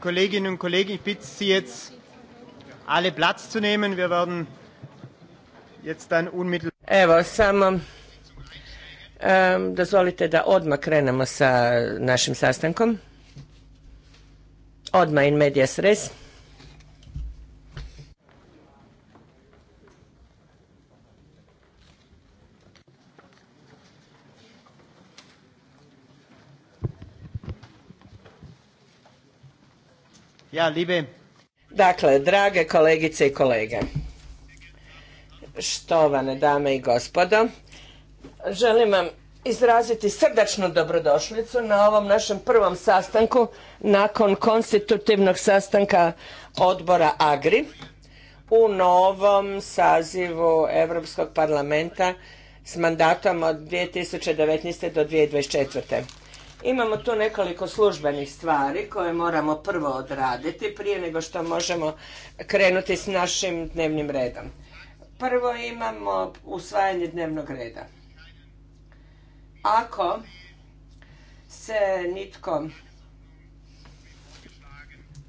Kolleginnen und Kollegen, ich bitte Sie jetzt alle Platz zu nehmen. Wir werden jetzt dann unmittelbar. Evo, samo ehm, dozvolite da odmah krenemo sa našim sastankom. Odmah in medias res. Ja, Dakle, drage kolegice i kolege, štovane dame i gospodo, želim vam izraziti srdačnu dobrodošlicu na ovom našem prvom sastanku nakon konstitutivnog sastanka odbora AGRI u novom sazivu Europskog parlamenta s mandatom od 2019. do 2024. Imamo tu nekoliko službenih stvari koje moramo prvo odraditi prije nego što možemo krenuti s našim dnevnim redom. Prvo imamo usvajanje dnevnog reda. Ako se nitko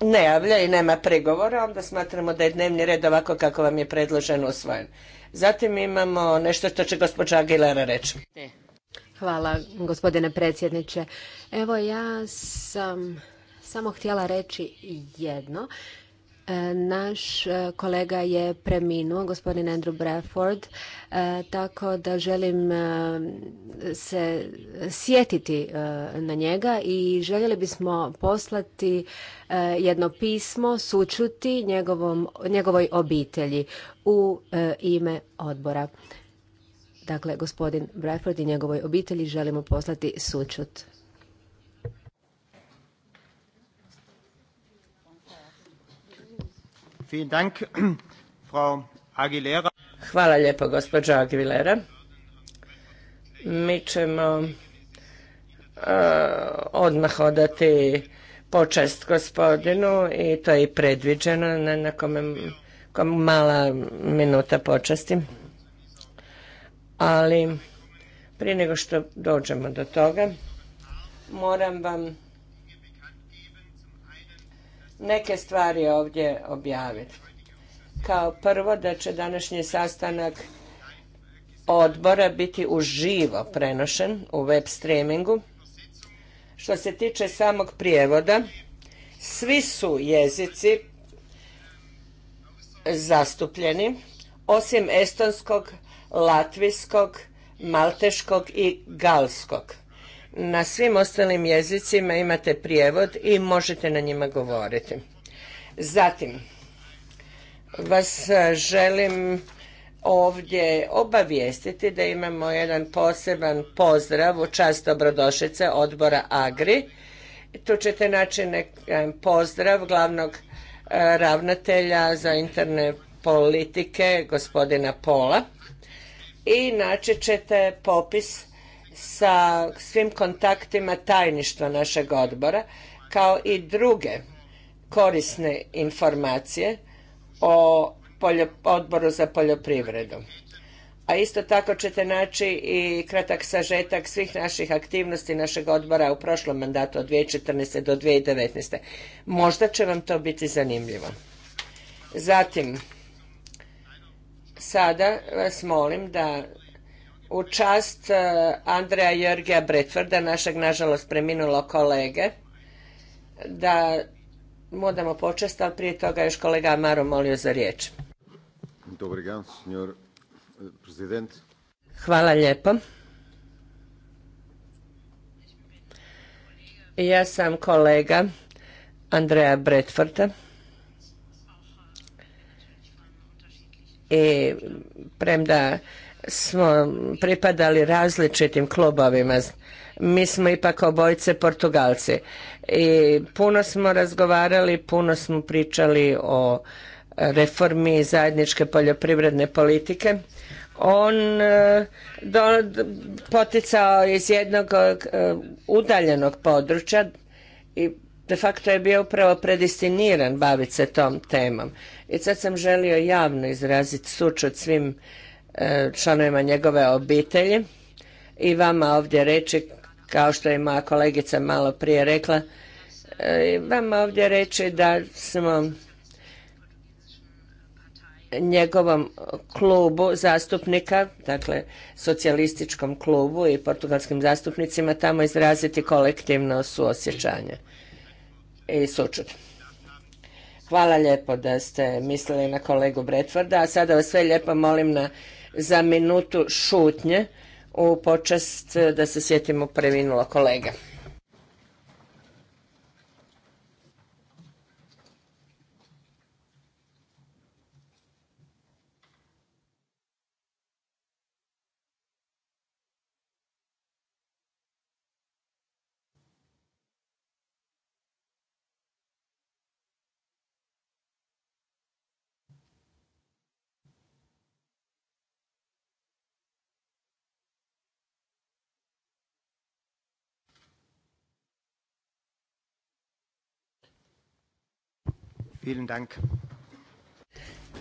ne javlja i nema pregovora, onda smatramo da je dnevni red ovako kako vam je predložen usvojen. Zatim imamo nešto što će gospođa Aguilera reći. Hvala gospodine predsjedniče. Evo ja sam samo htjela reći jedno. E, naš e, kolega je preminuo, gospodin Andrew Bradford, e, tako da želim se sjetiti na njega i željeli bismo poslati jedno pismo sučuti njegovoj obitelji u ime odbora. Dakle, gospodin Bradford i njegovoj obitelji želimo poslati sučut. Hvala lijepo, gospođo Aguilera. Mi ćemo e, odmah odati počest gospodinu i to je i predviđeno na, na kome mala minuta počesti ali prije nego što dođemo do toga, moram vam neke stvari ovdje objaviti. Kao prvo da će današnji sastanak odbora biti uživo prenošen u web streamingu. Što se tiče samog prijevoda, svi su jezici zastupljeni, osim estonskog, latvijskog, malteškog i galskog. Na svim ostalim jezicima imate prijevod i možete na njima govoriti. Zatim, vas e, želim ovdje obavijestiti da imamo jedan poseban pozdrav u čast Dobrodošice odbora Agri. Tu ćete naći e, pozdrav glavnog e, ravnatelja za interne politike, gospodina Pola i naći ćete popis sa svim kontaktima tajništva našeg odbora kao i druge korisne informacije o odboru za poljoprivredu. A isto tako ćete naći i kratak sažetak svih naših aktivnosti našeg odbora u prošlom mandatu od 2014. do 2019. Možda će vam to biti zanimljivo. Zatim, sada vas molim da u čast e, Andreja Jörgija Bretforda, našeg nažalost preminulo kolege, da mu odamo počest, ali prije toga još kolega Amaro molio za riječ. E, Hvala lijepo. Ja sam kolega Andreja Bretforda. i premda smo pripadali različitim klubovima, mi smo ipak obojice Portugalci i puno smo razgovarali, puno smo pričali o reformi zajedničke poljoprivredne politike. On eh, poticao iz jednog eh, udaljenog područja i de facto je bio upravo predestiniran baviti se tom temom. I sad sam želio javno izraziti sučut svim e, članovima njegove obitelji i vama ovdje reći, kao što je moja kolegica malo prije rekla, e, vama ovdje reći da smo njegovom klubu zastupnika, dakle socijalističkom klubu i portugalskim zastupnicima tamo izraziti kolektivno suosjećanje i e, sučut. Hvala lijepo da ste mislili na kolegu Bretforda, a sada vas sve lijepo molim na, za minutu šutnje u počast da se sjetimo previnula kolega.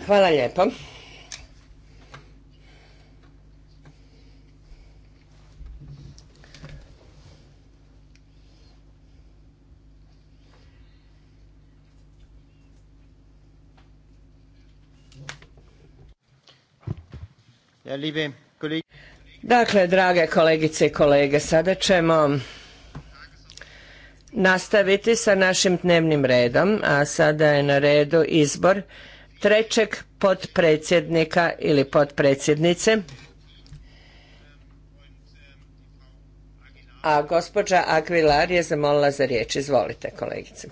Hvala lijepo. Dakle, drage kolegice i kolege, sada ćemo nastaviti sa našim dnevnim redom, a sada je na redu izbor trećeg potpredsjednika ili potpredsjednice. A gospođa Aguilar je zamolila za riječ. Izvolite kolegice.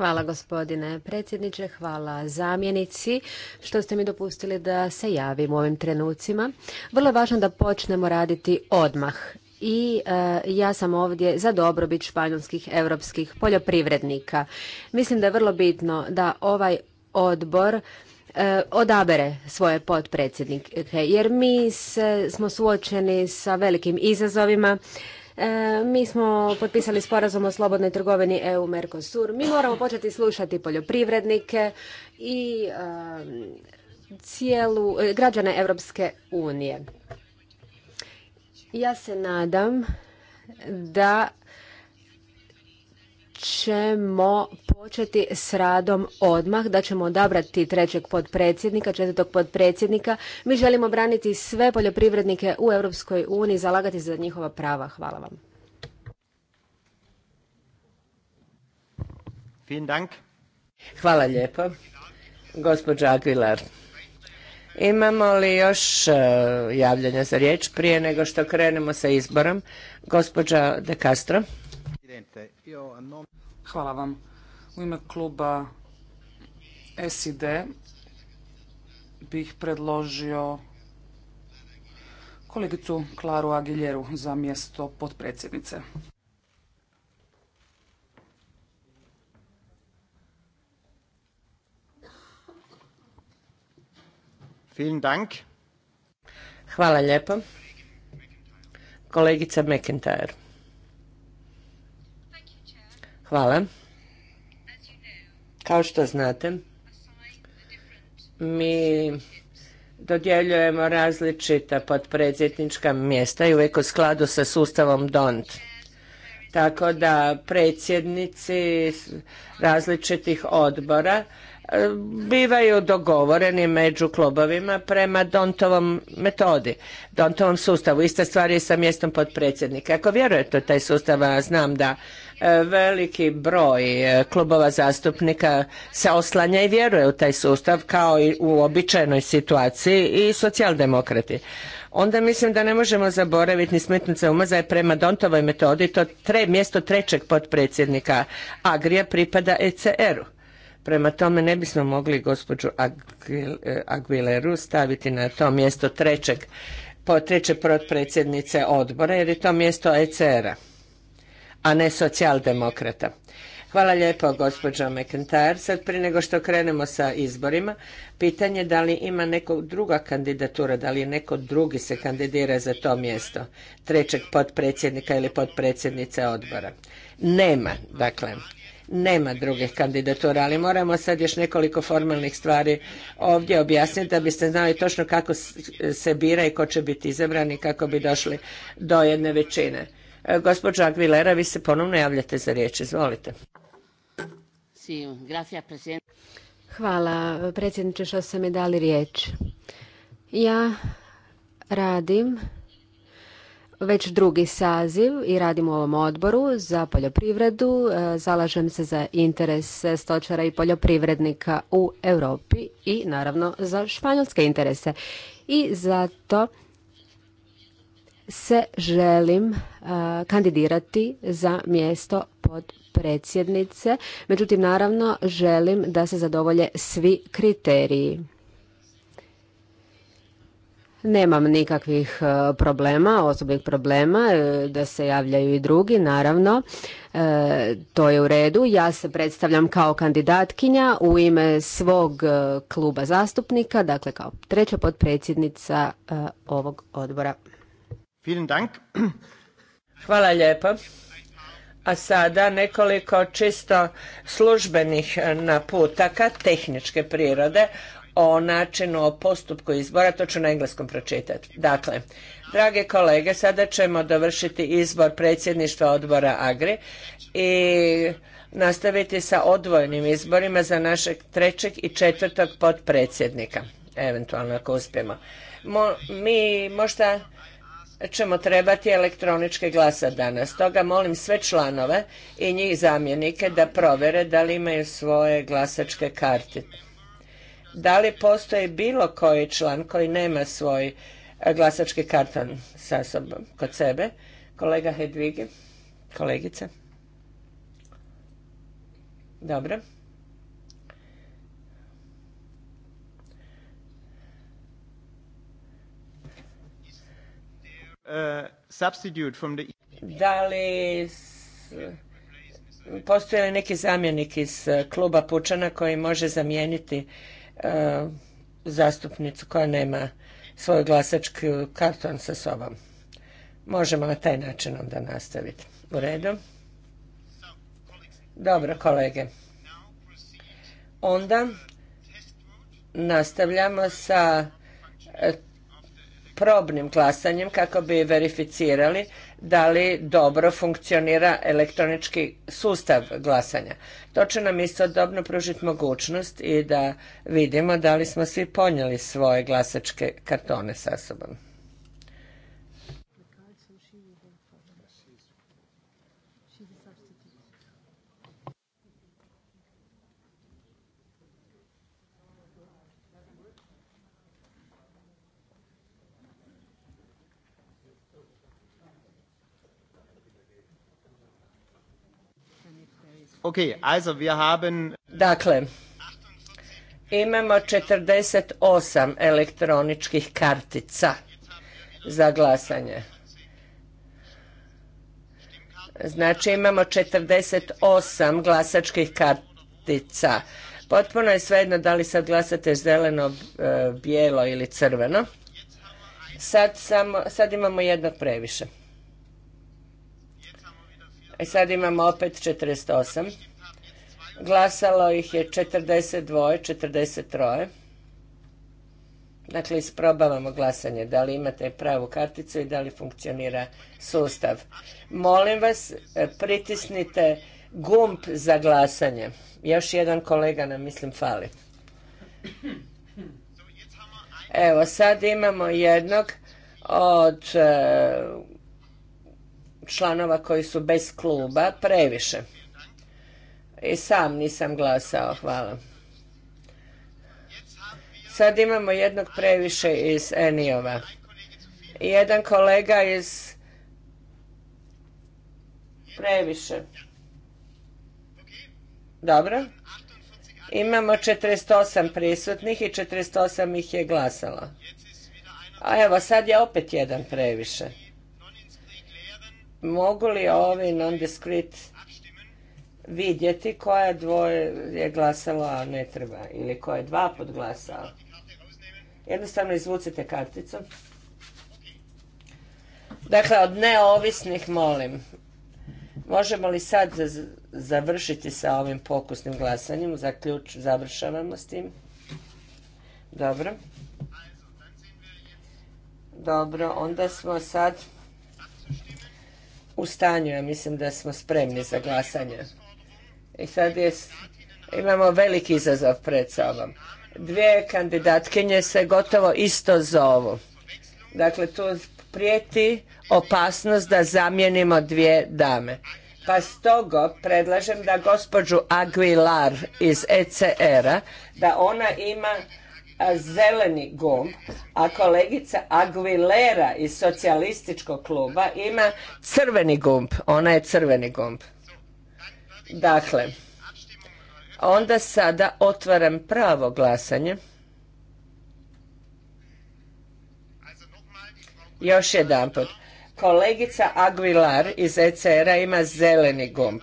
Hvala gospodine predsjedniče, hvala zamjenici što ste mi dopustili da se javim u ovim trenucima. Vrlo je važno da počnemo raditi odmah i e, ja sam ovdje za dobrobit španjolskih europskih poljoprivrednika. Mislim da je vrlo bitno da ovaj odbor e, odabere svoje potpredsjednike jer mi se, smo suočeni sa velikim izazovima E, mi smo potpisali sporazum o slobodnoj trgovini EU-Mercosur. Mi moramo početi slušati poljoprivrednike i e, cijelu, e, građane Europske unije. Ja se nadam da ćemo početi s radom odmah, da ćemo odabrati trećeg podpredsjednika, četvrtog podpredsjednika. Mi želimo braniti sve poljoprivrednike u Europskoj uniji, zalagati za njihova prava. Hvala vam. Hvala lijepo. Gospođa Aguilar. Imamo li još e, javljanja za riječ prije nego što krenemo sa izborom? Gospođa De Castro. Hvala vam. U ime kluba SID bih predložio kolegicu Klaru Agiljeru za mjesto potpredsjednice. Hvala lijepo. Kolegica McIntyre. Hvala. Kao što znate, mi dodjeljujemo različita podpredsjednička mjesta i uvijek u skladu sa sustavom DONT. Tako da predsjednici različitih odbora e, bivaju dogovoreni među klubovima prema Dontovom metodi, Dontovom sustavu. Ista stvar je sa mjestom potpredsjednika. Ako vjerujete u taj sustav, a znam da veliki broj e, klubova zastupnika se oslanja i vjeruje u taj sustav kao i u običajnoj situaciji i socijaldemokrati. Onda mislim da ne možemo zaboraviti ni smetnice umaza je prema Dontovoj metodi to mjesto trećeg potpredsjednika Agrija pripada ECR-u. Prema tome ne bismo mogli gospođu e, Aguileru staviti na to mjesto trećeg treće potpredsjednice odbora jer je to mjesto ECR-a a ne socijaldemokrata. Hvala lijepo, gospođo McIntyre. Sad prije nego što krenemo sa izborima, pitanje da li ima neka druga kandidatura, da li je neko drugi se kandidira za to mjesto, trećeg potpredsjednika ili potpredsjednice odbora. Nema, dakle, nema drugih kandidatura, ali moramo sad još nekoliko formalnih stvari ovdje objasniti da biste znali točno kako se bira i ko će biti izabran i kako bi došli do jedne većine. E, gospođo Aguilera, vi se ponovno javljate za riječ. Izvolite. Hvala predsjedniče što ste mi dali riječ. Ja radim već drugi saziv i radim u ovom odboru za poljoprivredu. E, zalažem se za interese stočara i poljoprivrednika u Europi i naravno za španjolske interese. I zato se želim e, kandidirati za mjesto pod predsjednice, međutim naravno želim da se zadovolje svi kriteriji. Nemam nikakvih e, problema, osobnih problema, e, da se javljaju i drugi, naravno. to je u redu. Ja se predstavljam kao kandidatkinja u ime svog kluba zastupnika, dakle kao treća potpredsjednica ovog odbora. Hvala lijepo. A sada nekoliko čisto službenih naputaka, tehničke prirode, o načinu, o postupku izbora, to ću na engleskom pročitati. Dakle, drage kolege, sada ćemo dovršiti izbor predsjedništva odbora AGRI i nastaviti sa odvojnim izborima za našeg trećeg i četvrtog potpredsjednika, eventualno ako uspijemo. mi možda ćemo trebati elektroničke glasa danas. Stoga molim sve članove i njih zamjenike da provere da li imaju svoje glasačke karte. Da li postoji bilo koji član koji nema svoj e, glasački kartan sa sobom kod sebe? Kolega Hedvige, kolegica. Dobro. Uh, da li postoje li neki zamjenik iz uh, kluba Pučana koji može zamijeniti uh, zastupnicu koja nema svoju glasačku karton sa sobom? Možemo na taj način onda nastaviti. U redu? Dobro, kolege. Onda nastavljamo sa probnim glasanjem kako bi verificirali da li dobro funkcionira elektronički sustav glasanja. To će nam istodobno pružiti mogućnost i da vidimo da li smo svi ponijeli svoje glasačke kartone sa sobom. Okay, also wir haben... Dakle, imamo 48 elektroničkih kartica za glasanje. Znači imamo 48 glasačkih kartica. Potpuno je svejedno da li sad glasate zeleno, bijelo ili crveno. Sad, samo, sad imamo jednog previše. E sad imamo opet 48. Glasalo ih je 42, 43. Dakle, isprobavamo glasanje, da li imate pravu karticu i da li funkcionira sustav. Molim vas, e, pritisnite gumb za glasanje. Još jedan kolega nam, mislim, fali. Evo, sad imamo jednog od e, članova koji su bez kluba previše. I sam nisam glasao, hvala. Sad imamo jednog previše iz Eniova. I jedan kolega iz previše. Dobro. Imamo 48 prisutnih i 48 ih je glasalo. A evo, sad je opet jedan previše mogu li ovi non-discrete vidjeti koja dvoje je glasala, a ne treba, ili koja je dva put glasala. Jednostavno izvucite karticu. Dakle, od neovisnih molim. Možemo li sad završiti sa ovim pokusnim glasanjem? ključ završavamo s tim. Dobro. Dobro, onda smo sad u stanju, ja mislim da smo spremni za glasanje. I sad imamo veliki izazov pred sobom. Dvije kandidatkinje se gotovo isto zovu. Dakle, tu prijeti opasnost da zamijenimo dvije dame. Pa stoga predlažem da gospođu Aguilar iz ECR-a, da ona ima zeleni gumb, a kolegica Aguilera iz socijalističkog kluba ima crveni gumb. Ona je crveni gumb. Dakle, onda sada otvaram pravo glasanje. Još jedanput. Kolegica Aguilar iz ECR-a ima zeleni gumb,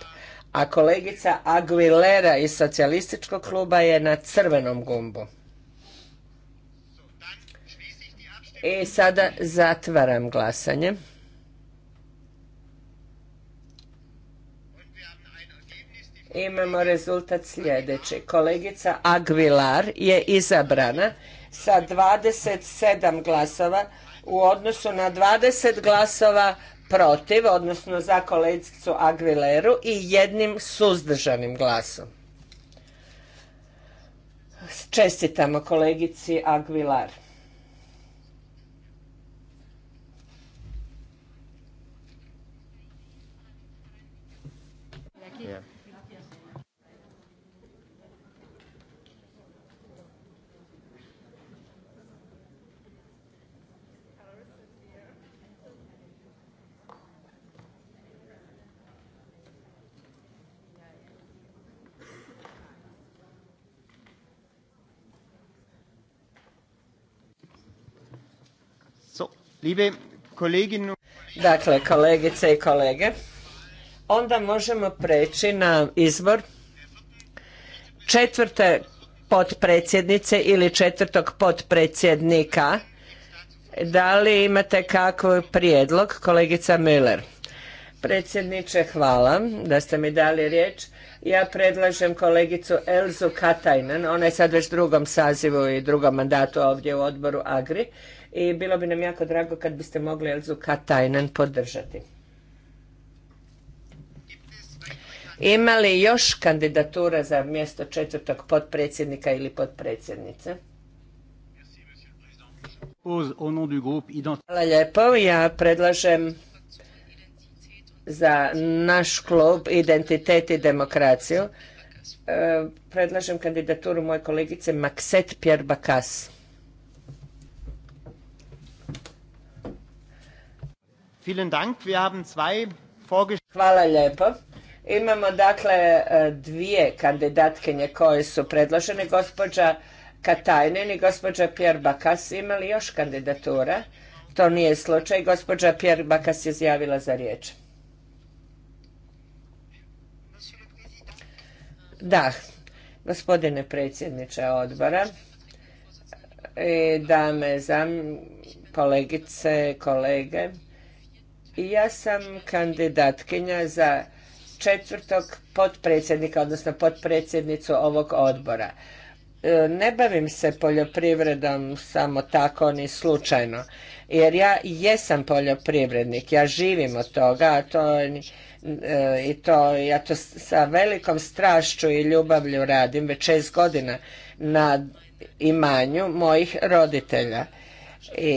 a kolegica Aguilera iz socijalističkog kluba je na crvenom gumbu. I e, sada zatvaram glasanje. Imamo rezultat sljedeći. Kolegica Aguilar je izabrana sa 27 glasova u odnosu na 20 glasova protiv, odnosno za kolegicu Aguileru i jednim suzdržanim glasom. Čestitamo kolegici Aguilar. Dakle, kolegice i kolege, onda možemo preći na izbor četvrte potpredsjednice ili četvrtog potpredsjednika. Da li imate kakav prijedlog, kolegica Müller? Predsjedniče, hvala da ste mi dali riječ. Ja predlažem kolegicu Elzu Katajnen, ona je sad već drugom sazivu i drugom mandatu ovdje u odboru Agri i bilo bi nam jako drago kad biste mogli Elzu Katajnen podržati. Ima li još kandidatura za mjesto četvrtog potpredsjednika ili potpredsjednice? Hvala lijepo. Ja predlažem za naš klub Identitet i demokraciju. E, predlažem kandidaturu moje kolegice Makset Pierre Hvala lijepo. Imamo dakle e, dvije kandidatkinje koje su predložene, gospođa Katajnen i gospođa Pjer Bakas. imali još kandidatura? To nije slučaj. Gospođa Pjer Bakas je zjavila za riječ. Da, gospodine predsjedniče odbora i dame, kolegice, kolege. I ja sam kandidatkinja za četvrtog potpredsjednika, odnosno potpredsjednicu ovog odbora. E, ne bavim se poljoprivredom samo tako ni slučajno, jer ja jesam poljoprivrednik, ja živim od toga, e, i to ja to sa velikom strašću i ljubavlju radim već šest godina na imanju mojih roditelja. I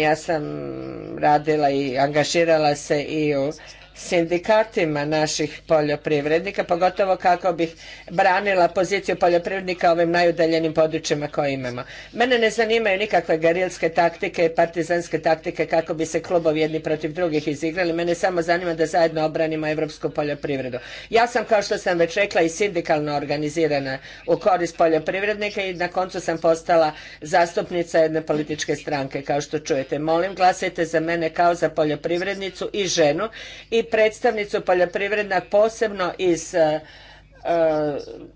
ja sam radila i angažirala se i u sindikatima naših poljoprivrednika, pogotovo kako bih branila poziciju poljoprivrednika ovim najudaljenim područjima koje imamo. Mene ne zanimaju nikakve gerilske taktike i partizanske taktike kako bi se klubovi jedni protiv drugih izigrali. Mene samo zanima da zajedno obranimo europsku poljoprivredu. Ja sam, kao što sam već rekla, i sindikalno organizirana u korist poljoprivrednika i na koncu sam postala zastupnica jedne političke stranke, kao što čujete. Molim, glasajte za mene kao za poljoprivrednicu i ženu i predstavnicu poljoprivredna posebno iz e, e,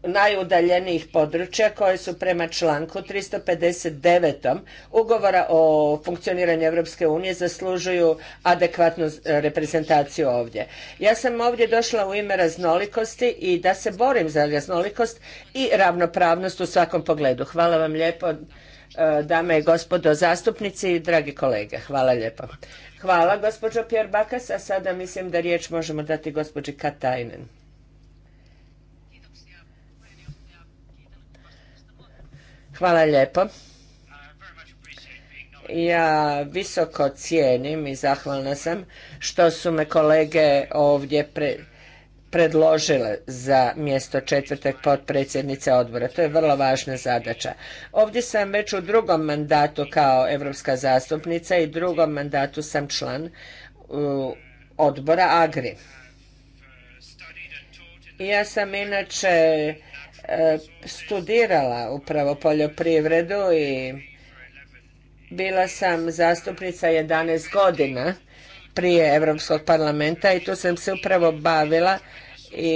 najudaljenijih područja koje su prema članku 359. ugovora o funkcioniranju Europske unije zaslužuju adekvatnu e, reprezentaciju ovdje. Ja sam ovdje došla u ime raznolikosti i da se borim za raznolikost i ravnopravnost u svakom pogledu. Hvala vam lijepo dame i gospodo zastupnici i dragi kolege. Hvala lijepo. Hvala, gospođo Pjerbakas, a sada mislim da riječ možemo dati gospođi Katajnen. Hvala lijepo. Ja visoko cijenim i zahvalna sam što su me kolege ovdje pre predložile za mjesto četvrtog potpredsjednice odbora. To je vrlo važna zadaća. Ovdje sam već u drugom mandatu kao europska zastupnica i drugom mandatu sam član odbora AGRI. Ja sam inače e, studirala upravo poljoprivredu i bila sam zastupnica 11 godina prije Europskog parlamenta i tu sam se upravo bavila i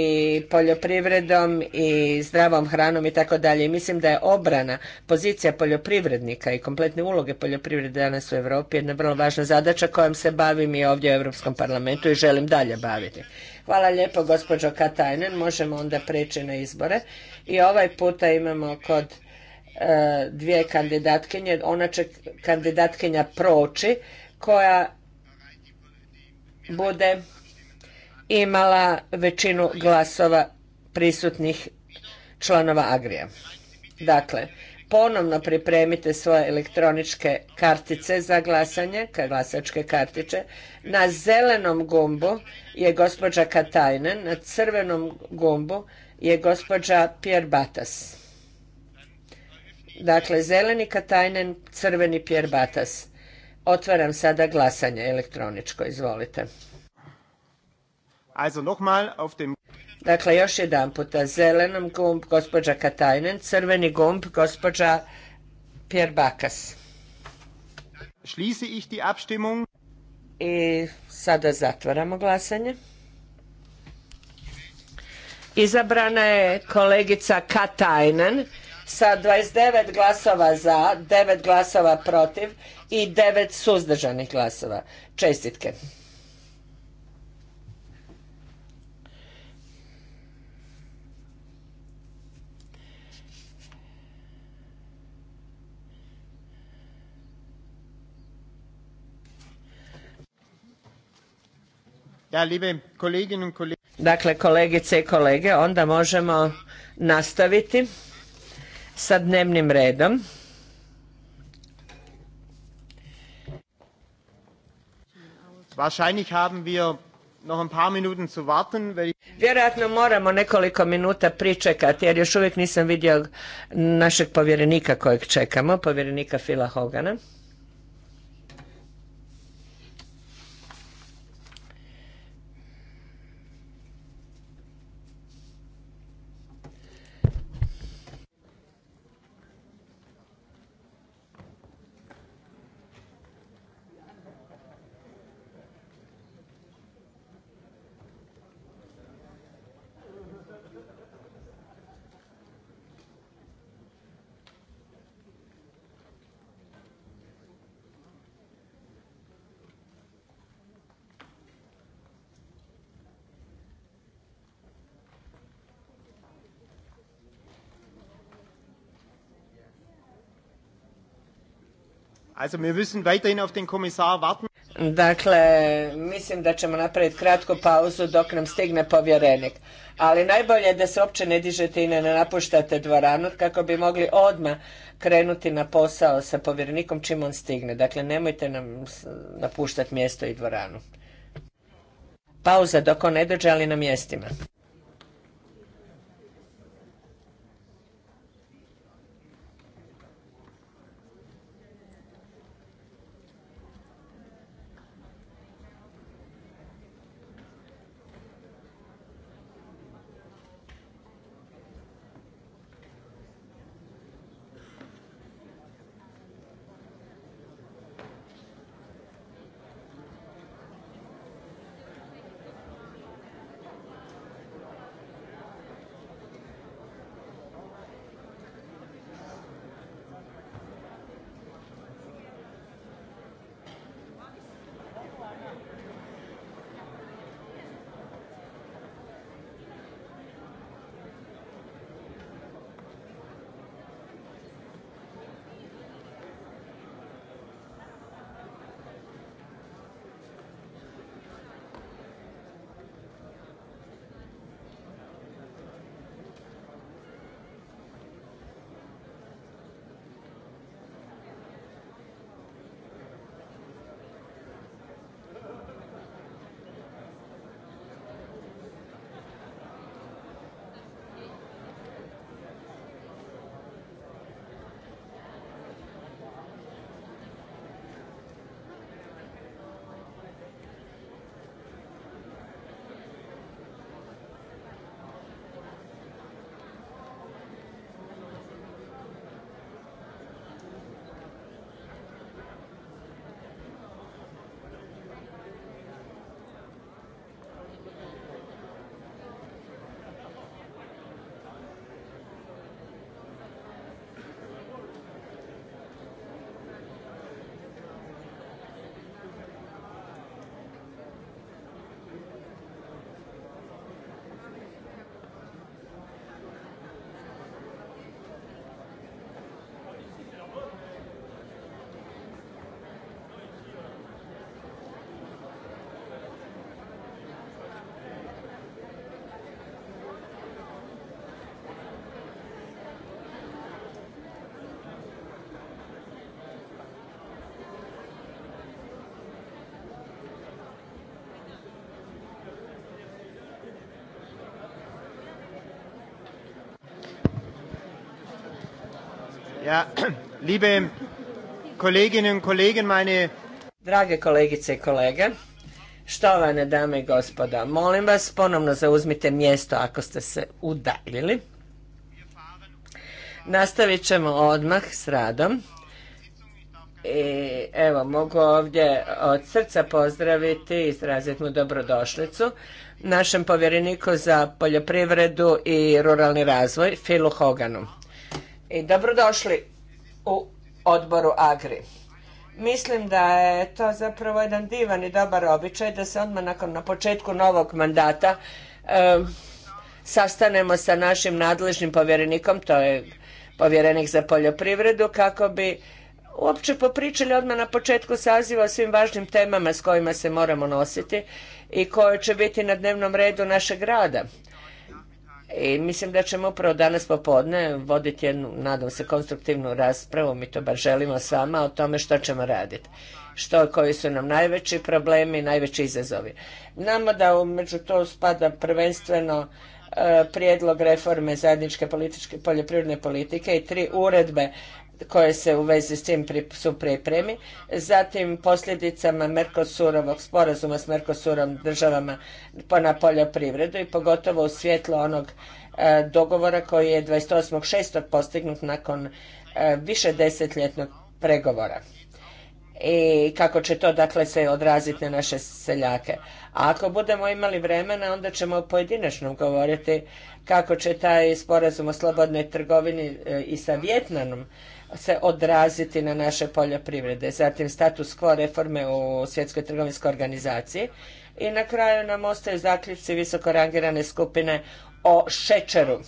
poljoprivredom i zdravom hranom i tako dalje. Mislim da je obrana, pozicija poljoprivrednika i kompletne uloge poljoprivrede danas u Europi jedna vrlo važna zadaća kojom se bavim i ovdje u Europskom parlamentu i želim dalje baviti. Hvala lijepo gospođo Katajnen, možemo onda preći na izbore i ovaj puta imamo kod e, dvije kandidatkinje, ona će kandidatkinja proći koja bude imala većinu glasova prisutnih članova Agrija. Dakle, ponovno pripremite svoje elektroničke kartice za glasanje, glasačke kartiče. Na zelenom gumbu je gospođa Katajnen, na crvenom gumbu je gospođa Pierre Batas. Dakle, zeleni Katajnen, crveni Pierre Batas. Otvaram sada glasanje elektroničko, izvolite. Also mal auf dem... Dakle, još jedan puta. Zelenom gumb gospođa Katajnen, crveni gumb gospođa Pierre Bakas. Schließe ich die Abstimmung. I sada zatvaramo glasanje. Izabrana je kolegica Katajnen sa 29 glasova za, 9 glasova protiv i 9 suzdržanih glasova. Čestitke. Ja, liebe Kolleginnen und Dakle, kolegice i kolege, onda možemo nastaviti sa dnevnim redom. Wahrscheinlich haben wir noch ein paar Minuten zu warten, Vjerojatno moramo nekoliko minuta pričekati jer još uvijek nisam vidio našeg povjerenika kojeg čekamo, povjerenika Fila Hogana. Also warten. Dakle, mislim da ćemo napraviti kratku pauzu dok nam stigne povjerenik. Ali najbolje je da se uopće ne dižete i ne napuštate dvoranu kako bi mogli odmah krenuti na posao sa povjerenikom čim on stigne. Dakle, nemojte nam napuštati mjesto i dvoranu. Pauza dok on ne dođe, ali na mjestima. Ja, liebe und meine... Drage kolegice i kolege, štovane dame i gospoda, molim vas ponovno zauzmite mjesto ako ste se udaljili. Nastavit ćemo odmah s radom. I evo, mogu ovdje od srca pozdraviti i izraziti mu dobrodošlicu našem povjereniku za poljoprivredu i ruralni razvoj, Filu Hoganu i dobrodošli u odboru Agri. Mislim da je to zapravo jedan divan i dobar običaj da se odmah nakon na početku novog mandata sastanemo sa našim nadležnim povjerenikom, to je povjerenik za poljoprivredu, kako bi uopće popričali odmah na početku saziva o svim važnim temama s kojima se moramo nositi i koje će biti na dnevnom redu našeg rada. I mislim da ćemo upravo danas popodne voditi jednu, nadam se, konstruktivnu raspravu, mi to baš želimo s vama, o tome što ćemo raditi. Što, koji su nam najveći problemi, najveći izazovi. Nama da među to spada prvenstveno e, prijedlog reforme zajedničke političke, poljoprivredne politike i tri uredbe koje se u vezi s tim su pripremi, zatim posljedicama Merkosurovog sporazuma s Mercosurom državama na poljoprivredu i pogotovo u svjetlo onog e, dogovora koji je 28.6. postignut nakon e, više desetljetnog pregovora i kako će to dakle se odraziti na naše seljake. A ako budemo imali vremena, onda ćemo pojedinačno govoriti kako će taj sporazum o slobodnoj trgovini e, i sa Vjetnamom se odraziti na naše poljoprivrede. Zatim status quo reforme u Svjetskoj trgovinskoj organizaciji. I na kraju nam ostaju zaključci visoko rangirane skupine o šećeru.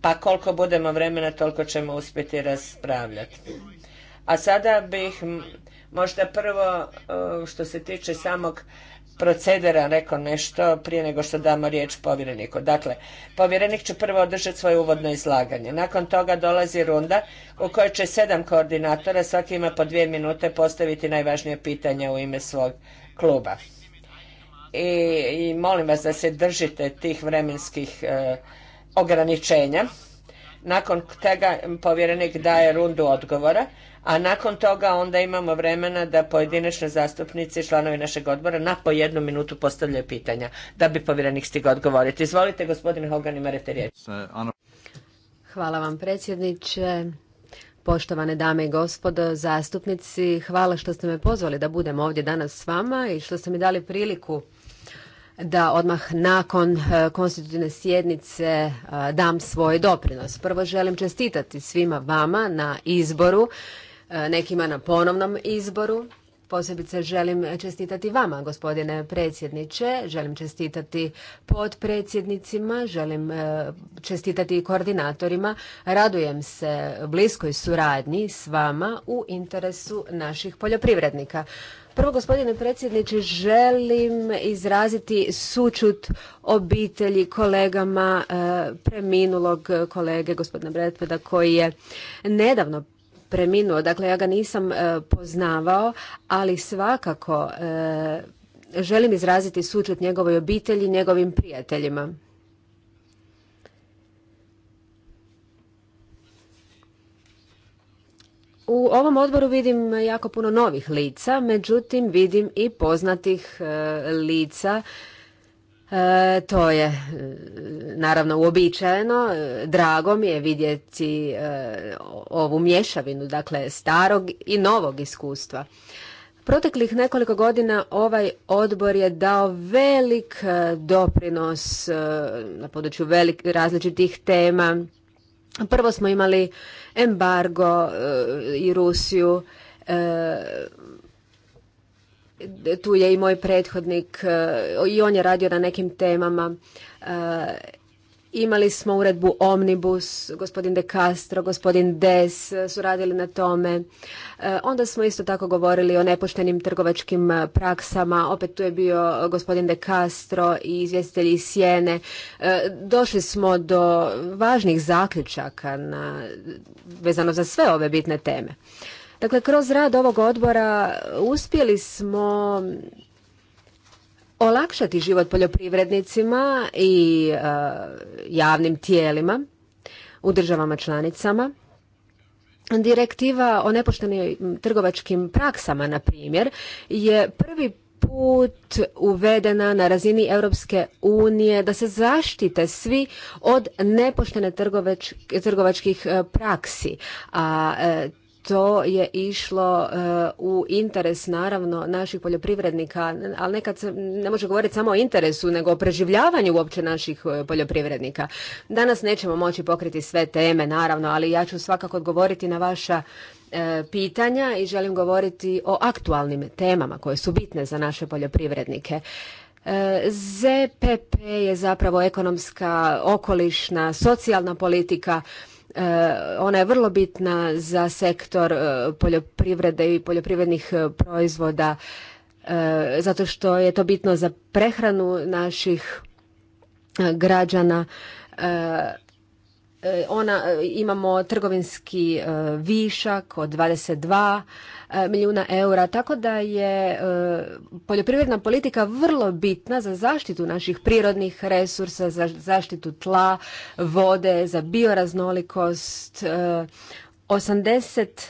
Pa koliko budemo vremena, toliko ćemo uspjeti raspravljati. A sada bih možda prvo e, što se tiče samog procedera rekao nešto prije nego što damo riječ povjereniku. Dakle, povjerenik će prvo održati svoje uvodno izlaganje. Nakon toga dolazi runda u kojoj će sedam koordinatora, svaki ima po dvije minute, postaviti najvažnije pitanja u ime svog kluba. I, molim vas da se držite tih vremenskih e, ograničenja. Nakon toga povjerenik daje rundu odgovora, a nakon toga onda imamo vremena da pojedinačne zastupnici i članovi našeg odbora na po jednu minutu postavljaju pitanja da bi povjerenik stigao odgovoriti. Izvolite, gospodine Hogan, imate riječ. Hvala vam, predsjedniče. Poštovane dame i gospodo zastupnici, hvala što ste me pozvali da budem ovdje danas s vama i što ste mi dali priliku da odmah nakon e, konstitutivne sjednice e, dam svoj doprinos. Prvo želim čestitati svima vama na izboru E, nekima na ponovnom izboru. Posebice želim čestitati vama, gospodine predsjedniče, želim čestitati podpredsjednicima, želim e, čestitati i koordinatorima. Radujem se bliskoj suradnji s vama u interesu naših poljoprivrednika. Prvo, gospodine predsjedniče, želim izraziti sučut obitelji kolegama e, preminulog kolege gospodina Bretpeda koji je nedavno preminuo. Dakle, ja ga nisam e, poznavao, ali svakako e, želim izraziti sučet njegovoj obitelji, i njegovim prijateljima. U ovom odboru vidim jako puno novih lica, međutim vidim i poznatih e, lica E, to je e, naravno uobičajeno. E, drago mi je vidjeti ovu mješavinu, dakle starog i novog iskustva. Proteklih nekoliko godina ovaj odbor je dao velik doprinos na području velik, različitih tema. Prvo smo imali embargo i Rusiju, tu je i moj prethodnik e, i on je radio na nekim temama. E, imali smo uredbu Omnibus, gospodin De Castro, gospodin Des su radili na tome. E, onda smo isto tako govorili o nepoštenim trgovačkim praksama. Opet tu je bio gospodin De Castro i izvjestitelji iz Sjene. Došli smo do važnih zaključaka na, vezano za sve ove bitne teme. Dakle, kroz rad ovog odbora uspjeli smo olakšati život poljoprivrednicima i e, javnim tijelima u državama članicama. Direktiva o nepoštenim trgovačkim praksama, na primjer, je prvi put uvedena na razini Europske unije da se zaštite svi od nepoštene trgovačkih e, praksi. A e, to je išlo e, u interes naravno naših poljoprivrednika, ali nekad se ne može govoriti samo o interesu, nego o preživljavanju uopće naših e, poljoprivrednika. Danas nećemo moći pokriti sve teme naravno, ali ja ću svakako odgovoriti na vaša e, pitanja i želim govoriti o aktualnim temama koje su bitne za naše poljoprivrednike. ZPP je zapravo ekonomska, okolišna, socijalna politika E, ona je vrlo bitna za sektor e, poljoprivrede i poljoprivrednih e, proizvoda zato što je to bitno za prehranu naših građana E, ona e, imamo trgovinski e, višak od 22 milijuna eura tako da je poljoprivredna politika vrlo bitna za zaštitu naših prirodnih resursa za zaštitu tla, vode, za bioraznolikost 85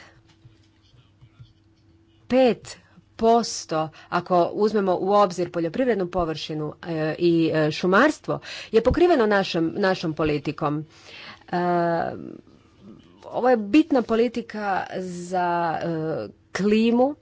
posto ako uzmemo u obzir poljoprivrednu površinu e, i e, šumarstvo je pokriveno našom, našom politikom e, ovo je bitna politika za klimu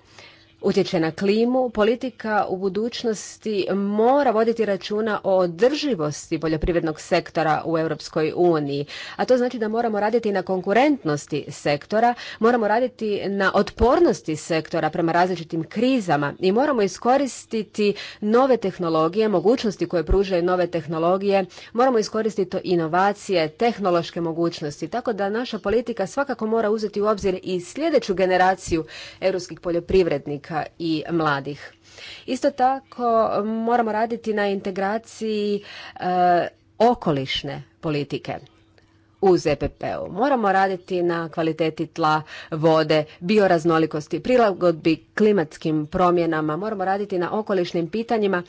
utječe na klimu, politika u budućnosti mora voditi računa o održivosti poljoprivrednog sektora u Europskoj uniji. A to znači da moramo raditi na konkurentnosti sektora, moramo raditi na otpornosti sektora prema različitim krizama i moramo iskoristiti nove tehnologije, mogućnosti koje pružaju nove tehnologije, moramo iskoristiti inovacije, tehnološke mogućnosti, tako da naša politika svakako mora uzeti u obzir i sljedeću generaciju europskih poljoprivrednika i mladih. Isto tako moramo raditi na integraciji e, okolišne politike u ZPP-u. Moramo raditi na kvaliteti tla, vode, bioraznolikosti, prilagodbi klimatskim promjenama, moramo raditi na okolišnim pitanjima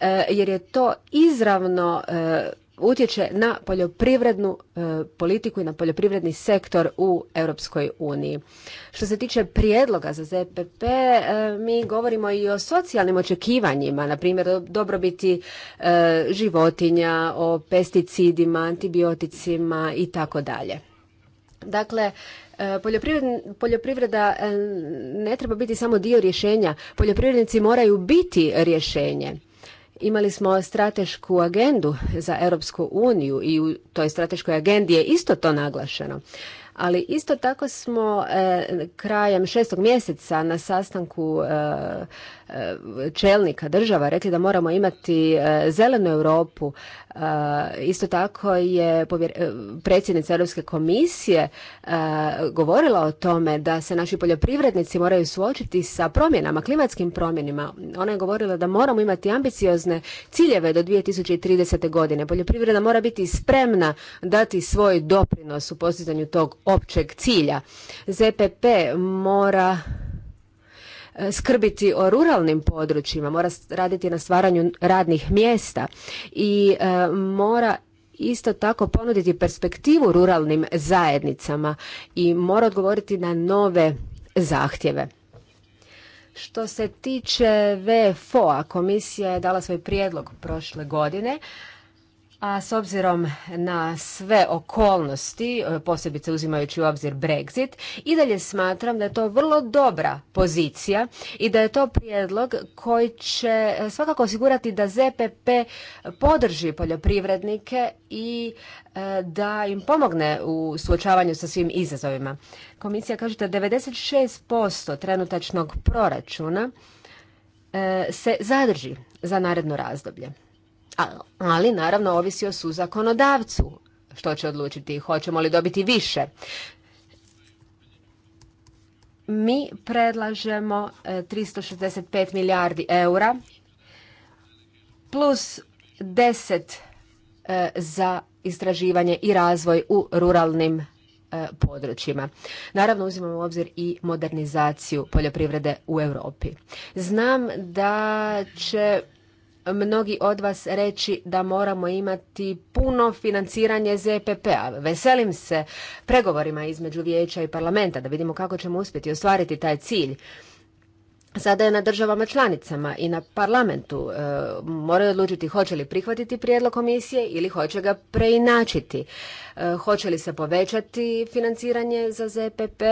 e, jer je to izravno e, utječe na poljoprivrednu e, politiku i na poljoprivredni sektor u Europskoj uniji. Što se tiče prijedloga za ZPP, e, mi govorimo i o socijalnim očekivanjima, na primjer o dobrobiti e, životinja, o pesticidima, antibioticima i tako dalje. Dakle, poljoprivreda ne treba biti samo dio rješenja. Poljoprivrednici moraju biti rješenje. Imali smo stratešku agendu za Europsku uniju i u toj strateškoj agendi je isto to naglašeno. Ali isto tako smo e, krajem šestog mjeseca na sastanku e, čelnika država rekli da moramo imati e, zelenu Europu. E, isto tako je e, predsjednica Europske komisije govorila o tome da se naši poljoprivrednici moraju suočiti sa promjenama, klimatskim promjenima. Ona je govorila da moramo imati ambiciozne ciljeve do 2030. godine. Poljoprivreda mora biti spremna dati svoj doprinos u postizanju tog općeg cilja. ZPP mora E, skrbiti o ruralnim područjima, mora raditi na stvaranju radnih mjesta i e, mora isto tako ponuditi perspektivu ruralnim zajednicama i mora odgovoriti na nove zahtjeve. Što se tiče VFO-a, komisija je dala svoj prijedlog prošle godine, a s obzirom na sve okolnosti, e, posebice uzimajući u obzir Brexit, i dalje smatram da je to vrlo dobra pozicija i da je to prijedlog koji će e, svakako osigurati da ZPP podrži poljoprivrednike i e, da im pomogne u suočavanju sa svim izazovima. Komisija kaže da 96% trenutačnog proračuna se zadrži za naredno razdoblje ali naravno ovisi o suzakonodavcu što će odlučiti, hoćemo li dobiti više. Mi predlažemo 365 e, milijardi eura plus 10 e, za istraživanje i razvoj u ruralnim e, područjima. Naravno uzimamo u obzir i modernizaciju poljoprivrede u Europi. Znam da će mnogi od vas reći da moramo imati puno financiranje ZPP-a. Veselim se pregovorima između vijeća i parlamenta da vidimo kako ćemo uspjeti ostvariti taj cilj. Sada je na državama članicama i na parlamentu e, moraju odlučiti hoće li prihvatiti prijedlog komisije ili hoće ga preinačiti. E, hoće li se povećati financiranje za ZPP?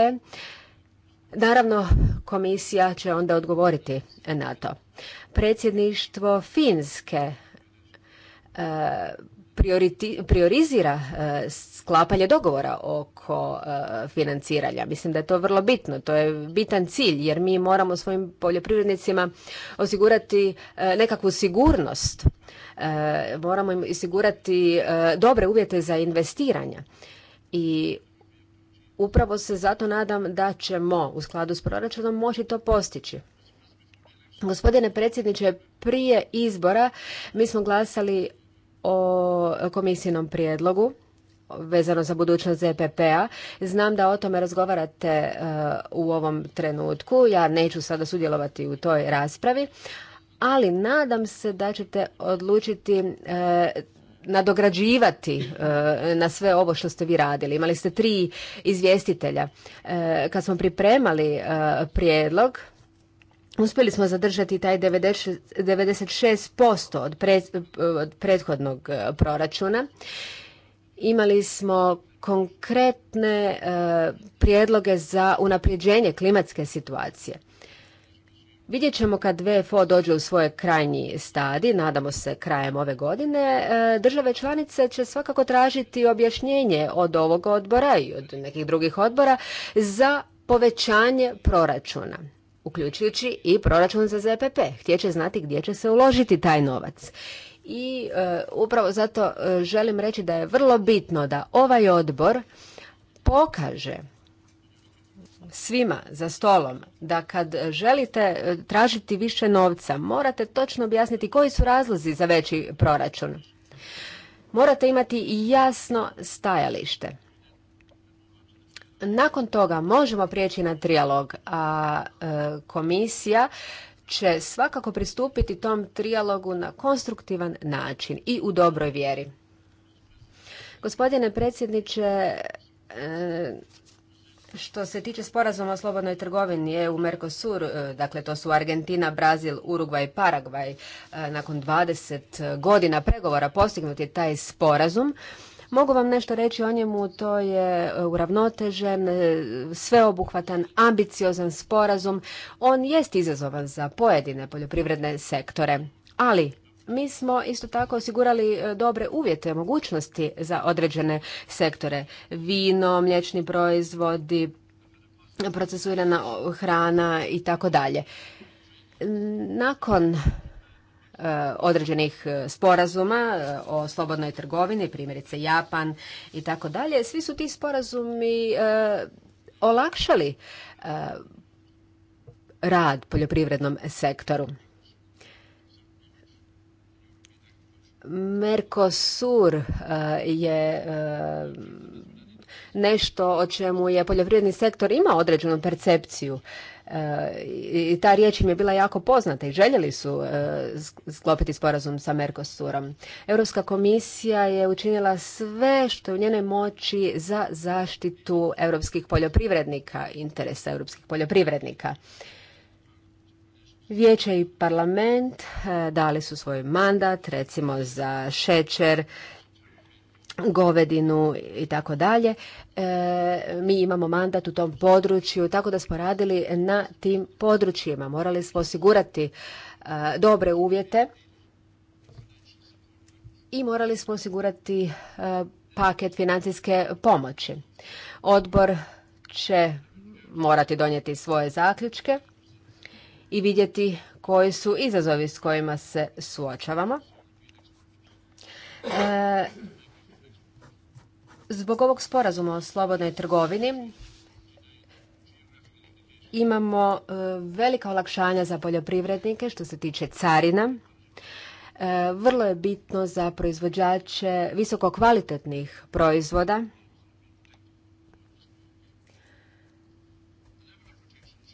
Naravno, komisija će onda odgovoriti na to predsjedništvo Finske e, priorizira e, sklapanje dogovora oko e, financiranja. Mislim da je to vrlo bitno, to je bitan cilj jer mi moramo svojim poljoprivrednicima osigurati nekakvu sigurnost. Moramo im osigurati dobre uvjete za investiranje. I upravo se zato nadam da ćemo u skladu s proračunom moći to postići. Gospodine predsjedniče, prije izbora mi smo glasali o komisijnom prijedlogu vezano za budućnost ZPP-a. Znam da o tome razgovarate uh, u ovom trenutku. Ja neću sada sudjelovati u toj raspravi, ali nadam se da ćete odlučiti uh, nadograđivati uh, na sve ovo što ste vi radili. Imali ste tri izvjestitelja. Kad smo pripremali prijedlog, Uspjeli smo zadržati taj 96% od, od prethodnog e, proračuna. Imali smo konkretne e, prijedloge za unapređenje klimatske situacije. Vidjet ćemo kad VFO dođe u svoje krajnji stadi, nadamo se krajem ove godine, e, države članice će svakako tražiti objašnjenje od ovog odbora i od nekih drugih odbora za povećanje proračuna uključujući i proračun za ZPP. Htjeće znati gdje će se uložiti taj novac. I e, upravo zato e, želim reći da je vrlo bitno da ovaj odbor pokaže svima za stolom da kad želite e, tražiti više novca, morate točno objasniti koji su razlozi za veći proračun. Morate imati jasno stajalište nakon toga možemo prijeći na trijalog, a e, komisija će svakako pristupiti tom trijalogu na konstruktivan način i u dobroj vjeri. Gospodine predsjedniče, e, što se tiče sporazuma o slobodnoj trgovini je u Mercosur, e, dakle to su Argentina, Brazil, Urugvaj i Paragvaj, nakon 20 godina pregovora postignut je taj sporazum. Mogu vam nešto reći o njemu, to je e, uravnotežen, e, sveobuhvatan, ambiciozan sporazum. On jest izazovan za pojedine poljoprivredne sektore, ali mi smo isto tako osigurali e, dobre uvjete, mogućnosti za određene sektore. Vino, mliječni proizvodi, procesuirana hrana i tako dalje. Nakon Eh, određenih eh, sporazuma eh, o slobodnoj trgovini, primjerice Japan i tako dalje. Svi su ti sporazumi olakšali rad poljoprivrednom sektoru. Mercosur je nešto o čemu je poljoprivredni sektor imao određenu percepciju i ta riječ im je bila jako poznata i željeli su e, sklopiti sporazum sa Mercosurom. Europska komisija je učinila sve što je u njenoj moći za zaštitu europskih poljoprivrednika, interesa europskih poljoprivrednika. Vijeće i parlament e, dali su svoj mandat, recimo za šećer govedinu i tako dalje. E, mi imamo mandat u tom području, tako da smo radili na tim područjima. Morali smo osigurati e, dobre uvjete i morali smo osigurati e, paket financijske pomoći. Odbor će morati donijeti svoje zaključke i vidjeti koji su izazovi s kojima se suočavamo. Zbog ovog sporazuma o slobodnoj trgovini imamo e, velika olakšanja za poljoprivrednike što se tiče carina. E, vrlo je bitno za proizvođače visokokvalitetnih proizvoda.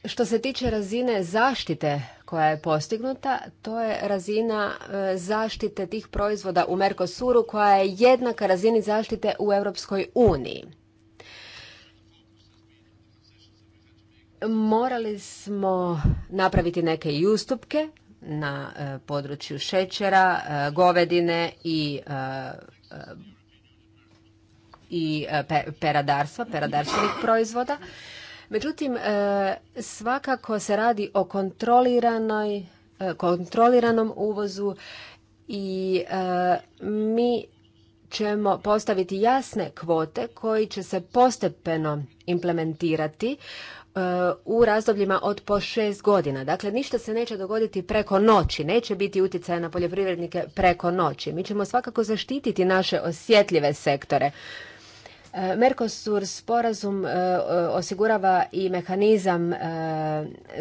Što se tiče razine zaštite koja je postignuta, to je razina e, zaštite tih proizvoda u Mercosuru koja je jednaka razini zaštite u Europskoj uniji. Morali smo napraviti neke i ustupke na e, području šećera, e, govedine i i peradarstva, peradarstvenih proizvoda. Međutim, e, svakako se radi o kontroliranoj, e, kontroliranom uvozu i e, mi ćemo postaviti jasne kvote koji će se postepeno implementirati u razdobljima od po šest godina. Dakle, ništa se neće dogoditi preko noći, neće biti utjecaja na poljoprivrednike preko noći. Mi ćemo svakako zaštititi naše osjetljive sektore. Mercosur sporazum e, e, osigurava i mehanizam e,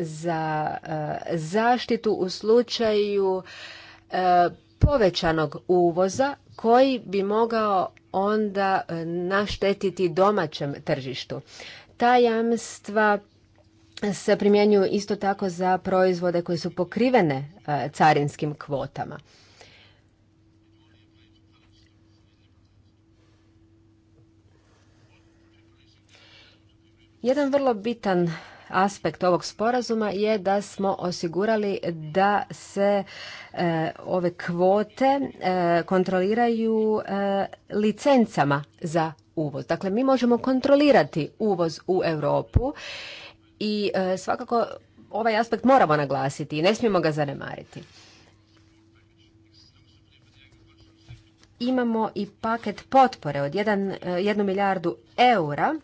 za zaštitu u slučaju povećanog uvoza koji bi mogao onda naštetiti domaćem tržištu. Ta jamstva se primjenjuju isto tako za proizvode koji su pokrivene carinskim kvotama. Jedan vrlo bitan aspekt ovog sporazuma je da smo osigurali da se e, ove kvote e, kontroliraju e, licencama za uvoz. Dakle, mi možemo kontrolirati uvoz u Europu i svakako ovaj aspekt moramo naglasiti i ne smijemo ga zanemariti. Imamo i paket potpore od 1 milijardu eura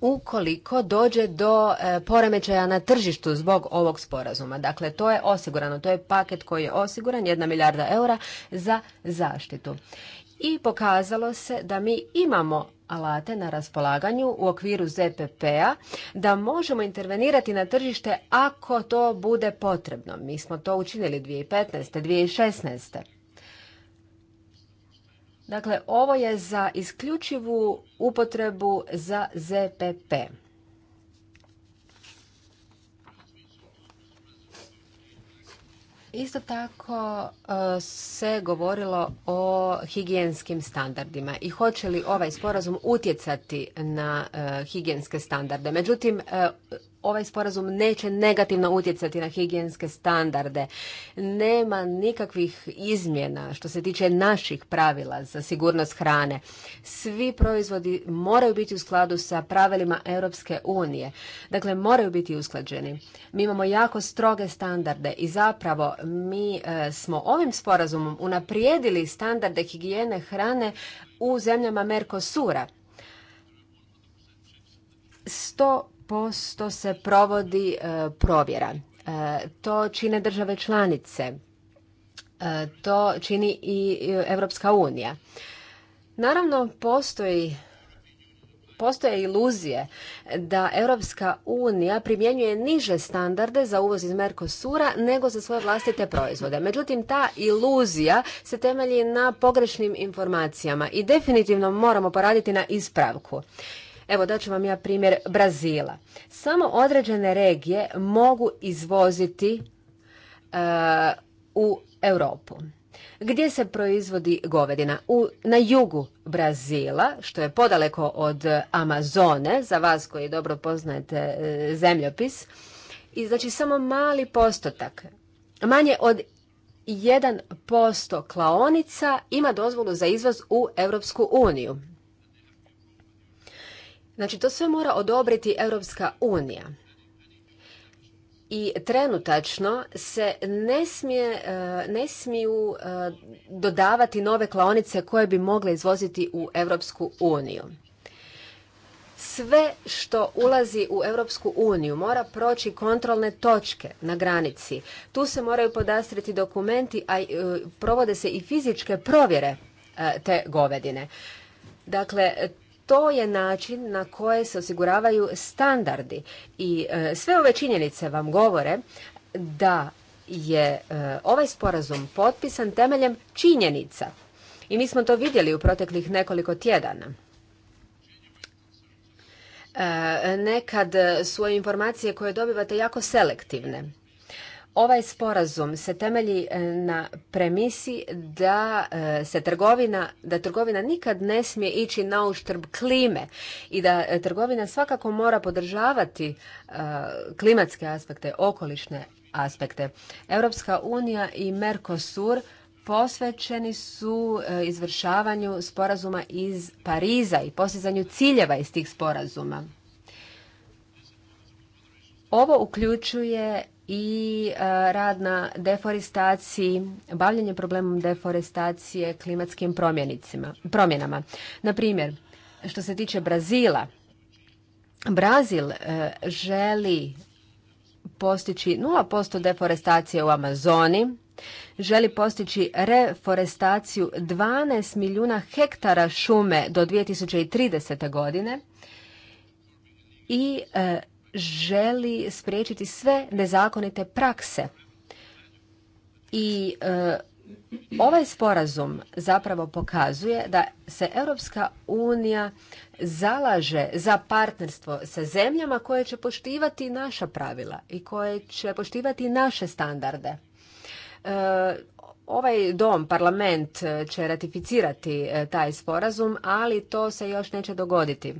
ukoliko dođe do e, poremećaja na tržištu zbog ovog sporazuma. Dakle, to je osigurano, to je paket koji je osiguran, jedna milijarda eura za zaštitu. I pokazalo se da mi imamo alate na raspolaganju u okviru ZPP-a da možemo intervenirati na tržište ako to bude potrebno. Mi smo to učinili 2015. 2016. Dakle, ovo je za isključivu upotrebu za ZPP. Isto tako e, se govorilo o higijenskim standardima i hoće li ovaj sporazum utjecati na e, higijenske standarde. Međutim, e, ovaj sporazum neće negativno utjecati na higijenske standarde. Nema nikakvih izmjena što se tiče naših pravila za sigurnost hrane. Svi proizvodi moraju biti u skladu sa pravilima Europske unije. Dakle, moraju biti usklađeni. Mi imamo jako stroge standarde i zapravo mi e, smo ovim sporazumom unaprijedili standarde higijene hrane u zemljama Mercosura. 100 posto se provodi e, provjera. E, to čine države članice. E, to čini i Europska unija. Naravno, postoji postoje iluzije da Europska unija primjenjuje niže standarde za uvoz iz Mercosura nego za svoje vlastite proizvode. Međutim, ta iluzija se temelji na pogrešnim informacijama i definitivno moramo poraditi na ispravku. Evo ću vam ja primjer Brazila. Samo određene regije mogu izvoziti e, u Europu. Gdje se proizvodi govedina? na jugu Brazila, što je podaleko od Amazone, za vas koji dobro poznajete e, zemljopis, i znači samo mali postotak, manje od 1% klaonica ima dozvolu za izvoz u Europsku uniju. Znači, to sve mora odobriti Europska unija. I trenutačno se ne, smije, e, ne smiju e, dodavati nove klaonice koje bi mogle izvoziti u Europsku uniju. Sve što ulazi u Europsku uniju mora proći kontrolne točke na granici. Tu se moraju podastriti dokumenti, a e, provode se i fizičke provjere te govedine. Dakle, to je način na koje se osiguravaju standardi i e, sve ove činjenice vam govore da je e, ovaj sporazum potpisan temeljem činjenica i mi smo to vidjeli u proteklih nekoliko tjedana. E, nekad su informacije koje dobivate jako selektivne Ovaj sporazum se temelji e, na premisi da e, se trgovina, da trgovina nikad ne smije ići na uštrb klime i da e, trgovina svakako mora podržavati klimatske aspekte, okolišne aspekte. Europska unija i Mercosur posvećeni su izvršavanju sporazuma iz Pariza i postizanju ciljeva iz tih sporazuma. Ovo uključuje i e, rad na deforestaciji, bavljanje problemom deforestacije klimatskim promjenama. Na primjer, što se tiče Brazila, Brazil e, želi postići 0% deforestacije u Amazoni, želi postići reforestaciju 12 milijuna hektara šume do 2030. godine i e, želi spriječiti sve nezakonite prakse. I e, ovaj sporazum zapravo pokazuje da se Europska unija zalaže za partnerstvo sa zemljama koje će poštivati naša pravila i koje će poštivati naše standarde. E, ovaj dom, parlament e, će ratificirati taj sporazum, ali to se još neće dogoditi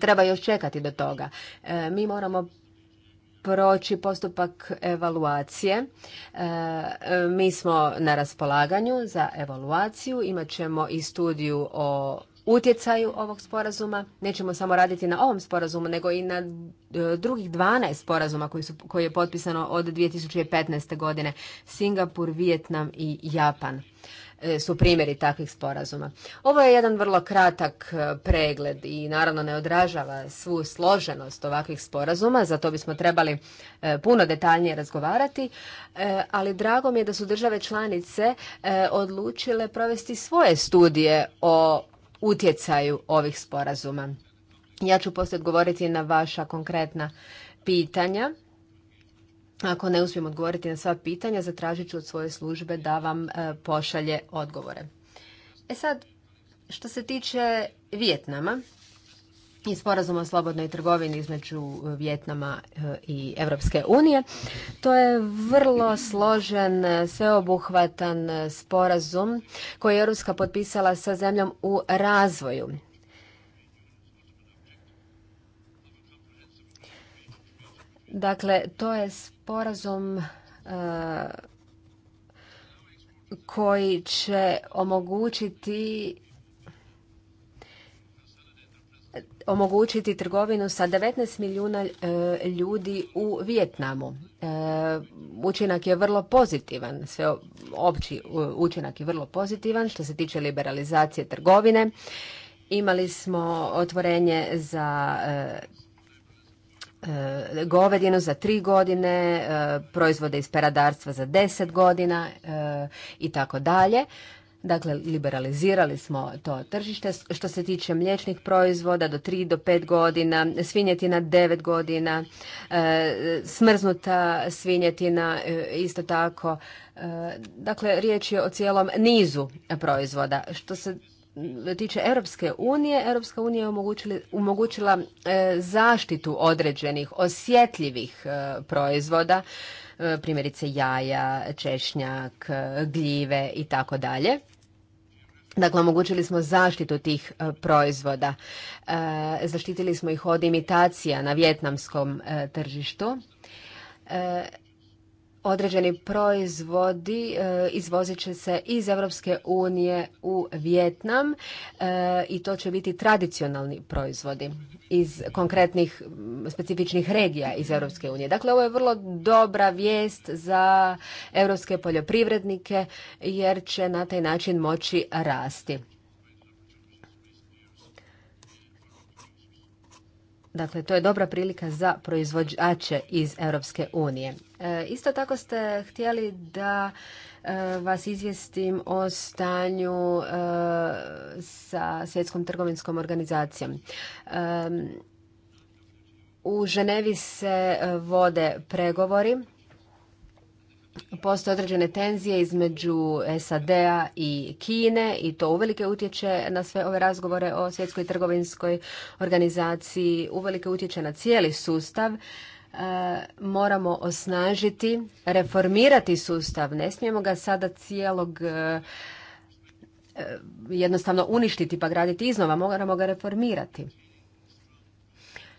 treba još čekati do toga. E, mi moramo proći postupak evaluacije. E, mi smo na raspolaganju za evaluaciju, imat ćemo i studiju o utjecaju ovog sporazuma. Nećemo samo raditi na ovom sporazumu, nego i na e, drugih 12 sporazuma koji, su, koji je potpisano od 2015. godine. Singapur, Vijetnam i Japan. E, su primjeri takvih sporazuma. Ovo je jedan vrlo kratak e, pregled i naravno ne odražava svu složenost ovakvih sporazuma, zato bismo trebali e, puno detaljnije razgovarati, ali drago mi je da su države članice odlučile provesti svoje studije o utjecaju ovih sporazuma. Ja ću poslije odgovoriti na vaša konkretna pitanja ako ne uspijem odgovoriti na sva pitanja, zatražit ću od svoje službe da vam e, pošalje odgovore. E sad, što se tiče Vijetnama i sporazuma o slobodnoj trgovini između Vijetnama e, i Europske unije, to je vrlo složen, sveobuhvatan sporazum koji je Europska potpisala sa zemljom u razvoju. Dakle, to je sporazum sporazum e, koji će omogućiti omogućiti trgovinu sa 19 milijuna e, ljudi u Vijetnamu. E, učinak je vrlo pozitivan, sve opći učinak je vrlo pozitivan što se tiče liberalizacije trgovine. Imali smo otvorenje za E, govedinu za tri godine, e, proizvode iz peradarstva za deset godina e, i tako dalje. Dakle, liberalizirali smo to tržište. Što se tiče mliječnih proizvoda, do tri do pet godina, svinjetina devet godina, smrznuta svinjetina isto tako. dakle, riječ je o cijelom nizu proizvoda. Što se tiče Europske unije, Europska unija je omogućila e, zaštitu određenih osjetljivih e, proizvoda, e, primjerice jaja, češnjak, gljive i tako dalje. Dakle, omogućili smo zaštitu tih proizvoda. Zaštitili smo ih od imitacija na vjetnamskom tržištu određeni proizvodi e, izvozit će se iz Europske unije u Vjetnam e, i to će biti tradicionalni proizvodi iz konkretnih specifičnih regija iz Europske unije. Dakle, ovo je vrlo dobra vijest za europske poljoprivrednike jer će na taj način moći rasti. Dakle, to je dobra prilika za proizvođače iz Europske unije. E, isto tako ste htjeli da e, vas izvijestim o stanju e, sa svjetskom trgovinskom organizacijom. U Ženevi se vode pregovori postoje određene tenzije između SAD-a i Kine i to uvelike utječe na sve ove razgovore o svjetskoj trgovinskoj organizaciji, uvelike utječe na cijeli sustav. E, moramo osnažiti, reformirati sustav. Ne smijemo ga sada cijelog e, e, jednostavno uništiti pa graditi iznova. Moramo ga reformirati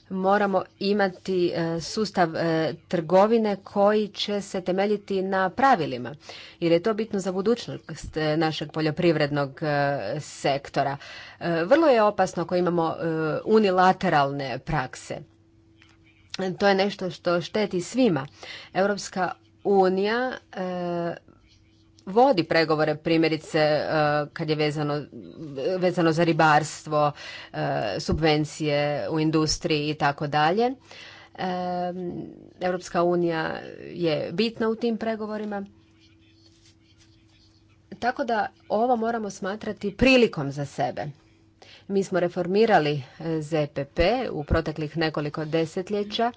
moramo imati e, sustav e, trgovine koji će se temeljiti na pravilima jer je to bitno za budućnost e, našeg poljoprivrednog sektora. Vrlo je opasno ako imamo unilateralne prakse. To je nešto što šteti svima. Europska unija vodi pregovore primjerice e, kad je vezano, vezano za ribarstvo, e, subvencije u industriji i tako dalje. E, Europska unija je bitna u tim pregovorima. Tako da ovo moramo smatrati prilikom za sebe. Mi smo reformirali ZPP u proteklih nekoliko desetljeća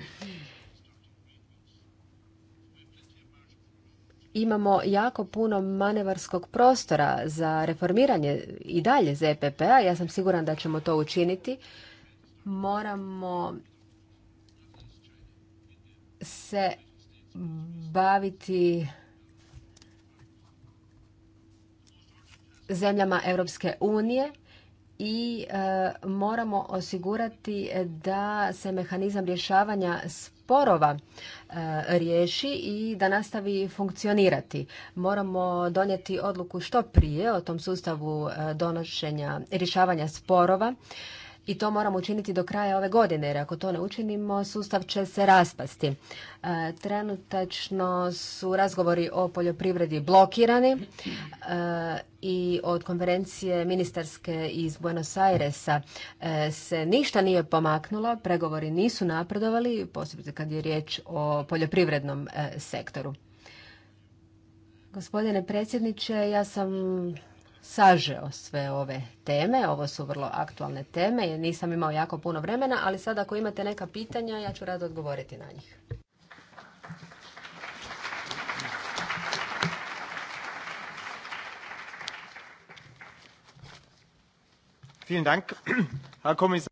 imamo jako puno manevarskog prostora za reformiranje i dalje ZPP-a. Ja sam siguran da ćemo to učiniti. Moramo se baviti zemljama Europske unije i e, moramo osigurati da se mehanizam rješavanja sporova e, riješi i da nastavi funkcionirati. Moramo donijeti odluku što prije o tom sustavu e, donošenja rješavanja sporova i to moramo učiniti do kraja ove godine, jer ako to ne učinimo, sustav će se raspasti. E, trenutačno su razgovori o poljoprivredi blokirani e, i od konferencije ministarske iz Buenos Airesa e, se ništa nije pomaknulo, pregovori nisu napredovali, posebno kad je riječ o poljoprivrednom sektoru. Gospodine predsjedniče, ja sam sažeo sve ove teme. Ovo su vrlo aktualne teme jer nisam imao jako puno vremena, ali sada ako imate neka pitanja, ja ću rado odgovoriti na njih.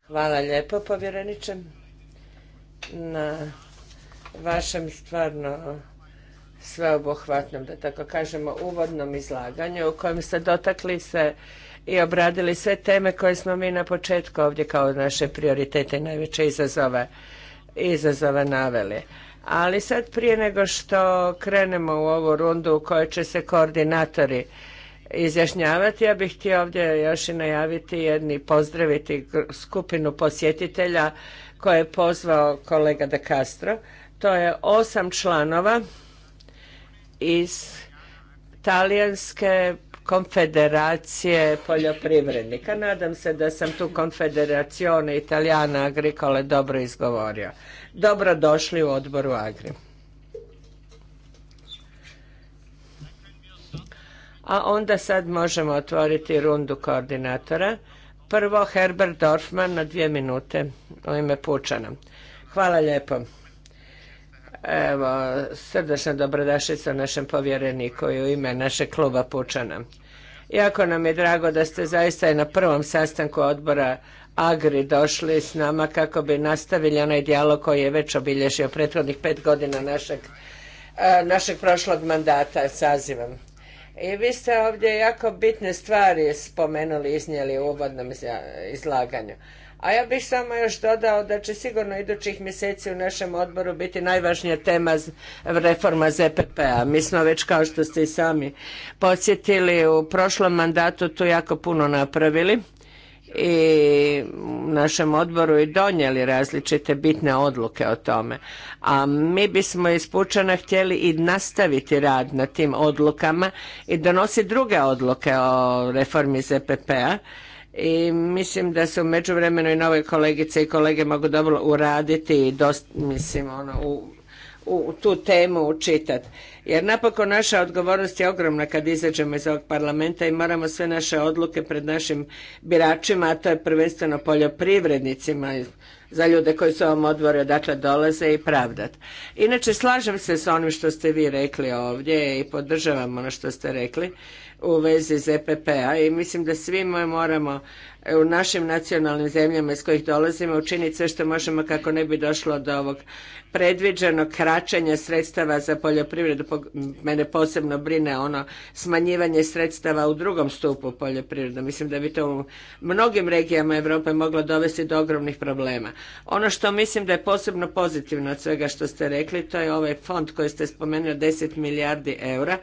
Hvala lijepo, povjereniče, na vašem stvarno sveobuhvatnom, da tako kažemo, uvodnom izlaganju u kojem ste dotakli se i obradili sve teme koje smo mi na početku ovdje kao naše prioritete i najveće izazove, izazove naveli. Ali sad prije nego što krenemo u ovu rundu u kojoj će se koordinatori izjašnjavati, ja bih htio ovdje još i najaviti jedni pozdraviti skupinu posjetitelja koje je pozvao kolega De Castro. To je osam članova iz talijanske konfederacije poljoprivrednika. Nadam se da sam tu konfederacione italijana agrikole dobro izgovorio. Dobro došli u odboru Agri. A onda sad možemo otvoriti rundu koordinatora. Prvo Herbert Dorfman na dvije minute u ime Pučana. Hvala lijepo. Evo, srdečna dobrodašica našem povjereniku i u ime našeg kluba Pučana. Jako nam je drago da ste zaista i na prvom sastanku odbora Agri došli s nama kako bi nastavili onaj dijalog koji je već obilježio prethodnih pet godina našeg, e, našeg prošlog mandata sazivom. I vi ste ovdje jako bitne stvari spomenuli, iznijeli u uvodnom izlaganju. A ja bih samo još dodao da će sigurno idućih mjeseci u našem odboru biti najvažnija tema reforma ZPP-a. Mi smo već kao što ste i sami podsjetili u prošlom mandatu tu jako puno napravili i u našem odboru i donijeli različite bitne odluke o tome. A mi bismo iz Pučana htjeli i nastaviti rad na tim odlukama i donositi druge odluke o reformi ZPP-a i mislim da se u međuvremenu i nove kolegice i kolege mogu dobro uraditi i mislim ono u, u tu temu učitati. Jer napokon naša odgovornost je ogromna kad izađemo iz ovog parlamenta i moramo sve naše odluke pred našim biračima, a to je prvenstveno poljoprivrednicima, za ljude koji su ovom odboru odakle dolaze i pravdat. Inače, slažem se s onim što ste vi rekli ovdje i podržavam ono što ste rekli u vezi epp a p-a i mislim da svi mi moramo u našim nacionalnim zemljama iz kojih dolazimo učiniti sve što možemo kako ne bi došlo do ovog predviđenog kraćenja sredstava za poljoprivredu. Mene posebno brine ono smanjivanje sredstava u drugom stupu poljoprivrede. Mislim da bi to u mnogim regijama Europe moglo dovesti do ogromnih problema. Ono što mislim da je posebno pozitivno od svega što ste rekli, to je ovaj fond koji ste spomenuli 10 milijardi eura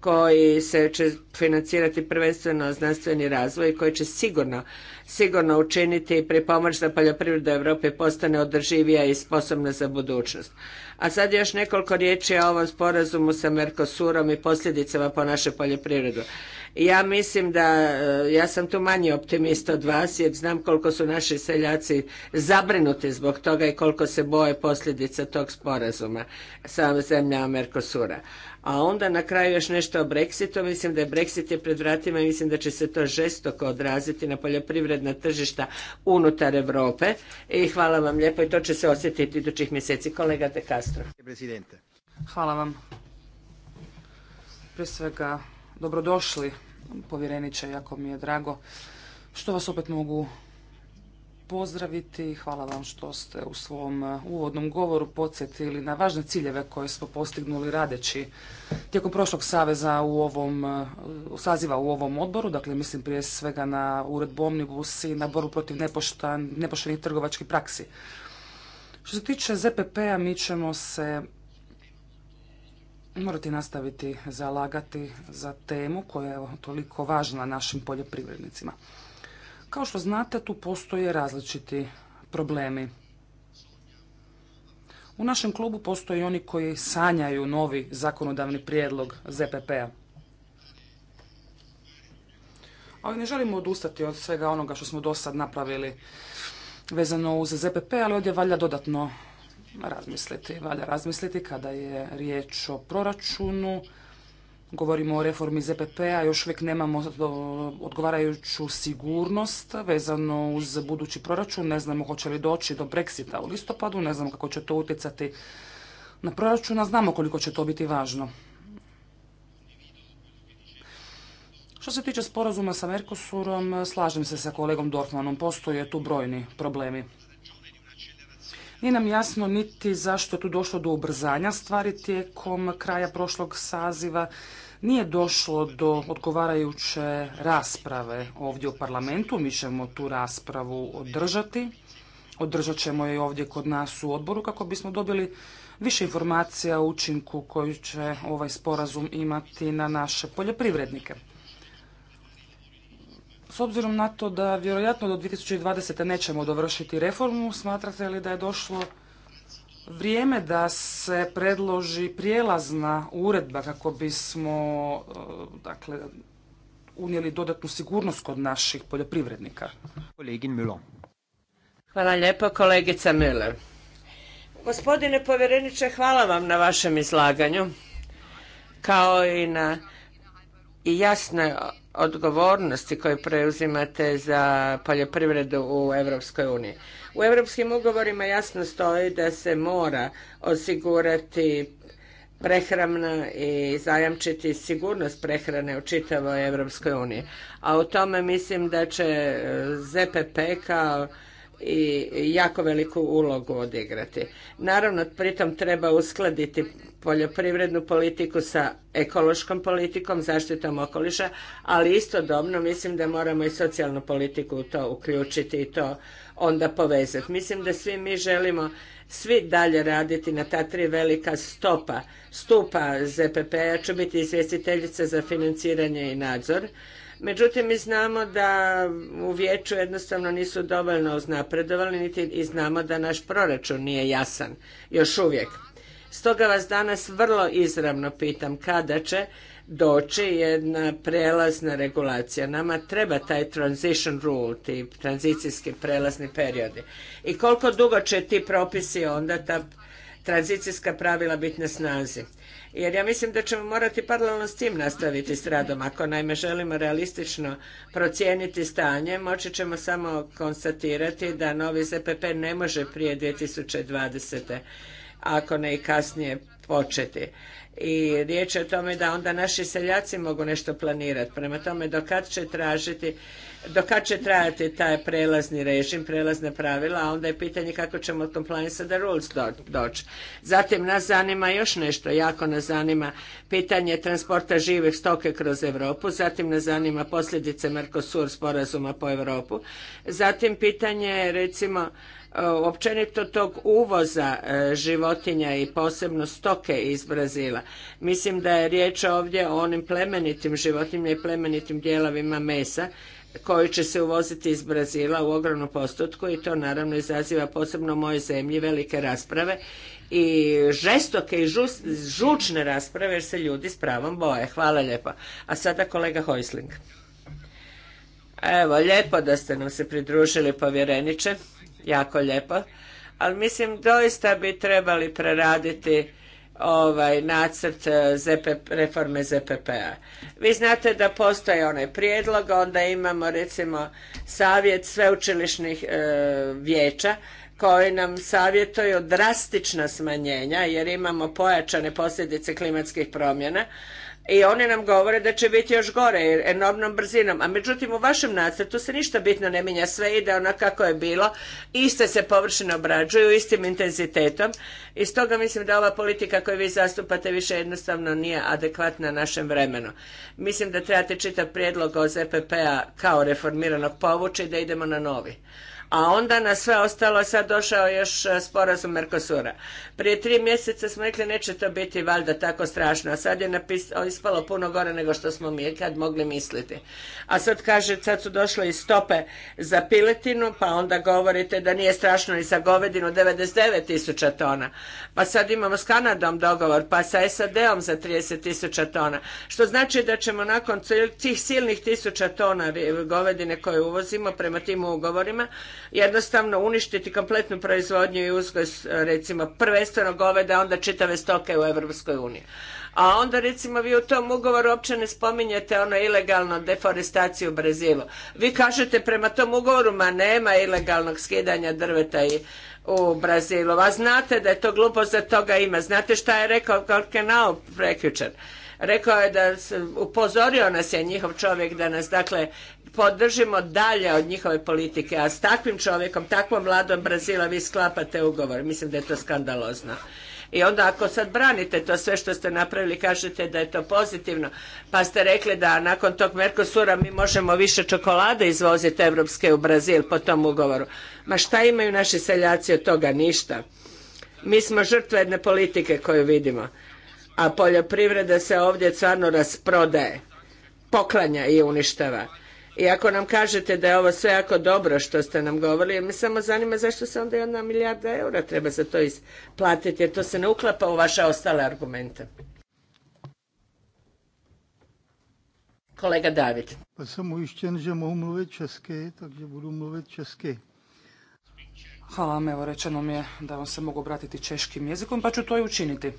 koji se će financirati prvenstveno znanstveni razvoj koji će sigurno, sigurno učiniti i pripomoć da poljoprivreda Europe postane održivija i sposobna za budućnost. A sad još nekoliko riječi o ovom sporazumu sa Mercosurom i posljedicama po našu poljoprivredu. Ja mislim da, e, ja sam tu manji optimist od vas jer znam koliko su naši seljaci zabrinuti zbog toga i koliko se boje posljedica tog sporazuma sa zemljama Mercosura. A onda na kraju još nešto o Brexitu. Mislim da je Brexit je pred vratima i mislim da će se to žestoko odraziti na poljoprivredna tržišta unutar Europe. I hvala vam lijepo i to će se osjetiti idućih mjeseci. Kolega De Castro. Hvala vam. Prije svega, dobrodošli povjereniče, jako mi je drago što vas opet mogu pozdraviti. i Hvala vam što ste u svom uh, uvodnom govoru podsjetili na važne ciljeve koje smo postignuli radeći tijekom prošlog saveza u ovom, uh, saziva u ovom odboru. Dakle, mislim prije svega na uredbu Omnibus i na boru protiv nepoštenih trgovačkih praksi. Što se tiče ZPP-a, mi ćemo se morati nastaviti zalagati za temu koja je toliko važna našim poljoprivrednicima. Kao što znate, tu postoje različiti problemi. U našem klubu postoje oni koji sanjaju novi zakonodavni prijedlog ZPP-a. Ali ne želimo odustati od svega onoga što smo do sad napravili vezano uz ZPP, ali ovdje valja dodatno razmisliti. Valja razmisliti kada je riječ o proračunu, Govorimo o reformi ZPP-a, još uvijek nemamo e, odgovarajuću sigurnost vezano uz budući proračun. Ne znamo hoće li doći do Brexita u listopadu, ne znamo kako će to utjecati na proračun, a znamo koliko će to biti važno. Što se tiče sporazuma sa Mercosurom, slažem se sa kolegom Dorfmanom, postoje tu brojni problemi. Nije nam jasno niti zašto je tu došlo do ubrzanja stvari tijekom kraja prošlog saziva. Nije došlo do odgovarajuće rasprave ovdje u parlamentu. Mi ćemo tu raspravu održati. Održat ćemo je ovdje kod nas u odboru kako bismo dobili više informacija o učinku koju će ovaj sporazum imati na naše poljoprivrednike. S obzirom na to da vjerojatno do 2020. nećemo dovršiti reformu, smatrate li da je došlo vrijeme da se predloži prijelazna uredba kako bismo e, dakle, unijeli dodatnu sigurnost kod naših poljoprivrednika? Hvala lijepo, kolegica Müller. Gospodine povjereniče, hvala vam na vašem izlaganju, kao i na i jasne odgovornosti koje preuzimate za poljoprivredu u Europskoj uniji. U europskim ugovorima jasno stoji da se mora osigurati prehrana i zajamčiti sigurnost prehrane u čitavoj Europskoj uniji. A u tome mislim da će e, ZPP kao i jako veliku ulogu odigrati. Naravno, pritom treba uskladiti poljoprivrednu politiku sa ekološkom politikom, zaštitom okoliša, ali istodobno mislim da moramo i socijalnu politiku u to uključiti i to onda povezati. Mislim da svi mi želimo svi dalje raditi na ta tri velika stopa, stupa ZPP-a. Ja ću biti izvjestiteljica za financiranje i nadzor Međutim, mi znamo da u vijeću jednostavno nisu dovoljno uznapredovali niti i znamo da naš proračun nije jasan još uvijek. Stoga vas danas vrlo izravno pitam kada će doći jedna prelazna regulacija. Nama treba taj transition rule, ti tranzicijski prelazni periodi. I koliko dugo će ti propisi onda ta tranzicijska pravila biti na snazi. Jer ja mislim da ćemo morati paralelno s tim nastaviti s radom. Ako najme želimo realistično procijeniti stanje, moći ćemo samo konstatirati da novi ZPP ne može prije 2020. ako ne i kasnije početi. I riječ je o tome da onda naši seljaci mogu nešto planirati. Prema tome, do kad će tražiti do kad će trajati taj prelazni režim, prelazne pravila, a onda je pitanje kako ćemo od compliance da rules do, doći. Zatim nas zanima još nešto, jako nas zanima pitanje transporta živih stoke kroz Europu, zatim nas zanima posljedice Mercosur sporazuma po Europu, zatim pitanje recimo e, općenito tog uvoza e, životinja i posebno stoke iz Brazila. Mislim da je riječ ovdje o onim plemenitim životinjama i plemenitim dijelovima mesa koji će se uvoziti iz Brazila u ogromnom postotku i to naravno izaziva posebno u mojoj zemlji velike rasprave i žestoke i žučne rasprave jer se ljudi s pravom boje. Hvala lijepo. A sada kolega Hojsling. Evo, lijepo da ste nam se pridružili povjereniče, jako lijepo, ali mislim doista bi trebali preraditi ovaj nacrt eh, reforme ZPP-a. Vi znate da postoje onaj prijedlog, onda imamo recimo savjet sveučilišnih e, vijeća koji nam savjetuju drastična smanjenja jer imamo pojačane posljedice klimatskih promjena, i oni nam govore da će biti još gore enormnom brzinom. A međutim u vašem nacrtu se ništa bitno ne mijenja, sve ide ona kako je bilo, iste se površine obrađuju istim intenzitetom i stoga mislim da ova politika koju vi zastupate više jednostavno nije adekvatna našem vremenu. Mislim da trebate čitav prijedlog o ZPP-a kao reformiranog povući i da idemo na novi a onda na sve ostalo sad došao još e, sporazum Mercosura. Prije tri mjeseca smo rekli neće to biti valjda tako strašno, a sad je napis, ispalo puno gore nego što smo mi kad mogli misliti. A sad kaže, sad su došle i stope za piletinu, pa onda govorite da nije strašno i za govedinu 99 tisuća tona. Pa sad imamo s Kanadom dogovor, pa sa SAD-om za 30 tisuća tona. Što znači da ćemo nakon tih silnih tisuća tona govedine koje uvozimo prema tim ugovorima, jednostavno uništiti kompletnu proizvodnju i uzgoj recimo prvenstveno goveda, onda čitave stoke u Europskoj uniji. A onda recimo vi u tom ugovoru uopće ne spominjete ono ilegalno deforestaciju u Brazilu. Vi kažete prema tom ugovoru ma nema ilegalnog skidanja drveta i u Brazilu. A znate da je to glupo, za toga ima. Znate šta je rekao Kalkenau prekjučer? Rekao je da se, upozorio nas je njihov čovjek da nas dakle podržimo dalje od njihove politike, a s takvim čovjekom, takvom Vladom Brazila vi sklapate ugovor. Mislim da je to skandalozno. I onda ako sad branite to sve što ste napravili, kažete da je to pozitivno, pa ste rekli da nakon tog Mercosura mi možemo više čokolade izvoziti evropske u Brazil po tom ugovoru. Ma šta imaju naši seljaci od toga? Ništa. Mi smo žrtve jedne politike koju vidimo. A poljoprivreda se ovdje stvarno rasprodaje, poklanja i uništava. I ako nam kažete da je ovo sve jako dobro što ste nam govorili, mi samo zanima zašto se onda jedna milijarda eura treba za to isplatiti, jer to se ne uklapa u vaše ostale argumente. Kolega David. Pa sam ujišćen, že mogu budu Hvala vam, evo rečeno mi je da vam se mogu obratiti češkim jezikom, pa ću to i učiniti.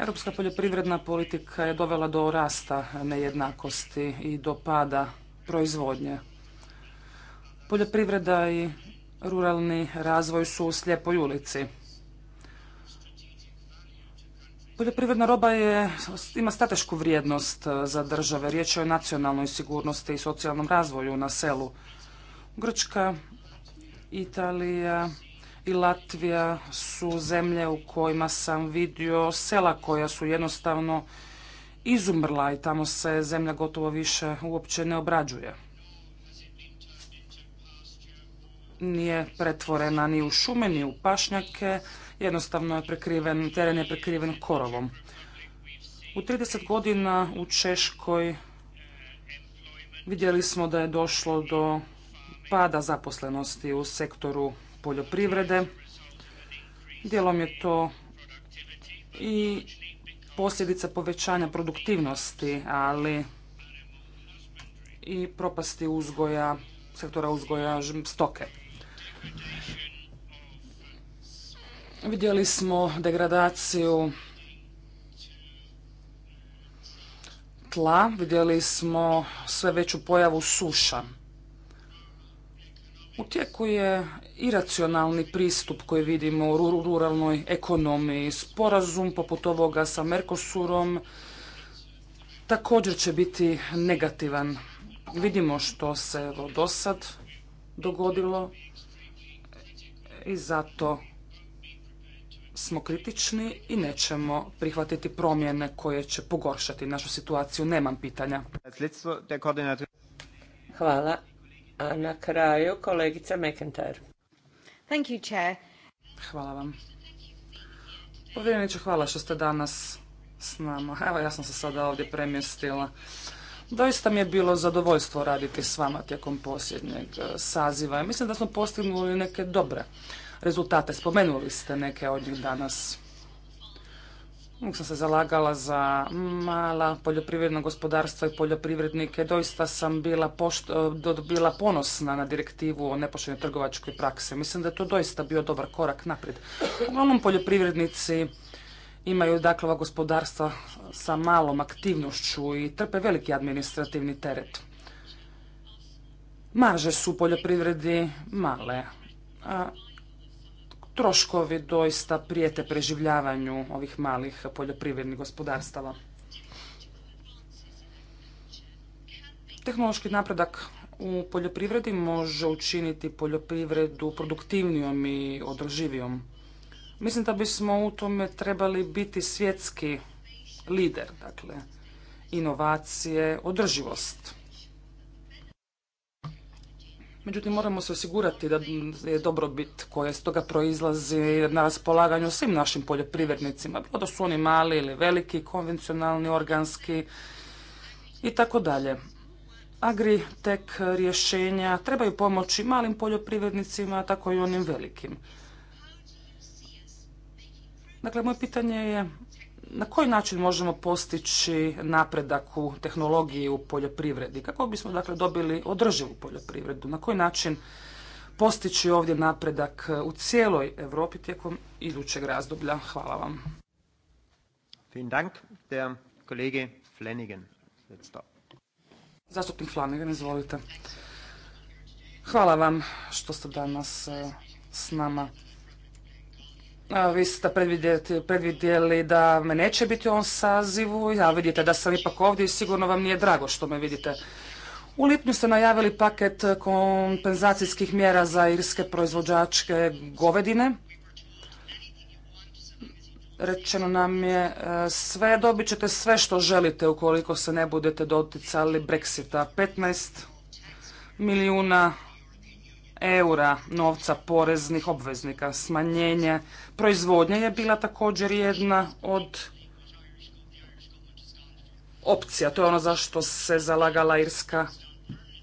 Europska poljoprivredna politika je dovela do rasta nejednakosti i do pada proizvodnje. Poljoprivreda i ruralni razvoj su u slijepoj ulici. Poljoprivredna roba je, ima stratešku vrijednost za države. Riječ je o nacionalnoj sigurnosti i socijalnom razvoju na selu. Grčka, Italija, i Latvija su zemlje u kojima sam vidio sela koja su jednostavno izumrla i tamo se zemlja gotovo više uopće ne obrađuje. Nije pretvorena ni u šume, ni u pašnjake, jednostavno je prekriven, teren je prekriven korovom. U 30 godina u Češkoj vidjeli smo da je došlo do pada zaposlenosti u sektoru poljoprivrede. Dijelom je to i posljedica povećanja produktivnosti, ali i propasti uzgoja, sektora uzgoja stoke. Vidjeli smo degradaciju tla, vidjeli smo sve veću pojavu suša. U tijeku je iracionalni pristup koji vidimo u ruralnoj ekonomiji. Sporazum poput ovoga sa Mercosurom također će biti negativan. Vidimo što se do sad dogodilo i zato smo kritični i nećemo prihvatiti promjene koje će pogoršati našu situaciju. Nemam pitanja. Hvala na kraju kolegica McIntyre. Hvala vam. Povjereniče, hvala što ste danas s nama. Evo, ja sam se sada ovdje premjestila. Doista mi je bilo zadovoljstvo raditi s vama tijekom posljednjeg e, saziva. Mislim da smo postignuli neke dobre rezultate. Spomenuli ste neke od njih danas. Uvijek sam se zalagala za mala poljoprivredna gospodarstva i poljoprivrednike. Doista sam bila, pošto, e, ponosna na direktivu o nepoštenoj trgovačkoj praksi. Mislim da je to doista bio dobar korak naprijed. Uglavnom poljoprivrednici imaju dakle gospodarstva sa malom aktivnošću i trpe veliki administrativni teret. Marže su u poljoprivredi male, a troškovi doista prijete preživljavanju ovih malih poljoprivrednih gospodarstava. Tehnološki napredak u poljoprivredi može učiniti poljoprivredu produktivnijom i održivijom. Mislim da bismo u tome trebali biti svjetski lider, dakle, inovacije, održivost. Međutim, moramo se osigurati da je dobrobit koja iz toga proizlazi na raspolaganju svim našim poljoprivrednicima, bilo da su oni mali ili veliki, konvencionalni, organski i tako dalje. Agritek rješenja trebaju pomoći malim poljoprivrednicima, tako i onim velikim. Dakle, moje pitanje je na koji način možemo postići napredak u tehnologiji u poljoprivredi? Kako bismo dakle dobili održivu poljoprivredu? Na koji način postići ovdje napredak e, u cijeloj Europi tijekom idućeg razdoblja? Hvala vam. Zastupnik Flanagan, izvolite. Hvala vam što ste danas e, s nama. Vi ste predvidjeli da me neće biti u ovom sazivu, Ja vidite da sam ipak ovdje i sigurno vam nije drago što me vidite. U lipnju ste najavili paket kompenzacijskih mjera za irske proizvođačke govedine. Rečeno nam je e, sve, dobit ćete sve što želite ukoliko se ne budete doticali Brexita. 15 milijuna eura novca poreznih obveznika. Smanjenje proizvodnje je bila također jedna od opcija. To je ono zašto se zalagala irska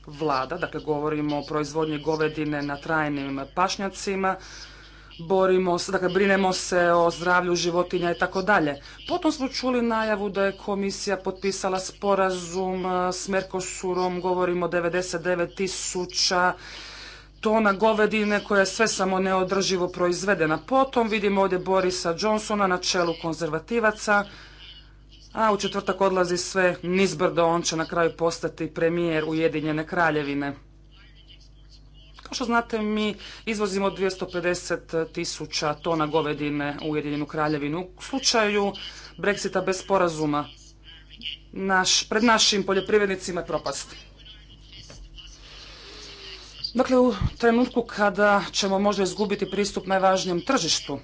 vlada. Dakle, govorimo o proizvodnji govedine na trajnim pašnjacima. Borimo se, dakle, brinemo se o zdravlju životinja i tako dalje. Potom smo čuli najavu da je komisija potpisala sporazum eh, s Mercosurom, govorimo 99 tisuća tona govedine koja je sve samo neodrživo proizvedena. Potom vidimo ovdje Borisa Johnsona na čelu konzervativaca, a u četvrtak odlazi sve nizbrdo, on će na kraju postati premijer Ujedinjene kraljevine. Kao što znate, mi izvozimo 250 tisuća tona govedine u Ujedinjenu kraljevinu. U slučaju Brexita bez sporazuma naš, pred našim poljoprivrednicima propasti. propast. Dakle, u trenutku kada ćemo možda izgubiti pristup najvažnijem tržištu,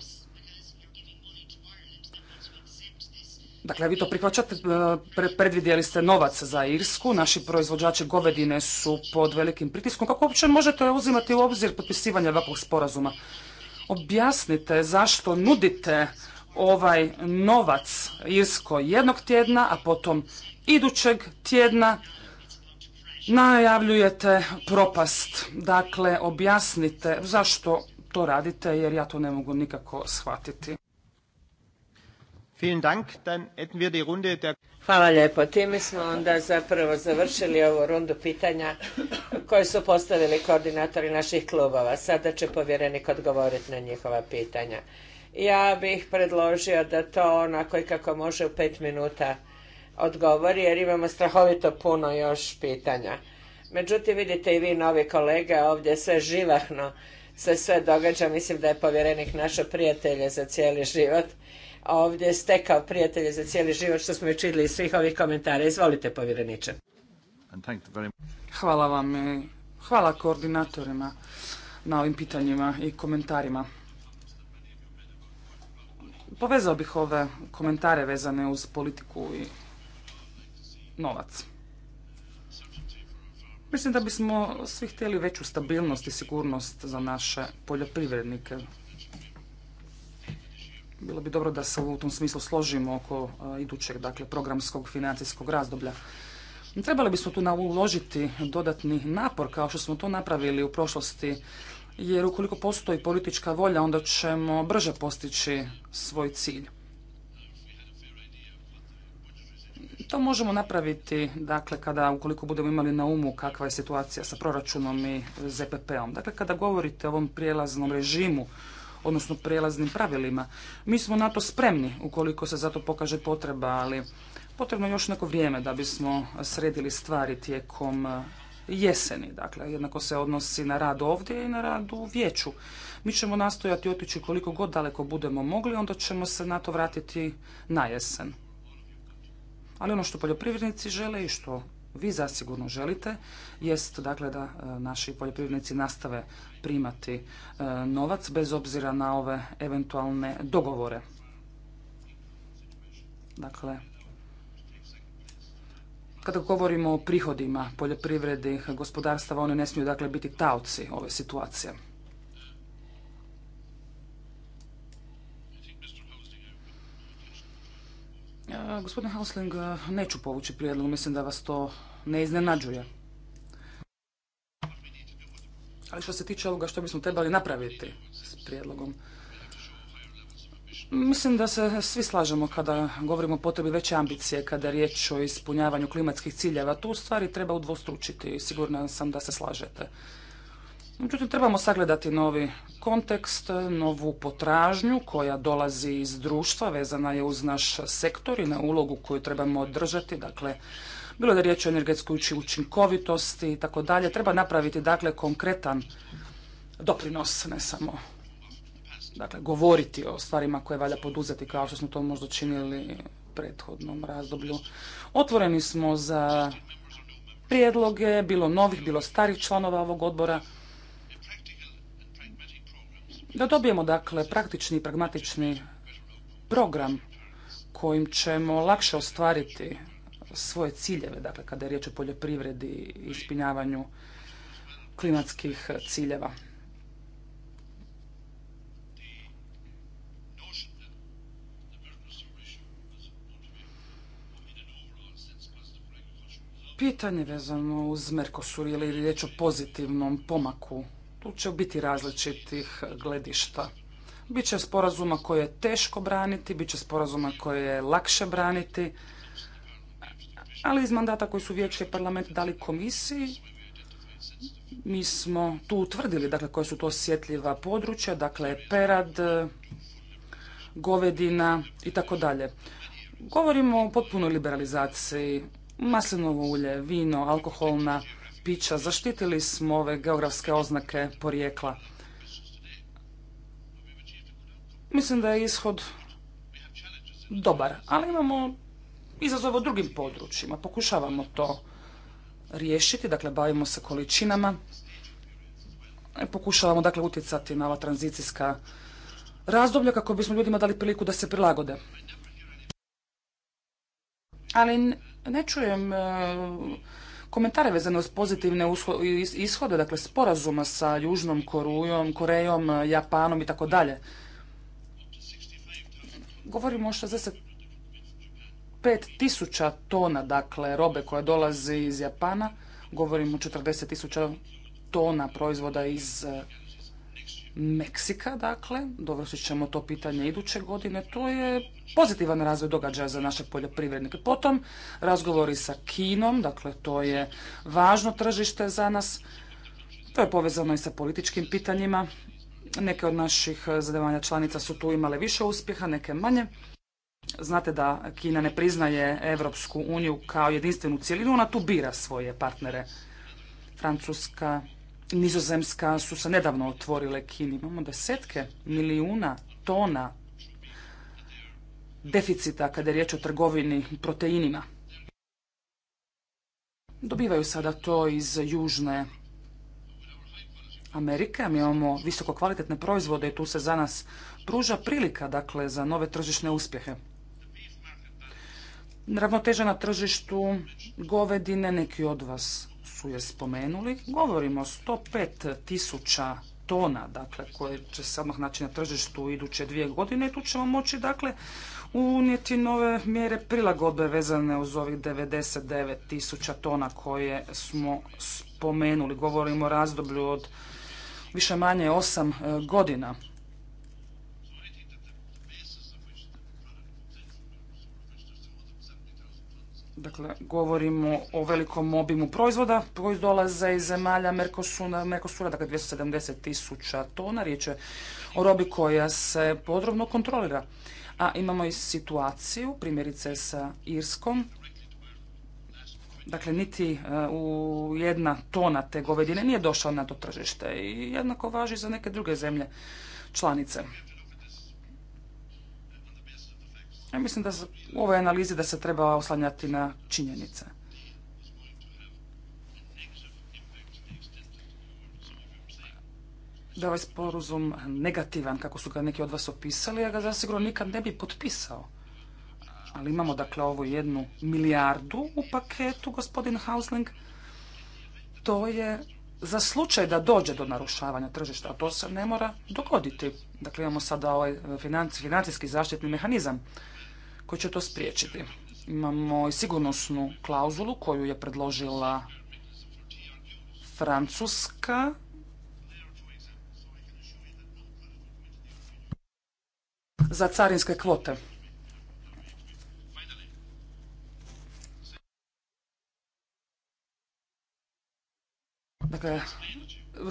Dakle, vi to prihvaćate, e, predvidjeli ste novac za Irsku, naši proizvođači govedine su pod velikim pritiskom. Kako uopće možete uzimati u obzir potpisivanje ovakvog sporazuma? Objasnite zašto nudite ovaj novac Irskoj jednog tjedna, a potom idućeg tjedna Najavljujete propast, dakle objasnite zašto to radite jer ja to ne mogu nikako shvatiti. Hvala lijepo. Time smo onda zapravo završili ovu rundu pitanja koje su postavili koordinatori naših klubova. Sada će povjerenik odgovoriti na njihova pitanja. Ja bih predložio da to onako i kako može u pet minuta odgovori jer imamo strahovito puno još pitanja. Međutim, vidite i vi novi kolege ovdje sve živahno se sve događa. Mislim da je povjerenik naša prijatelja za cijeli život. Ovdje stekao prijatelje za cijeli život što smo učinili iz svih ovih komentara. Izvolite povjereniče. Hvala vam. Hvala koordinatorima na ovim pitanjima i komentarima. Povezao bih ove komentare vezane uz politiku i novac. Mislim da bismo svi htjeli veću stabilnost i sigurnost za naše poljoprivrednike. Bilo bi dobro da se u tom smislu složimo oko e, idućeg dakle, programskog financijskog razdoblja. Trebali bismo tu uložiti dodatni napor kao što smo to napravili u prošlosti jer ukoliko postoji politička volja onda ćemo brže postići svoj cilj. To možemo napraviti, dakle, kada, ukoliko budemo imali na umu kakva je situacija sa proračunom i ZPP-om. Dakle, kada govorite o ovom prijelaznom režimu, odnosno prijelaznim pravilima, mi smo na to spremni, ukoliko se za to pokaže potreba, ali potrebno je još neko vrijeme da bismo sredili stvari tijekom eh, jeseni. Dakle, jednako se odnosi na rad ovdje i na rad u vijeću. Mi ćemo nastojati otići koliko god daleko budemo mogli, onda ćemo se na to vratiti na jesen. Ali ono što poljoprivrednici žele i što vi zasigurno želite jest dakle da e, naši poljoprivrednici nastave primati e, novac bez obzira na ove eventualne dogovore. Dakle, kada govorimo o prihodima poljoprivrednih gospodarstava, oni ne smiju dakle biti taoci ove situacije. Gospodin e, gospodine Hausling, e, neću povući prijedlog, mislim da vas to ne iznenađuje. Ali što se tiče ovoga što bismo trebali napraviti s prijedlogom, mislim da se svi slažemo kada govorimo o potrebi veće ambicije, kada je riječ o ispunjavanju klimatskih ciljeva. Tu stvari treba udvostručiti i sigurna sam da se slažete. Međutim, trebamo sagledati novi kontekst, novu potražnju koja dolazi iz društva, vezana je uz naš sektor i na ulogu koju trebamo održati, dakle, bilo da je riječ o energetskoj učinkovitosti i tako dalje, treba napraviti dakle konkretan doprinos, ne samo dakle govoriti o stvarima koje valja poduzeti kao što smo to možda činili u prethodnom razdoblju. Otvoreni smo za prijedloge, bilo novih, bilo starih članova ovog odbora da dobijemo dakle praktični i pragmatični program kojim ćemo lakše ostvariti svoje ciljeve, dakle kada je riječ o poljoprivredi i ispinjavanju klimatskih ciljeva. Pitanje vezano uz Merkosur, ili li riječ o pozitivnom pomaku tu će biti različitih gledišta. Biće sporazuma koje je teško braniti, biće će sporazuma koje je lakše braniti, ali iz mandata koji su vijeće i parlament dali komisiji, mi smo tu utvrdili dakle, koje su to osjetljiva područja, dakle perad, govedina i tako dalje. Govorimo o potpunoj liberalizaciji, maslinovo ulje, vino, alkoholna pića, zaštitili smo ove geografske oznake porijekla. Mislim da je ishod dobar, ali imamo izazov u drugim područjima. Pokušavamo to riješiti, dakle bavimo se količinama. E, pokušavamo dakle utjecati na ova tranzicijska razdoblja kako bismo ljudima dali priliku da se prilagode. Ali ne čujem e, komentare vezane uz pozitivne ishode, dakle sporazuma sa Južnom Korujom, Korejom, Japanom i tako dalje. Govorimo o 65 tisuća tona, dakle, robe koja dolazi iz Japana. Govorimo o 40 tisuća tona proizvoda iz Meksika, dakle, dovršit ćemo to pitanje iduće godine, to je pozitivan razvoj događaja za naše poljoprivrednike. Potom razgovori sa Kinom, dakle, to je važno tržište za nas, to je povezano i sa političkim pitanjima. Neke od naših zadevanja članica su tu imale više uspjeha, neke manje. Znate da Kina ne priznaje Evropsku uniju kao jedinstvenu cijelinu, ona tu bira svoje partnere. Francuska, Nizozemska su se nedavno otvorile Kini. Imamo desetke milijuna tona deficita kada je riječ o trgovini proteinima. Dobivaju sada to iz Južne Amerike. Mi imamo visoko kvalitetne proizvode i tu se za nas pruža prilika dakle, za nove tržišne uspjehe. Ravnoteža na tržištu govedine, neki od vas su je spomenuli. Govorimo o 105 tisuća tona, dakle, koje će se odmah naći na tržištu u iduće dvije godine i tu ćemo moći, dakle, unijeti nove mjere prilagodbe vezane uz ovih 99 tisuća tona koje smo spomenuli. Govorimo o razdoblju od više manje 8 godina. Dakle, govorimo o velikom obimu proizvoda koji dolaze iz zemalja Merkosura, dakle 270 tisuća tona. Riječ je o robi koja se podrobno kontrolira. A imamo i situaciju, primjerice sa Irskom, Dakle, niti e, u jedna tona te govedine nije došla na to tržište i jednako važi za neke druge zemlje članice. Ja mislim da u ovoj analizi da se treba oslanjati na činjenice. Da je ovaj sporozum negativan, kako su ga neki od vas opisali, ja ga zasigurno nikad ne bi potpisao. Ali imamo dakle ovu jednu milijardu u paketu, gospodin Hausling. To je za slučaj da dođe do narušavanja tržišta, a to se ne mora dogoditi. Dakle, imamo sada ovaj eh, financijski zaštitni mehanizam koji će to spriječiti. Imamo i sigurnosnu klauzulu koju je predložila Francuska. za carinske kvote. Dakle,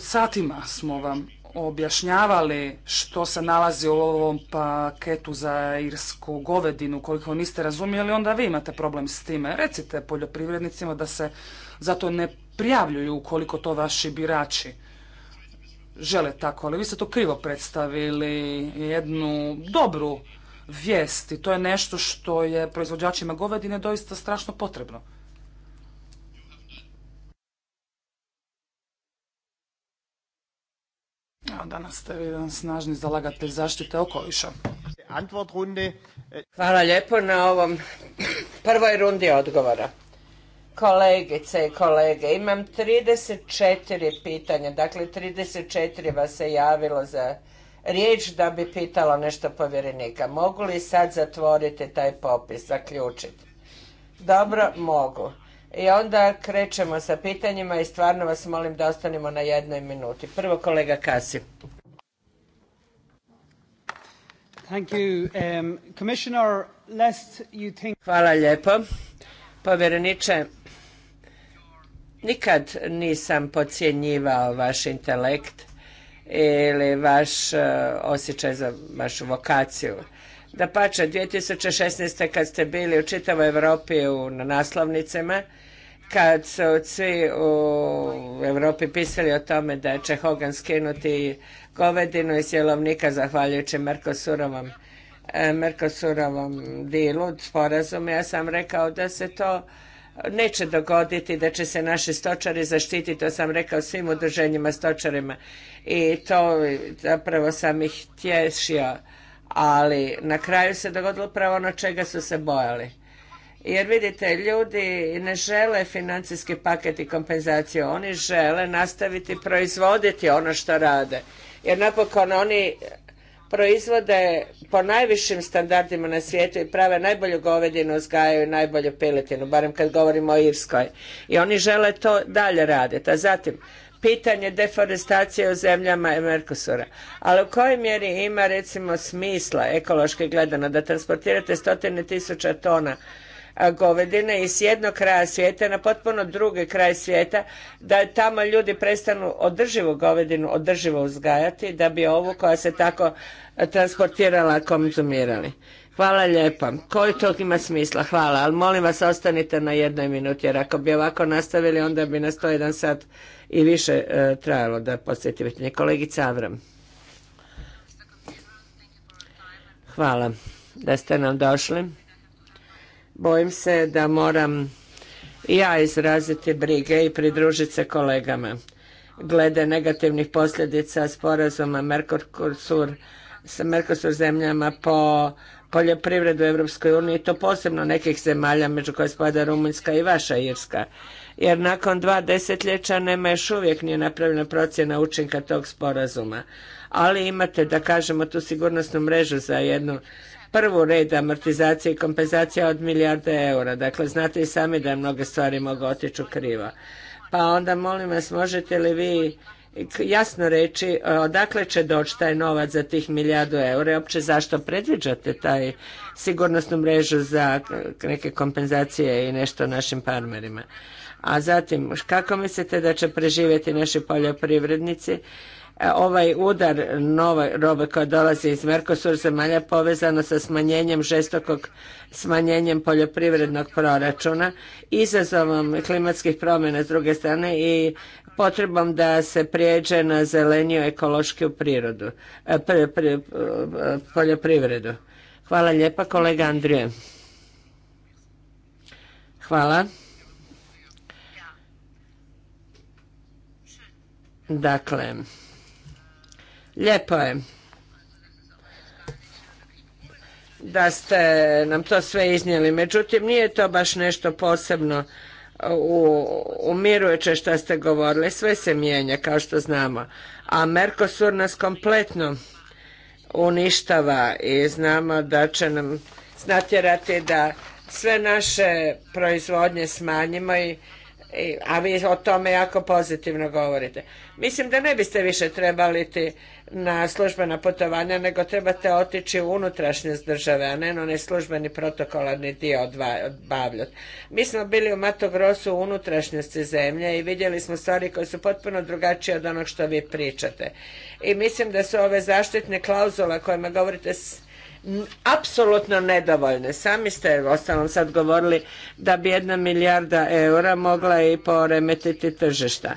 satima smo vam objašnjavali što se nalazi u ovom paketu za irsku govedinu, koliko niste razumjeli, onda vi imate problem s time. Recite poljoprivrednicima da se zato ne prijavljuju ukoliko to vaši birači žele tako, ali vi ste to krivo predstavili, jednu dobru vijest i to je nešto što je proizvođačima govedine doista strašno potrebno. Evo, danas ste jedan snažni zalagatelj zaštite okoliša. Eh, Hvala lijepo na ovom prvoj rundi odgovora. Kolegice i kolege, imam 34 pitanja, dakle 34 vas se javilo za riječ da bi pitalo nešto povjerenika. Mogu li sad zatvoriti taj popis, zaključiti? Dobro, mogu. I onda krećemo sa pitanjima i stvarno vas molim da ostanemo na jednoj minuti. Prvo kolega Kasi. Thank you. Um, Hvala lijepo. Povjereniče, nikad nisam podcjenjivao vaš intelekt ili vaš uh, osjećaj za vašu vokaciju. Da pače, 2016. kad ste bili u čitavoj Europi na naslovnicama, kad su svi u Europi pisali o tome da će Hogan skinuti govedinu iz jelovnika zahvaljujući Merkosurovom e, Merkosurovom dilu, sporazumu, ja sam rekao da se to neće dogoditi da će se naši stočari zaštititi, to sam rekao svim udruženjima stočarima i to zapravo sam ih tješio, ali na kraju se dogodilo upravo ono čega su se bojali. Jer vidite, ljudi ne žele financijski paket i kompenzaciju, oni žele nastaviti proizvoditi ono što rade. Jer napokon oni proizvode po najvišim standardima na svijetu i prave najbolju govedinu, uzgajaju najbolju piletinu, barem kad govorimo o Irskoj. I oni žele to dalje raditi. A zatim, pitanje deforestacije u zemljama Merkosura. Ali u kojoj mjeri ima recimo smisla ekološki gledano da transportirate stotine tisuća tona govedine iz jednog kraja svijeta na potpuno drugi kraj svijeta, da tamo ljudi prestanu održivu govedinu održivo uzgajati da bi ovu koja se tako transportirala konzumirali. Hvala lijepa. Koji to ima smisla? Hvala, ali molim vas ostanite na jednoj minuti, jer ako bi ovako nastavili, onda bi nas to jedan sat i više e, trajalo da posjetim pitanje. Kolegica Avram. Hvala da ste nam došli bojim se da moram ja izraziti brige i pridružiti se kolegama glede negativnih posljedica sporazuma Mercosur sa Mercosur zemljama po poljoprivredu Europskoj uniji, to posebno nekih zemalja među koje spada Rumunjska i vaša Irska. Jer nakon dva desetljeća nema još uvijek nije napravljena procjena učinka tog sporazuma. Ali imate, da kažemo, tu sigurnosnu mrežu za jednu prvu red amortizacije i kompenzacija od milijarde eura. Dakle, znate i sami da je mnoge stvari mogu otići u krivo. Pa onda molim vas, možete li vi jasno reći e, odakle će doći taj novac za tih milijardu eura i opće zašto predviđate taj sigurnosnu mrežu za neke kompenzacije i nešto našim farmerima. A zatim, kako mislite da će preživjeti naši poljoprivrednici E, ovaj udar nove robe koja dolazi iz Mercosur zemalja povezano sa smanjenjem žestokog smanjenjem poljoprivrednog proračuna, izazovom klimatskih promjena s druge strane i potrebom da se prijeđe na zeleniju ekološku prirodu, e, e, poljoprivredu. Hvala lijepa kolega Andrije. Hvala. Dakle, Lijepo je da ste nam to sve iznijeli. Međutim, nije to baš nešto posebno umirujuće što ste govorili. Sve se mijenja, kao što znamo. A Mercosur nas kompletno uništava i znamo da će nam znatjerati da sve naše proizvodnje smanjimo i a vi o tome jako pozitivno govorite. Mislim da ne biste više trebali ti na službena putovanja, nego trebate otići u unutrašnjost države, a ne na onaj službeni protokolarni dio odbavljati. Mi smo bili u Matogrosu u unutrašnjosti zemlje i vidjeli smo stvari koje su potpuno drugačije od onog što vi pričate. I mislim da su ove zaštitne klauzule kojima govorite apsolutno nedovoljne. Sami ste ostalom sad govorili da bi jedna milijarda eura mogla i poremetiti tržišta.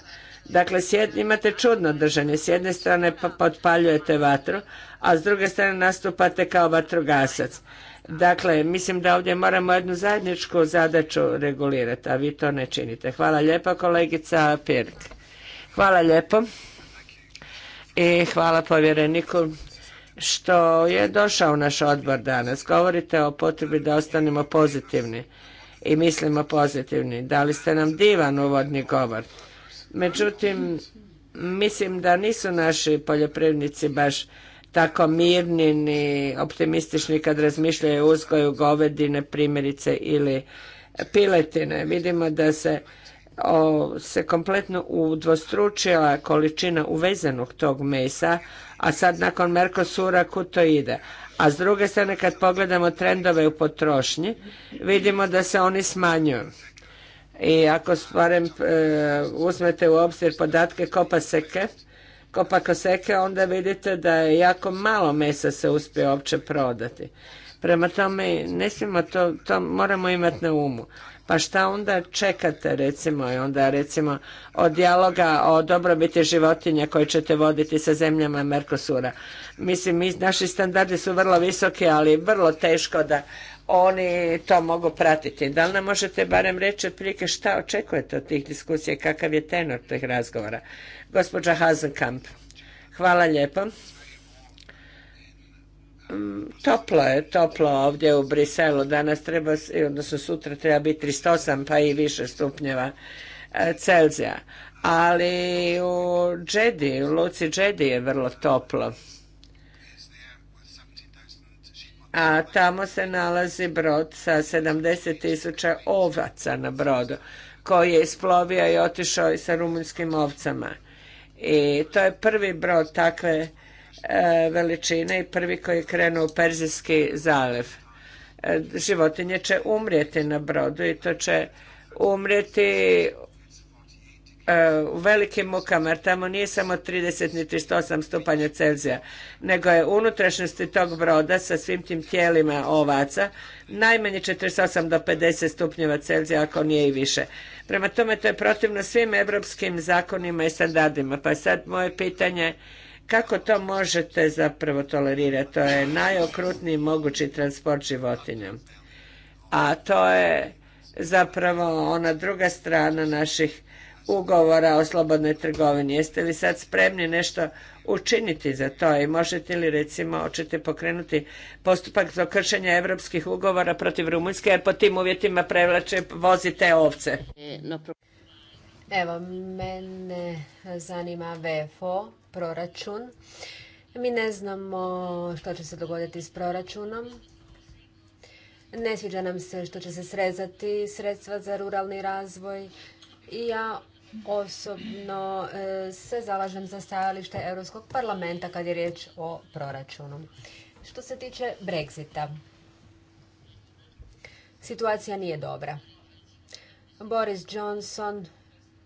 Dakle, imate čudno držanje. S jedne strane pa potpaljujete vatru, a s druge strane nastupate kao vatrogasac. Dakle, mislim da ovdje moramo jednu zajedničku zadaću regulirati, a vi to ne činite. Hvala lijepo, kolegica Pirk. Hvala lijepo i hvala povjereniku što je došao u naš odbor danas. Govorite o potrebi da ostanemo pozitivni i mislimo pozitivni. Dali ste nam divan uvodni govor Međutim, mislim da nisu naši poljoprivrednici baš tako mirni ni optimistični kad razmišljaju o uzgoju govedine primjerice ili piletine. Vidimo da se se kompletno udvostručila količina uvezenog tog mesa, a sad nakon Mercosura kud to ide. A s druge strane kad pogledamo trendove u potrošnji, vidimo da se oni smanjuju i ako stvarem e, uzmete u obzir podatke kopa seke, kopa koseke, onda vidite da je jako malo mesa se uspije uopće prodati. Prema tome, ne smijemo to, to moramo imati na umu. Pa šta onda čekate recimo i onda recimo od dijaloga o dobrobiti životinja koje ćete voditi sa zemljama Merkosura. Mislim, naši standardi su vrlo visoki, ali vrlo teško da oni to mogu pratiti. Da li nam možete barem reći otprilike šta očekujete od tih diskusija i kakav je tenor tih razgovora? Gospođa Hazenkamp, hvala lijepo. Mm, toplo je, toplo ovdje u Briselu. Danas treba, odnosno sutra treba biti 308 pa i više stupnjeva e, Celzija. Ali u Džedi, u Luci Džedi je vrlo toplo a tamo se nalazi brod sa 70 tisuća ovaca na brodu koji je isplovio i otišao i sa rumunjskim ovcama. I to je prvi brod takve e, veličine i prvi koji je krenuo u Perzijski zalev. E, životinje će umrijeti na brodu i to će umrijeti u velikim mukama, jer tamo nije samo 30 ni 38 stupanja Celzija, nego je unutrašnjosti tog broda sa svim tim tijelima ovaca najmanje 48 do 50 stupnjeva Celzija, ako nije i više. Prema tome, to je protivno svim evropskim zakonima i standardima. Pa sad moje pitanje kako to možete zapravo tolerirati? To je najokrutniji mogući transport životinja. A to je zapravo ona druga strana naših ugovora o slobodnoj trgovini. Jeste li sad spremni nešto učiniti za to i možete li recimo, hoćete pokrenuti postupak za kršenje evropskih ugovora protiv Rumunjske jer po tim uvjetima prevlače vozi te ovce? Evo, mene zanima VFO, proračun. Mi ne znamo što će se dogoditi s proračunom. Ne sviđa nam se što će se srezati sredstva za ruralni razvoj. I ja Osobno e, se zalažem za stajalište Europskog parlamenta kad je riječ o proračunu. Što se tiče Brexita, situacija nije dobra. Boris Johnson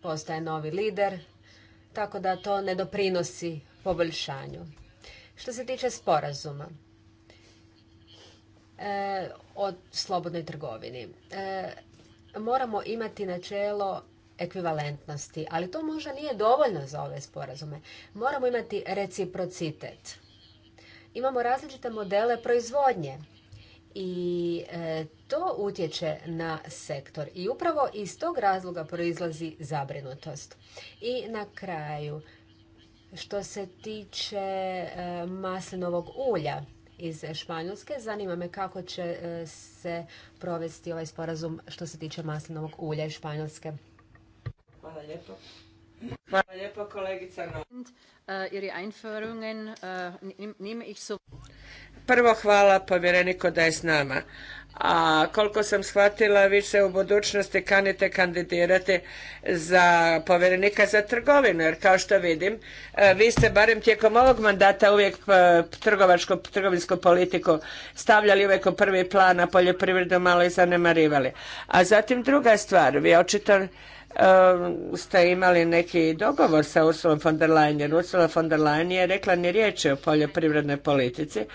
postaje novi lider, tako da to ne doprinosi poboljšanju. Što se tiče sporazuma e, o slobodnoj trgovini, e, moramo imati načelo ekvivalentnosti, ali to možda nije dovoljno za ove sporazume. Moramo imati reciprocitet. Imamo različite modele proizvodnje i e, to utječe na sektor i upravo iz tog razloga proizlazi zabrinutost. I na kraju, što se tiče e, maslinovog ulja, iz Španjolske. Zanima me kako će e, se provesti ovaj sporazum što se tiče maslinovog ulja iz Španjolske. Hvala lijepo. Hvala lijepo kolegica uh, uh, Prvo hvala povjereniku da je s nama. A koliko sam shvatila, vi se u budućnosti kanite kandidirati za povjerenika za trgovinu, jer kao što vidim, uh, vi ste barem tijekom ovog mandata uvijek trgovačku, trgovinsku politiku stavljali uvijek u prvi plan, a poljoprivredu malo i zanemarivali. A zatim druga stvar, vi očito ste imali neki dogovor sa Ursulom von der Leyen, jer Ursula von der Leyen je rekla ni riječi o poljoprivrednoj politici,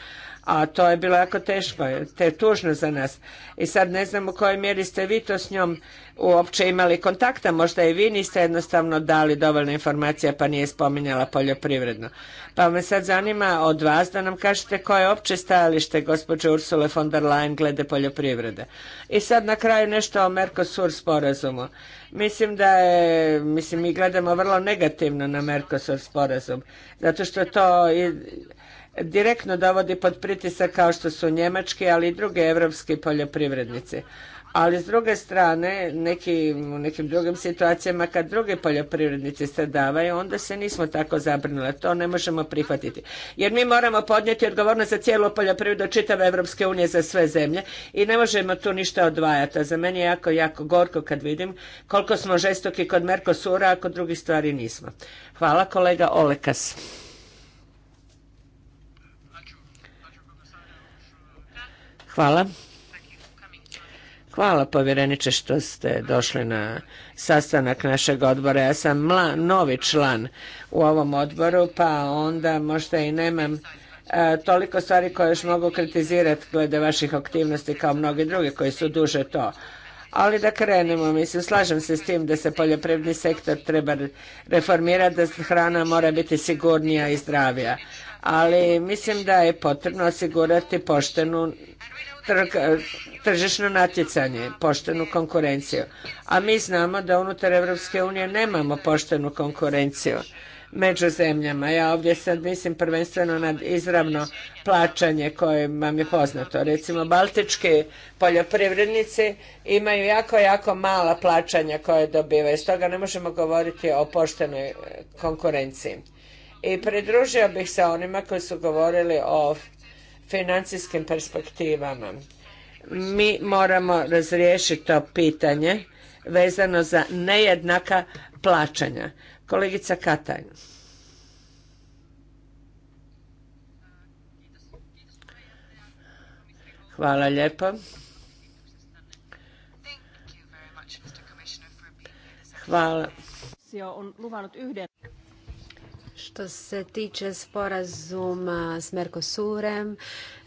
a to je bilo jako teško, te tužno za nas. I sad ne znam u kojoj mjeri ste vi to s njom uopće imali kontakta, možda i vi niste jednostavno dali dovoljno informacija pa nije spominjala poljoprivredno. Pa me sad zanima od vas da nam kažete koje je opće stajalište gospođe Ursule von der Leyen glede poljoprivrede. I sad na kraju nešto o Mercosur sporazumu. Mislim da je, mislim mi gledamo vrlo negativno na Mercosur sporazum, zato što to i direktno dovodi pod pritisak kao što su njemački, ali i druge evropske poljoprivrednici. Ali s druge strane, neki, u nekim drugim situacijama kad drugi poljoprivrednici stradavaju, onda se nismo tako zabrinuli. To ne možemo prihvatiti. Jer mi moramo podnijeti odgovornost za cijelu poljoprivredu čitave Evropske unije za sve zemlje i ne možemo tu ništa odvajati. A za meni je jako, jako gorko kad vidim koliko smo žestoki kod Merkosura, a kod drugih stvari nismo. Hvala kolega Olekas. Hvala. Hvala povjereniče što ste došli na sastanak našeg odbora. Ja sam mla, novi član u ovom odboru pa onda možda i nemam e, toliko stvari koje još mogu kritizirati glede vaših aktivnosti kao mnogi drugi koji su duže to. Ali da krenemo, mislim, slažem se s tim da se poljoprivredni sektor treba reformirati, da hrana mora biti sigurnija i zdravija. Ali mislim da je potrebno osigurati poštenu tržišno natjecanje, poštenu konkurenciju. A mi znamo da unutar Europske unije nemamo poštenu konkurenciju među zemljama. Ja ovdje sad mislim prvenstveno na izravno plaćanje koje vam je poznato. Recimo, baltički poljoprivrednici imaju jako, jako mala plaćanja koje dobivaju. Stoga ne možemo govoriti o poštenoj konkurenciji. I pridružio bih se onima koji su govorili o financijskim perspektivama. Mi moramo razriješiti to pitanje vezano za nejednaka plaćanja. Kolegica Katajn. Hvala lijepo. Hvala. on što se tiče sporazuma s Mercosurem,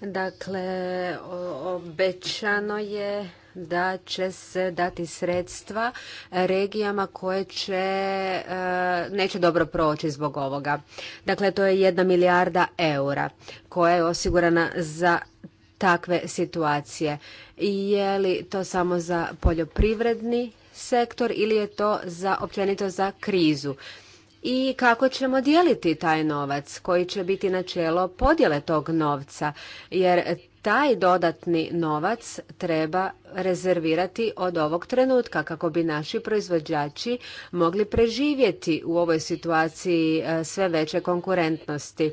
dakle, obećano je da će se dati sredstva regijama koje će, e, neće dobro proći zbog ovoga. Dakle, to je jedna milijarda eura koja je osigurana za takve situacije. Je li to samo za poljoprivredni sektor ili je to za općenito za krizu? i kako ćemo dijeliti taj novac, koji će biti načelo podjele tog novca, jer taj dodatni novac treba rezervirati od ovog trenutka kako bi naši proizvođači mogli preživjeti u ovoj situaciji e, sve veće konkurentnosti,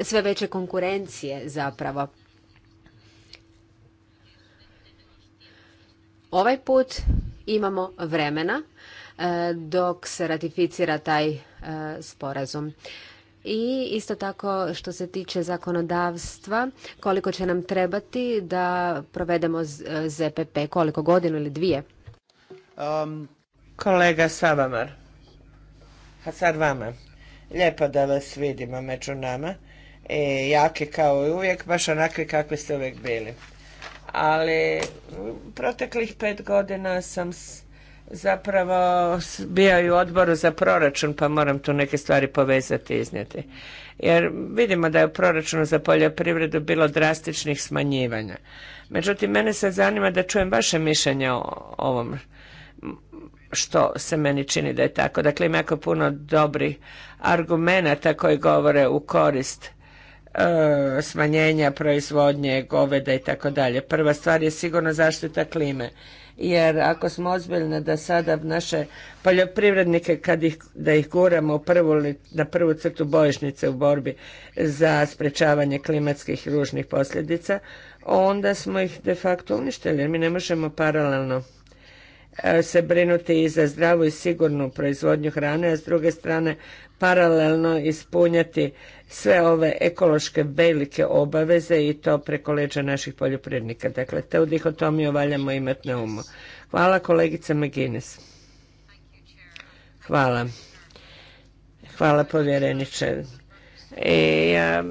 sve veće konkurencije zapravo. Ovaj put imamo vremena e, dok se ratificira taj E, sporazum. I isto tako što se tiče zakonodavstva, koliko će nam trebati da provedemo ZPP, e, koliko godinu ili dvije? Um, kolega Savamar, a sad vama. Lijepo da vas vidimo među nama. E, jake kao i uvijek, baš onakvi kakvi ste uvijek bili. Ali proteklih pet godina sam zapravo bio i u odboru za proračun, pa moram tu neke stvari povezati i iznijeti. Jer vidimo da je u proračunu za poljoprivredu bilo drastičnih smanjivanja. Međutim, mene se zanima da čujem vaše mišljenje o ovom što se meni čini da je tako. Dakle, ima jako puno dobrih argumenata koji govore u korist e, smanjenja proizvodnje goveda i tako dalje. Prva stvar je sigurno zaštita klime jer ako smo ozbiljni da sada naše poljoprivrednike kad ih, da ih guramo na prvu crtu bojišnice u borbi za sprečavanje klimatskih i ružnih posljedica, onda smo ih de facto uništili jer mi ne možemo paralelno e, se brinuti i za zdravu i sigurnu proizvodnju hrane, a s druge strane paralelno ispunjati sve ove ekološke velike obaveze i to preko leđa naših poljoprivrednika. Dakle, te u dihotomiju valjamo imati na umu. Hvala kolegice McGuinness. Hvala. Hvala povjereniče. I, e,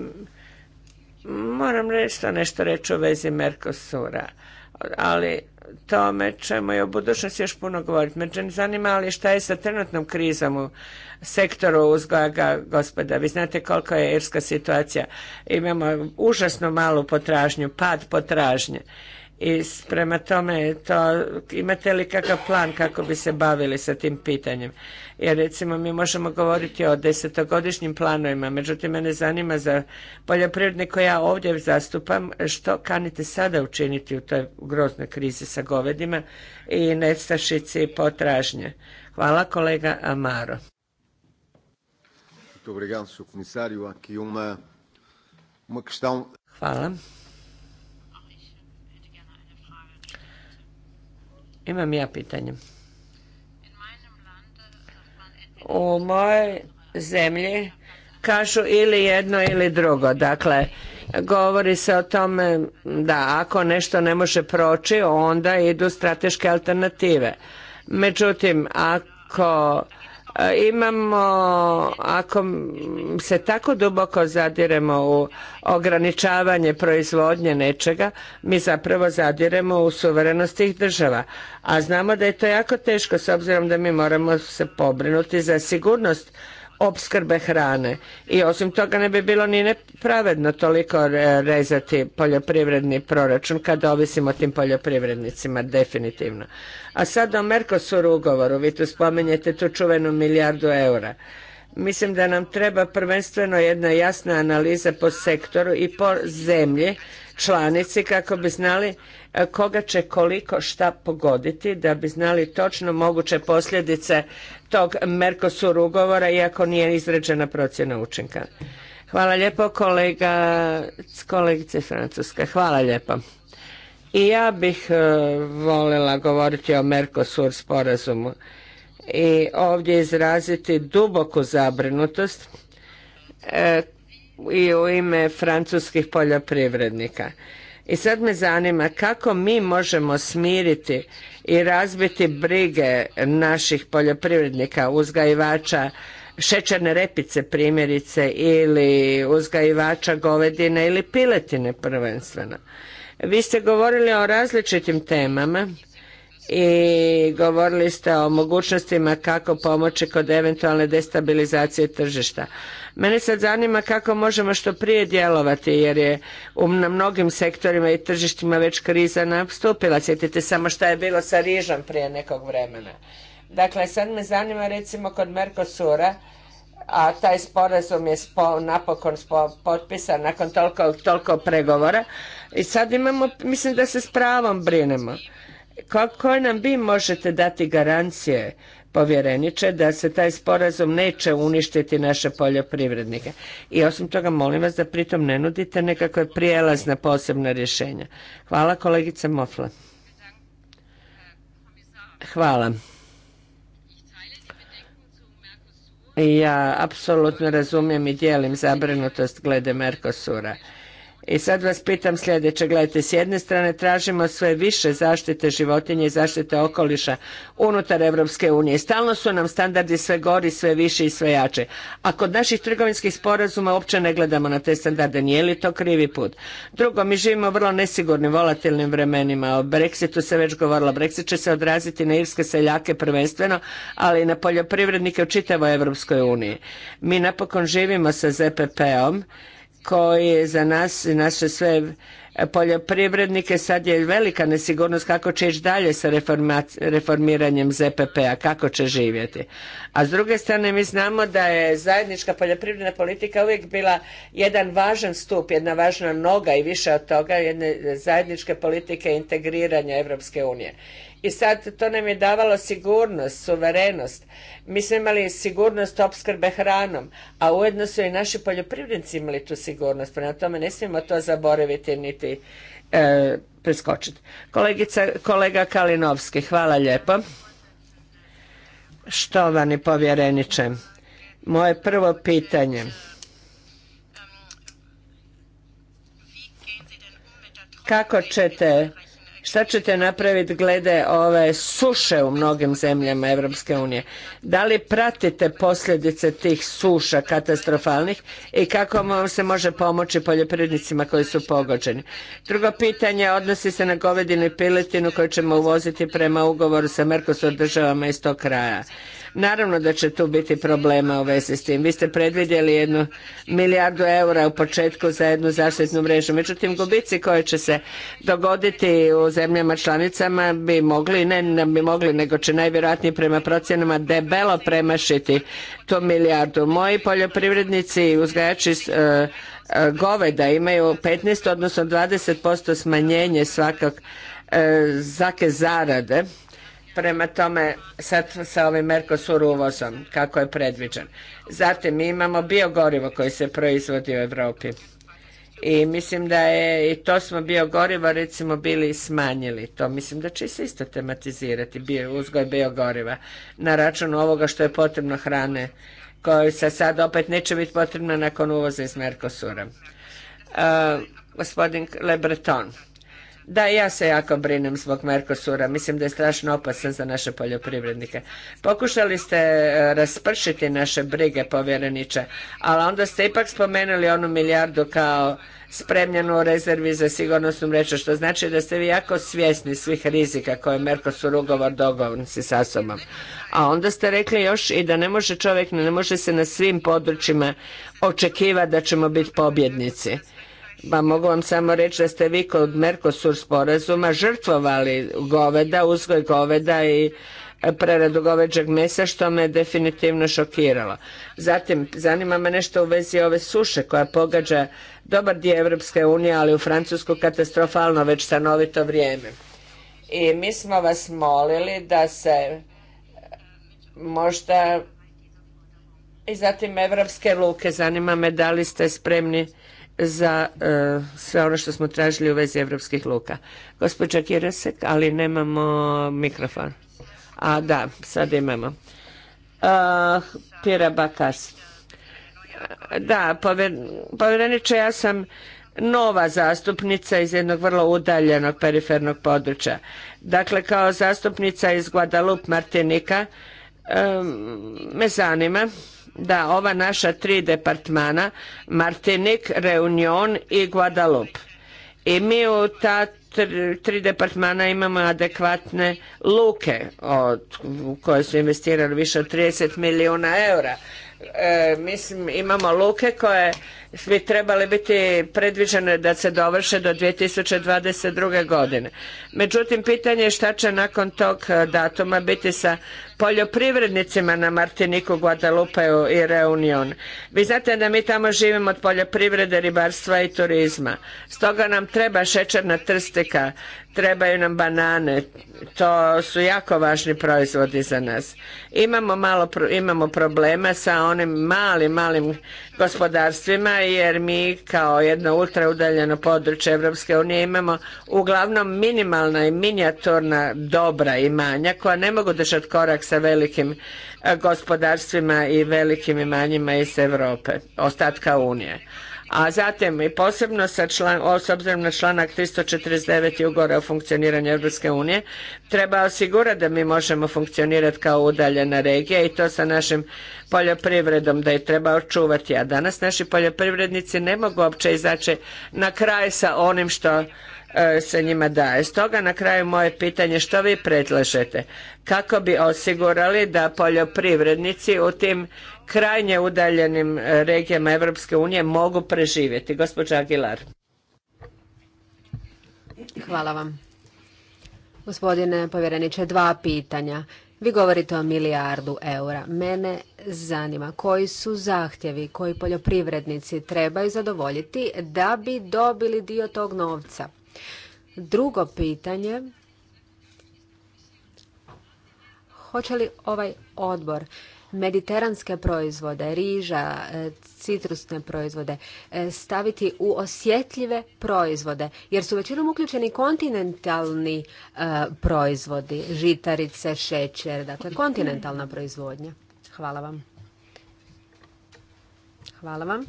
moram reći nešto reći u vezi Mercosura, ali tome ćemo i o budućnosti još puno govoriti. Međutim, zanima ali šta je sa trenutnom krizom u sektoru uzgoja gospoda. Vi znate koliko je irska situacija. Imamo užasno malu potražnju, pad potražnje. I prema tome, to, imate li kakav plan kako bi se bavili sa tim pitanjem? Jer recimo mi možemo govoriti o desetogodišnjim planovima, međutim mene zanima za poljoprivredne koje ja ovdje zastupam, što kanite sada učiniti u toj groznoj krizi sa govedima i nestašici potražnje? Hvala kolega Amaro. Hvala. Imam ja pitanje. U mojoj zemlji kažu ili jedno ili drugo. Dakle, govori se o tome da ako nešto ne može proći, onda idu strateške alternative. Međutim, ako imamo, ako se tako duboko zadiremo u ograničavanje proizvodnje nečega, mi zapravo zadiremo u suverenost tih država. A znamo da je to jako teško s obzirom da mi moramo se pobrinuti za sigurnost opskrbe hrane i osim toga ne bi bilo ni nepravedno toliko rezati poljoprivredni proračun kada ovisimo tim poljoprivrednicima definitivno. A sad o Mercosur ugovoru, vi tu spominjete tu čuvenu milijardu eura. Mislim da nam treba prvenstveno jedna jasna analiza po sektoru i po zemlji članici kako bi znali e, koga će koliko šta pogoditi da bi znali točno moguće posljedice tog Mercosur ugovora, iako nije izrađena procjena učinka. Hvala lijepo kolega, kolegice Francuska. Hvala lijepo. I ja bih e, volila voljela govoriti o Mercosur sporazumu i ovdje izraziti duboku zabrinutost e, i u ime francuskih poljoprivrednika. I sad me zanima kako mi možemo smiriti i razbiti brige naših poljoprivrednika, uzgajivača šećerne repice primjerice ili uzgajivača govedine ili piletine prvenstveno. Vi ste govorili o različitim temama i govorili ste o mogućnostima kako pomoći kod eventualne destabilizacije tržišta. Mene sad zanima kako možemo što prije djelovati jer je na mnogim sektorima i tržištima već kriza nastupila. Sjetite samo šta je bilo sa rižom prije nekog vremena. Dakle, sad me zanima recimo kod Mercosura, a taj sporazum je napokon spo, potpisan nakon toliko, toliko pregovora i sad imamo, mislim da se s pravom brinemo koje nam vi možete dati garancije povjereniče da se taj sporazum neće uništiti naše poljoprivrednike. I osim toga molim vas da pritom ne nudite nekakve prijelazna posebna rješenja. Hvala kolegice Mofla. Hvala. Ja apsolutno razumijem i dijelim zabrinutost glede Mercosura. I sad vas pitam sljedeće, gledajte, s jedne strane tražimo sve više zaštite životinje i zaštite okoliša unutar Europske unije. Stalno su nam standardi sve gori, sve više i sve jače A kod naših trgovinskih sporazuma uopće ne gledamo na te standarde. Nije li to krivi put? Drugo, mi živimo vrlo nesigurnim, volatilnim vremenima. O Brexitu se već govorilo. Brexit će se odraziti na irske seljake prvenstveno, ali i na poljoprivrednike u čitavoj Europskoj uniji. Mi napokon živimo sa ZPP-om koji za nas i naše sve poljoprivrednike sad je velika nesigurnost kako će ići dalje sa reformiranjem ZPP-a, kako će živjeti. A s druge strane mi znamo da je zajednička poljoprivredna politika uvijek bila jedan važan stup, jedna važna noga i više od toga jedne zajedničke politike integriranja Europske unije i sad to nam je davalo sigurnost, suverenost. Mi smo imali sigurnost opskrbe hranom, a ujedno su i naši poljoprivrednici imali tu sigurnost. Prema tome ne smijemo to zaboraviti niti e, preskočiti. Kolegica, kolega Kalinovski, hvala lijepo. Štovani povjereniče, moje prvo pitanje. Kako ćete Šta ćete napraviti glede ove suše u mnogim zemljama Europske unije? Da li pratite posljedice tih suša katastrofalnih i kako vam se može pomoći poljoprivrednicima koji su pogođeni? Drugo pitanje odnosi se na govedinu i piletinu koju ćemo uvoziti prema ugovoru sa Mercosur državama iz tog kraja. Naravno da će tu biti problema u vezi s tim. Vi ste predvidjeli jednu milijardu eura u početku za jednu zaštitnu mrežu. Međutim, gubici koje će se dogoditi u zemljama članicama bi mogli, ne bi mogli, nego će najvjerojatnije prema procjenama debelo premašiti tu milijardu. Moji poljoprivrednici i uzgajači e, e, goveda imaju 15 odnosno 20% smanjenje svakog e, zake zarade prema tome sad sa ovim Mercosur uvozom kako je predviđen. Zatim mi imamo biogorivo koje se proizvodi u Europi i mislim da je i to smo biogorivo, recimo bili smanjili. To mislim da će se isto tematizirati bio, uzgoj biogoriva na račun ovoga što je potrebno hrane koje se sad opet neće biti potrebna nakon uvoza iz Mercosura. E, gospodin Le Breton. Da, ja se jako brinem zbog Merkosura. Mislim da je strašno opasan za naše poljoprivrednike. Pokušali ste e, raspršiti naše brige, povjereniče, ali onda ste ipak spomenuli onu milijardu kao spremljenu u rezervi za sigurnosnu mreću, što znači da ste vi jako svjesni svih rizika koje Merkosur ugovor dogovori sa sobom. A onda ste rekli još i da ne može čovjek, ne može se na svim područjima očekivati da ćemo biti pobjednici pa mogu vam samo reći da ste vi kod Mercosur sporazuma žrtvovali goveda, uzgoj goveda i preradu goveđeg mesa što me definitivno šokiralo. Zatim, zanima me nešto u vezi ove suše koja pogađa dobar dio Europske unije, ali u Francusku katastrofalno već stanovito vrijeme. I mi smo vas molili da se možda i zatim evropske luke, zanima me da li ste spremni za e, sve ono što smo tražili u vezi evropskih luka. Gospođa Kiresek, ali nemamo mikrofon. A da, sad imamo. E, Pira Bakas. Da, povjereniče, ja sam nova zastupnica iz jednog vrlo udaljenog perifernog područja. Dakle, kao zastupnica iz Guadalupe Martinika e, me zanima da ova naša tri departmana, Martinik, Reunion i Guadalupe. I mi u ta tri departmana imamo adekvatne luke od, u koje su investirali više od 30 milijuna eura. E, mislim, imamo luke koje bi trebale biti predviđene da se dovrše do 2022. godine. Međutim, pitanje je šta će nakon tog datuma biti sa poljoprivrednicima na Martiniku, Guadalupeu i Reunion. Vi znate da mi tamo živimo od poljoprivrede, ribarstva i turizma. Stoga nam treba šećerna trstika, trebaju nam banane, to su jako važni proizvodi za nas. Imamo, malo, imamo problema sa onim malim, malim gospodarstvima jer mi kao jedno udaljeno područje Evropske unije imamo uglavnom minimalna i minijaturna dobra imanja koja ne mogu držati korak sa velikim e, gospodarstvima i velikim imanjima iz Europe, ostatka Unije. A zatim i posebno sa član, s obzirom na članak 349. ugovora o funkcioniranju Europske unije, treba osigurati da mi možemo funkcionirati kao udaljena regija i to sa našim poljoprivredom, da je treba očuvati. A danas naši poljoprivrednici ne mogu uopće izaći na kraj sa onim što E, se njima daje. Stoga na kraju moje pitanje što vi predlažete kako bi osigurali da poljoprivrednici u tim krajnje udaljenim e, regijama Europske unije mogu preživjeti. Gospođa Aguilar. Hvala vam. Gospodine povjereniče, dva pitanja. Vi govorite o milijardu eura. Mene zanima koji su zahtjevi koji poljoprivrednici trebaju zadovoljiti da bi dobili dio tog novca. Drugo pitanje, hoće li ovaj odbor mediteranske proizvode, riža, e, citrusne proizvode e, staviti u osjetljive proizvode, jer su većinom uključeni kontinentalni e, proizvodi, žitarice, šećer, dakle kontinentalna proizvodnja. Hvala vam. Hvala vam.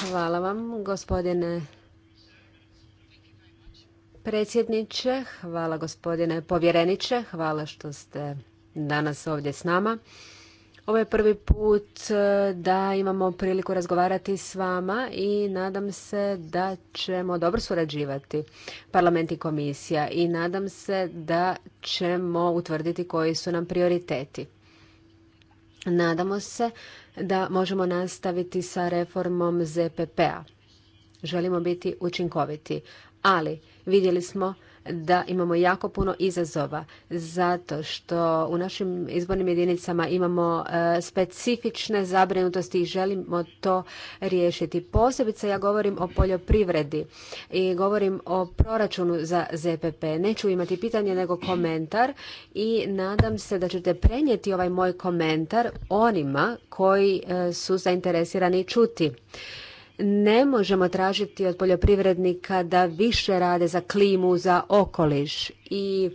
Hvala vam, gospodine predsjedniče, hvala gospodine povjereniče, hvala što ste danas ovdje s nama. Ovo je prvi put e, da imamo priliku razgovarati s vama i nadam se da ćemo dobro surađivati parlament i komisija i nadam se da ćemo utvrditi koji su nam prioriteti. Nadamo se da možemo nastaviti sa reformom ZPP-a. Želimo biti učinkoviti, ali vidjeli smo da imamo jako puno izazova zato što u našim izbornim jedinicama imamo e, specifične zabrinutosti i želimo to riješiti. Posebice ja govorim o poljoprivredi i govorim o proračunu za ZPP. Neću imati pitanje nego komentar i nadam se da ćete prenijeti ovaj moj komentar onima koji e, su zainteresirani čuti. Ne možemo tražiti od poljoprivrednika da više rade za klimu, za okoliš i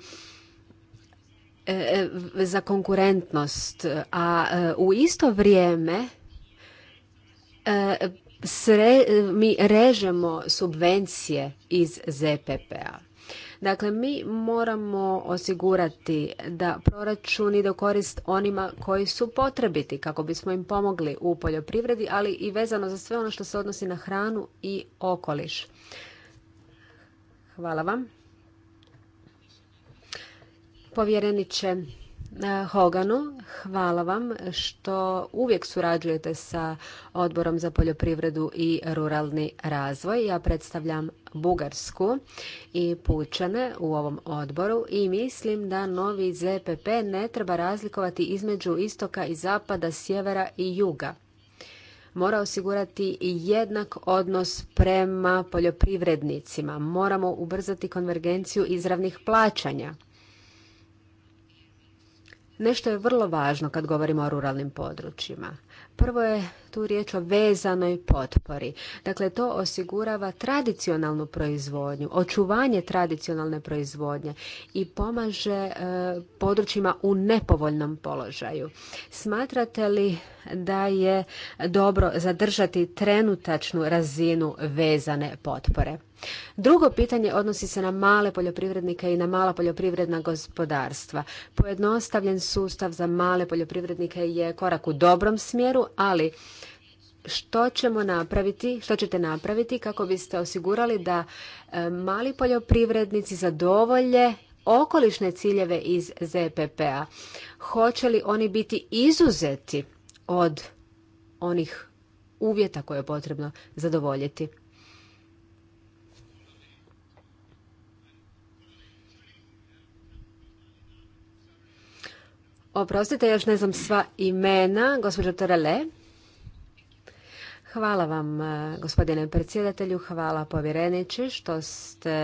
e, e, za konkurentnost, a e, u isto vrijeme mi režemo subvencije iz ZPP-a. Dakle, mi moramo osigurati da proračun ide korist onima koji su potrebiti kako bismo im pomogli u poljoprivredi, ali i vezano za sve ono što se odnosi na hranu i okoliš. Hvala vam. Povjereniče eh, Hoganu, hvala vam što uvijek surađujete sa Odborom za poljoprivredu i ruralni razvoj. Ja predstavljam Bugarsku i Pučane u ovom odboru i mislim da novi ZPP ne treba razlikovati između istoka i zapada, sjevera i juga mora osigurati jednak odnos prema poljoprivrednicima. Moramo ubrzati konvergenciju izravnih plaćanja. Nešto je vrlo važno kad govorimo o ruralnim područjima. Prvo je tu riječ o vezanoj potpori. Dakle, to osigurava tradicionalnu proizvodnju, očuvanje tradicionalne proizvodnje i pomaže e, područjima u nepovoljnom položaju. Smatrate li da je dobro zadržati trenutačnu razinu vezane potpore? Drugo pitanje odnosi se na male poljoprivrednike i na mala poljoprivredna gospodarstva. Pojednostavljen sustav za male poljoprivrednike je korak u dobrom smjeru, ali što ćemo napraviti, što ćete napraviti kako biste osigurali da e, mali poljoprivrednici zadovolje okolišne ciljeve iz ZPP-a. Hoće li oni biti izuzeti od onih uvjeta koje je potrebno zadovoljiti? Oprostite, još ne znam sva imena. Gospođa Torele. Hvala vam e, gospodine predsjedatelju, hvala povjereniče što ste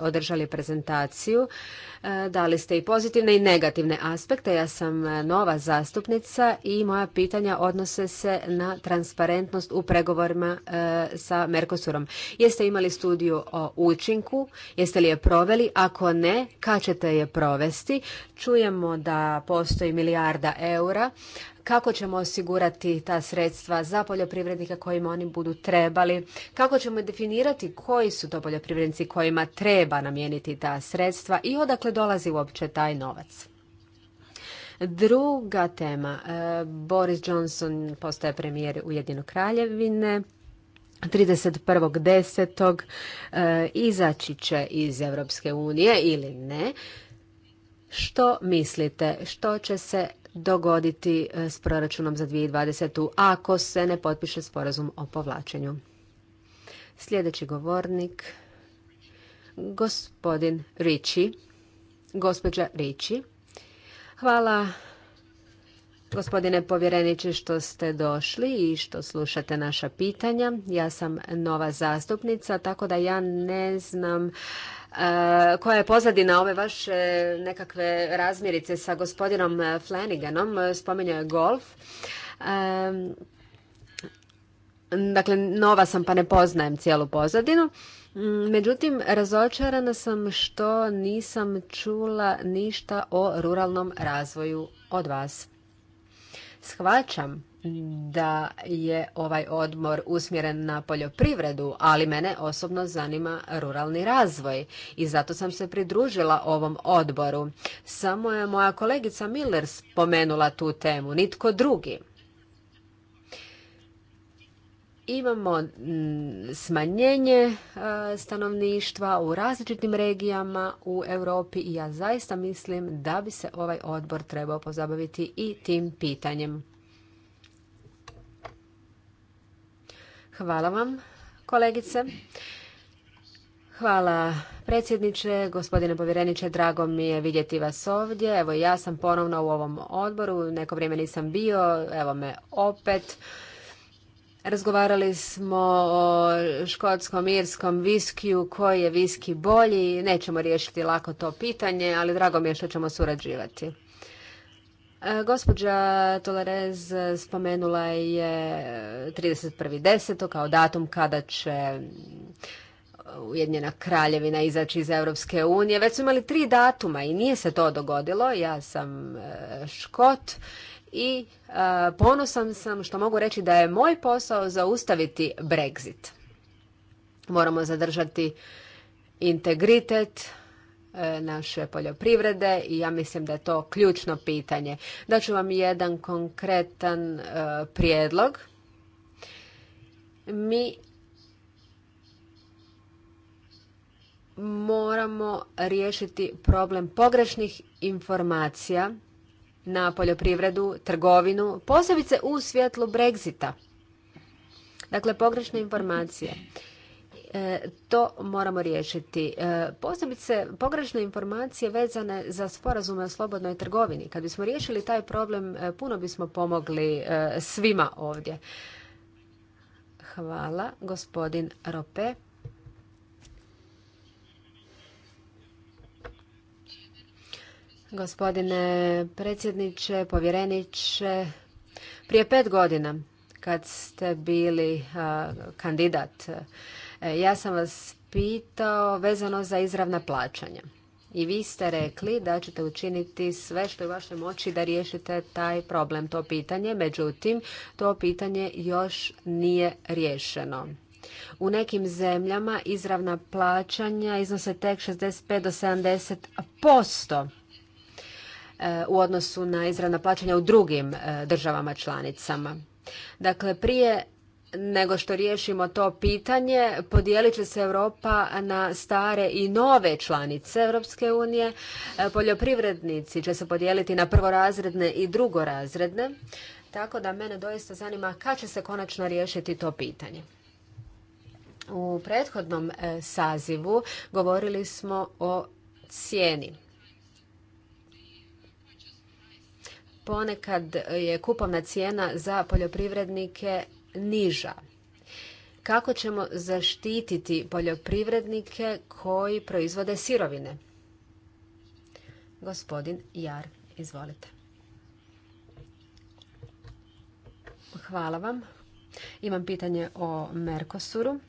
održali prezentaciju. E, dali ste i pozitivne i negativne aspekte. Ja sam e, nova zastupnica i moja pitanja odnose se na transparentnost u pregovorima sa Mercosurom. Jeste imali studiju o učinku? Jeste li je proveli? Ako ne, kad ćete je provesti? Čujemo da postoji milijarda eura kako ćemo osigurati ta sredstva za poljoprivrednike kojima oni budu trebali, kako ćemo definirati koji su to poljoprivrednici kojima treba namijeniti ta sredstva i odakle dolazi uopće taj novac. Druga tema. E, Boris Johnson postaje premijer Ujedinu kraljevine. 31.10. E, izaći će iz Europske unije ili ne. Što mislite? Što će se dogoditi e, s proračunom za 2020. ako se ne potpiše sporazum o povlačenju. Sljedeći govornik, gospodin Riči, gospođa Riči. Hvala Gospodine povjereniče što ste došli i što slušate naša pitanja. Ja sam nova zastupnica, tako da ja ne znam E, koja je pozadina ove vaše nekakve razmirice sa gospodinom Flaniganom? spominjao je golf. E, dakle, nova sam pa ne poznajem cijelu pozadinu. Mm, međutim, razočarana sam što nisam čula ništa o ruralnom razvoju od vas. Shvaćam da je ovaj odmor usmjeren na poljoprivredu, ali mene osobno zanima ruralni razvoj i zato sam se pridružila ovom odboru. Samo je moja kolegica Miller spomenula tu temu, nitko drugi. Imamo mm, smanjenje e, stanovništva u različitim regijama u Europi i ja zaista mislim da bi se ovaj odbor trebao pozabaviti i tim pitanjem. Hvala vam, kolegice. Hvala predsjedniče, gospodine povjereniče, drago mi je vidjeti vas ovdje. Evo ja sam ponovno u ovom odboru, neko vrijeme nisam bio, evo me opet. Razgovarali smo o škotskom, irskom viskiju, koji je viski bolji. Nećemo riješiti lako to pitanje, ali drago mi je što ćemo surađivati. E, gospođa Tolarez spomenula je 31.10. kao datum kada će Ujedinjena kraljevina izaći iz Europske unije. Već su imali tri datuma i nije se to dogodilo. Ja sam e, Škot i e, ponosan sam što mogu reći da je moj posao zaustaviti Brexit. Moramo zadržati integritet, E, naše poljoprivrede i ja mislim da je to ključno pitanje. Daću vam jedan konkretan e, prijedlog. Mi moramo riješiti problem pogrešnih informacija na poljoprivredu, trgovinu, posebice u svjetlu Brexita. Dakle, pogrešne informacije. E, to moramo riješiti. E, posebice pogrešne informacije vezane za sporazume o slobodnoj trgovini. Kad bismo riješili taj problem, e, puno bismo pomogli svima ovdje. Hvala, gospodin Rope. Gospodine predsjedniče, povjereniče, prije pet godina kad ste bili kandidat E, ja sam vas pitao vezano za izravna plaćanja. I vi ste rekli da ćete učiniti sve što je u vašoj moći da riješite taj problem, to pitanje. Međutim, to pitanje još nije riješeno. U nekim zemljama izravna plaćanja iznose tek 65 do 70 posto e, u odnosu na izravna plaćanja u drugim e, državama članicama. Dakle, prije nego što riješimo to pitanje, podijelit će se Europa na stare i nove članice Europske unije. E, poljoprivrednici će se podijeliti na prvorazredne i drugorazredne. Tako da mene doista zanima kad će se konačno riješiti to pitanje. U prethodnom e, sazivu govorili smo o cijeni. Ponekad je kupovna cijena za poljoprivrednike niža. Kako ćemo zaštititi poljoprivrednike koji proizvode sirovine? Gospodin Jar, izvolite. Hvala vam. Imam pitanje o Merkosuru.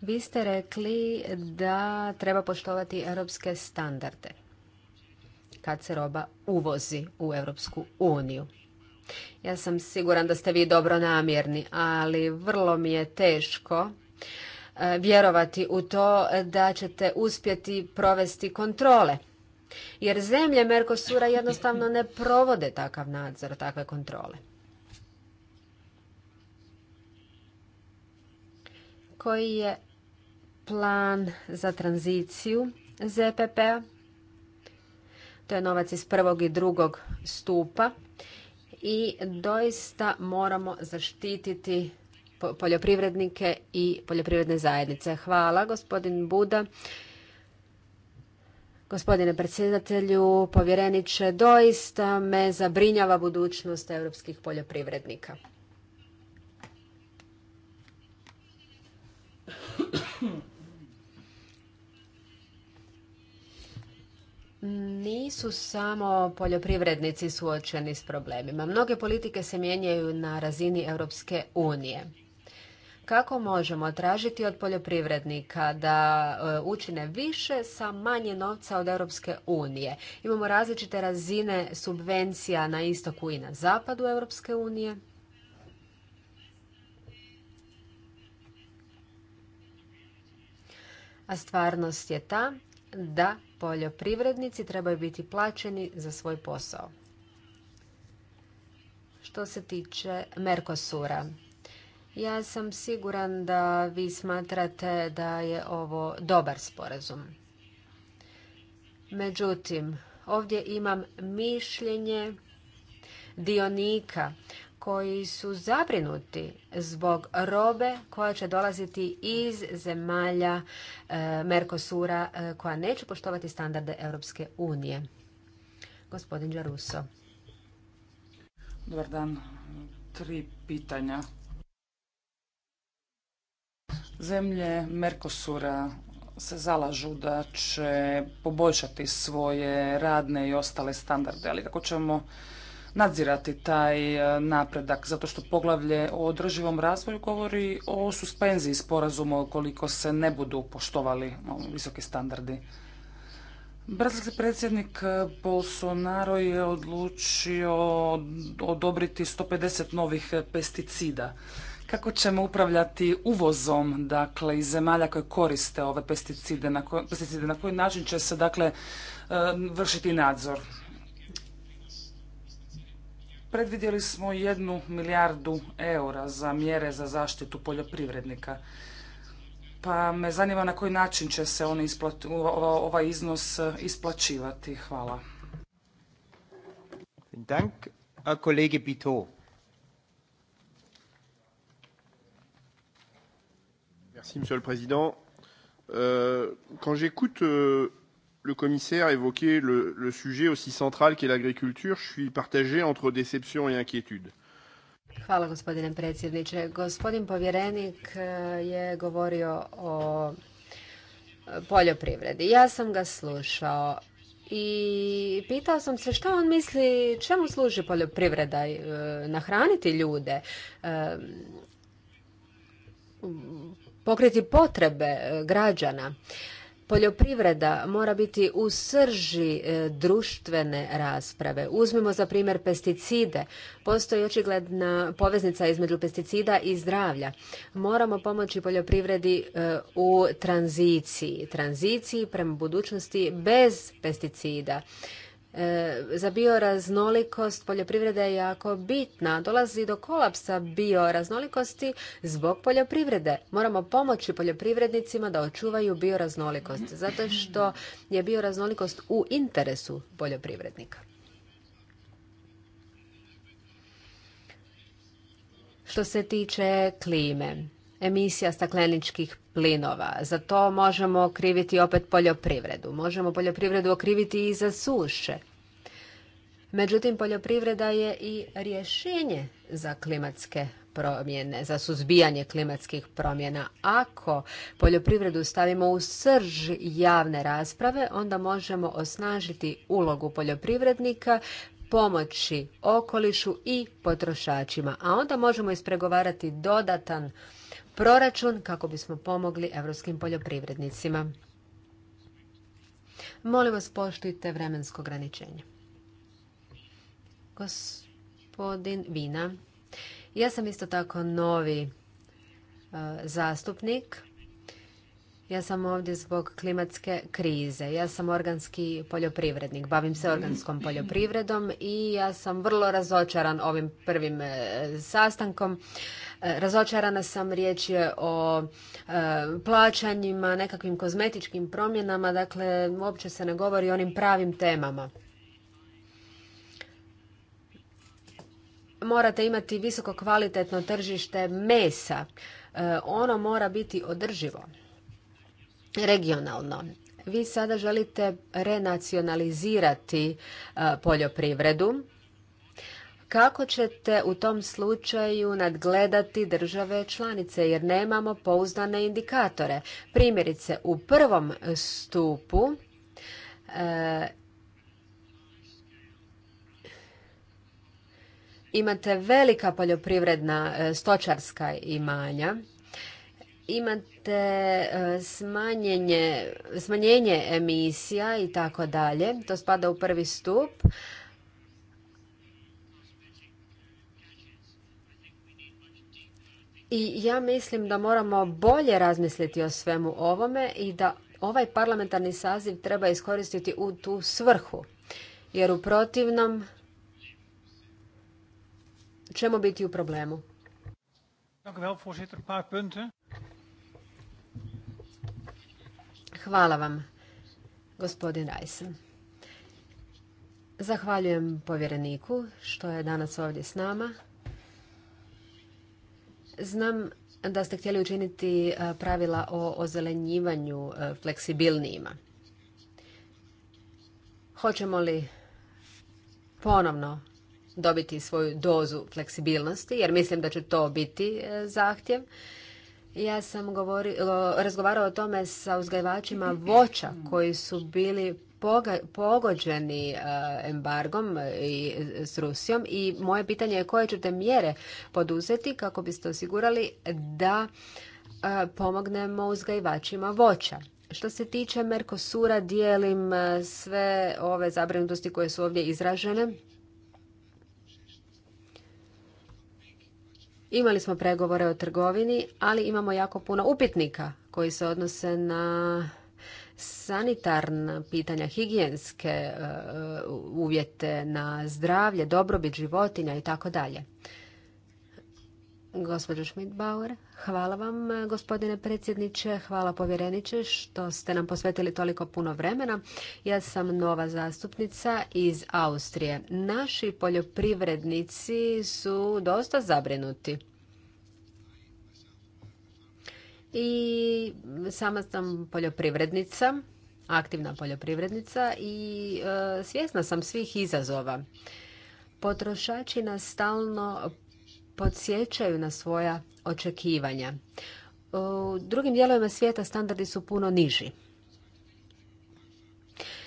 Vi ste rekli da treba poštovati europske standarde kad se roba uvozi u Europsku uniju. Ja sam siguran da ste vi dobro namjerni, ali vrlo mi je teško e, vjerovati u to da ćete uspjeti provesti kontrole. Jer zemlje Merkosura jednostavno ne provode takav nadzor, takve kontrole. Koji je plan za tranziciju ZPP-a? To je novac iz prvog i drugog stupa i doista moramo zaštititi poljoprivrednike i poljoprivredne zajednice. Hvala gospodin Buda. Gospodine predsjedatelju, povjereniče, doista me zabrinjava budućnost europskih poljoprivrednika. Nisu samo poljoprivrednici suočeni s problemima. Mnoge politike se mijenjaju na razini Europske unije. Kako možemo tražiti od poljoprivrednika da e, učine više sa manje novca od Europske unije? Imamo različite razine subvencija na istoku i na zapadu Europske unije. A stvarnost je ta da poljoprivrednici trebaju biti plaćeni za svoj posao. Što se tiče Merkosura, ja sam siguran da vi smatrate da je ovo dobar sporazum. Međutim, ovdje imam mišljenje dionika koji su zabrinuti zbog robe koja će dolaziti iz zemalja e, Mercosura e, koja neće poštovati standarde Europske unije. Gospodin Đaruso. Dobar dan. Tri pitanja. Zemlje Mercosura se zalažu da će poboljšati svoje radne i ostale standarde, ali kako ćemo nadzirati taj e, napredak, zato što poglavlje o održivom razvoju govori o suspenziji sporazuma ukoliko se ne budu poštovali visoki standardi. Brazilski predsjednik Bolsonaro je odlučio odobriti 150 novih pesticida. Kako ćemo upravljati uvozom dakle, iz zemalja koje koriste ove pesticide, na pesticide, na koji način će se dakle, e, vršiti nadzor? predvidjeli smo jednu milijardu eura za mjere za zaštitu poljoprivrednika. Pa me zanima na koji način će se on ovaj iznos e, isplaćivati. Hvala. Dank, kolege Bito. Merci, Monsieur le Président. Euh, euh, le commissaire le, le sujet aussi central qu'est l'agriculture. Je suis partagé entre déception et inquiétude. Hvala gospodine predsjedniče. Gospodin povjerenik eh, je govorio o eh, poljoprivredi. Ja sam ga slušao i pitao sam se što on misli, čemu služi poljoprivreda, eh, nahraniti ljude, pokriti potrebe građana poljoprivreda mora biti u srži e, društvene rasprave. Uzmimo za primjer pesticide. Postoji očigledna poveznica između pesticida i zdravlja. Moramo pomoći poljoprivredi e, u tranziciji, tranziciji prema budućnosti bez pesticida. E, za bioraznolikost poljoprivreda je jako bitna. Dolazi do kolapsa bioraznolikosti zbog poljoprivrede. Moramo pomoći poljoprivrednicima da očuvaju bioraznolikost, zato što je bioraznolikost u interesu poljoprivrednika. Što se tiče klime, emisija stakleničkih plinova. Za to možemo kriviti opet poljoprivredu. Možemo poljoprivredu okriviti i za suše. Međutim, poljoprivreda je i rješenje za klimatske promjene, za suzbijanje klimatskih promjena. Ako poljoprivredu stavimo u srž javne rasprave, onda možemo osnažiti ulogu poljoprivrednika, pomoći okolišu i potrošačima. A onda možemo ispregovarati dodatan proračun kako bismo pomogli evropskim poljoprivrednicima. Molim vas poštujte vremensko ograničenje gospodin Vina. Ja sam isto tako novi e, zastupnik. Ja sam ovdje zbog klimatske krize. Ja sam organski poljoprivrednik, bavim se organskom poljoprivredom i ja sam vrlo razočaran ovim prvim e, sastankom. E, razočarana sam, riječ je o plaćanjima, nekakvim kozmetičkim promjenama, dakle uopće se ne govori o onim pravim temama. morate imati visoko kvalitetno tržište mesa. E, ono mora biti održivo, regionalno. Vi sada želite renacionalizirati e, poljoprivredu. Kako ćete u tom slučaju nadgledati države članice jer nemamo pouzdane indikatore? Primjerice, u prvom stupu e, imate velika poljoprivredna e, stočarska imanja, imate e, smanjenje, emisija i tako dalje. To spada u prvi stup. I ja mislim da moramo bolje razmisliti o svemu ovome i da ovaj parlamentarni saziv treba iskoristiti u tu svrhu. Jer u protivnom ćemo biti u problemu. Hvala vam, gospodin Rajsen. Zahvaljujem povjereniku što je danas ovdje s nama. Znam da ste htjeli učiniti pravila o ozelenjivanju fleksibilnijima. Hoćemo li ponovno dobiti svoju dozu fleksibilnosti, jer mislim da će to biti e, zahtjev. Ja sam razgovarao o tome sa uzgajivačima voća koji su bili pogođeni e, embargom i e, s Rusijom i moje pitanje je koje ćete mjere poduzeti kako biste osigurali da pomognemo uzgajivačima voća. Što se tiče Merkosura, dijelim sve ove zabrinutosti koje su ovdje izražene Imali smo pregovore o trgovini, ali imamo jako puno upitnika koji se odnose na sanitarna pitanja, higijenske e, e, uvjete na zdravlje, dobrobit životinja i tako dalje. Gospođo Schmidbauer, hvala vam gospodine predsjedniče, hvala povjereniče što ste nam posvetili toliko puno vremena. Ja sam nova zastupnica iz Austrije. Naši poljoprivrednici su dosta zabrinuti. I sama sam poljoprivrednica, aktivna poljoprivrednica i e, svjesna sam svih izazova. Potrošači nas stalno podsjećaju na svoja očekivanja. U drugim dijelovima svijeta standardi su puno niži.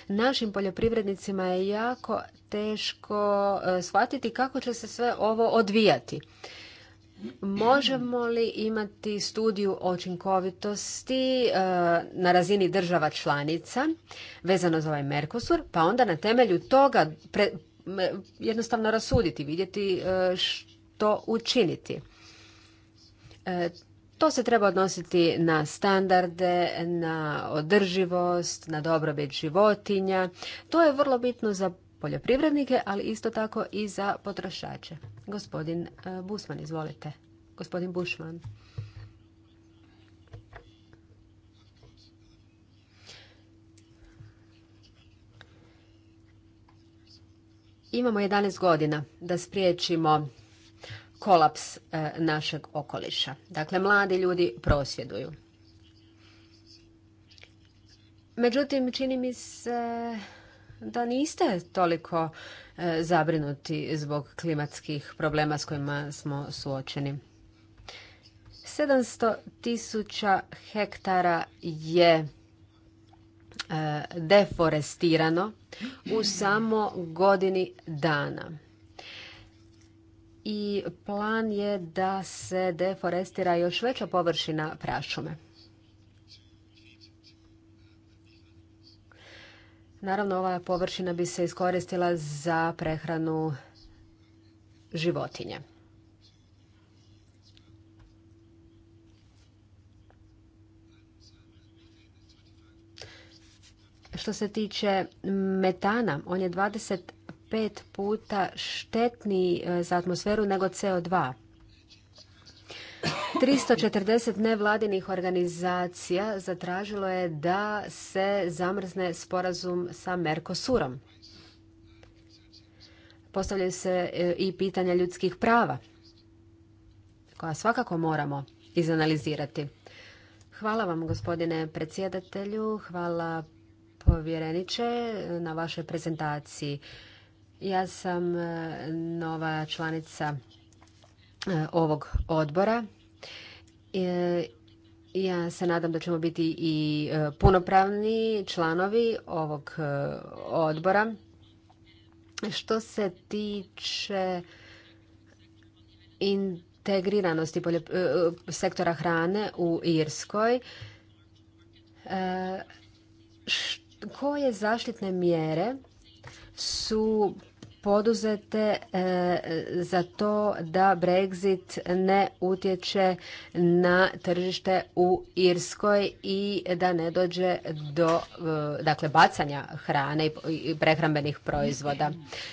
Našim poljoprivrednicima je jako teško e, shvatiti kako će se sve ovo odvijati. Možemo li imati studiju učinkovitosti e, na razini država članica vezano za ovaj Merkosur, pa onda na temelju toga jednostavno rasuditi, vidjeti e, to učiniti. E, to se treba odnositi na standarde, na održivost, na dobrobit životinja. To je vrlo bitno za poljoprivrednike, ali isto tako i za potrošače. Gospodin e, Busman, izvolite. Gospodin Bušman. Imamo 11 godina da spriječimo kolaps e, našeg okoliša. Dakle, mladi ljudi prosvjeduju. Međutim, čini mi se da niste toliko e, zabrinuti zbog klimatskih problema s kojima smo suočeni. 700 tisuća hektara je e, deforestirano u samo godini dana i plan je da se deforestira još veća površina prašume. Naravno, ova površina bi se iskoristila za prehranu životinje. Što se tiče metana, on je pet puta štetniji e, za atmosferu nego CO2. 340 nevladinih organizacija zatražilo je da se zamrzne sporazum sa Mercosurom. Postavljaju se e, i pitanja ljudskih prava, koja svakako moramo izanalizirati. Hvala vam, gospodine predsjedatelju, hvala povjereniče na vašoj prezentaciji. Ja sam e, nova članica e, ovog odbora. E, ja se nadam da ćemo biti i punopravni članovi ovog odbora. Što se tiče integriranosti sektora hrane u Irskoj, koje zaštitne mjere su poduzete e, za to da Brexit ne utječe na tržište u Irskoj i da ne dođe do e, dakle, bacanja hrane i prehrambenih proizvoda.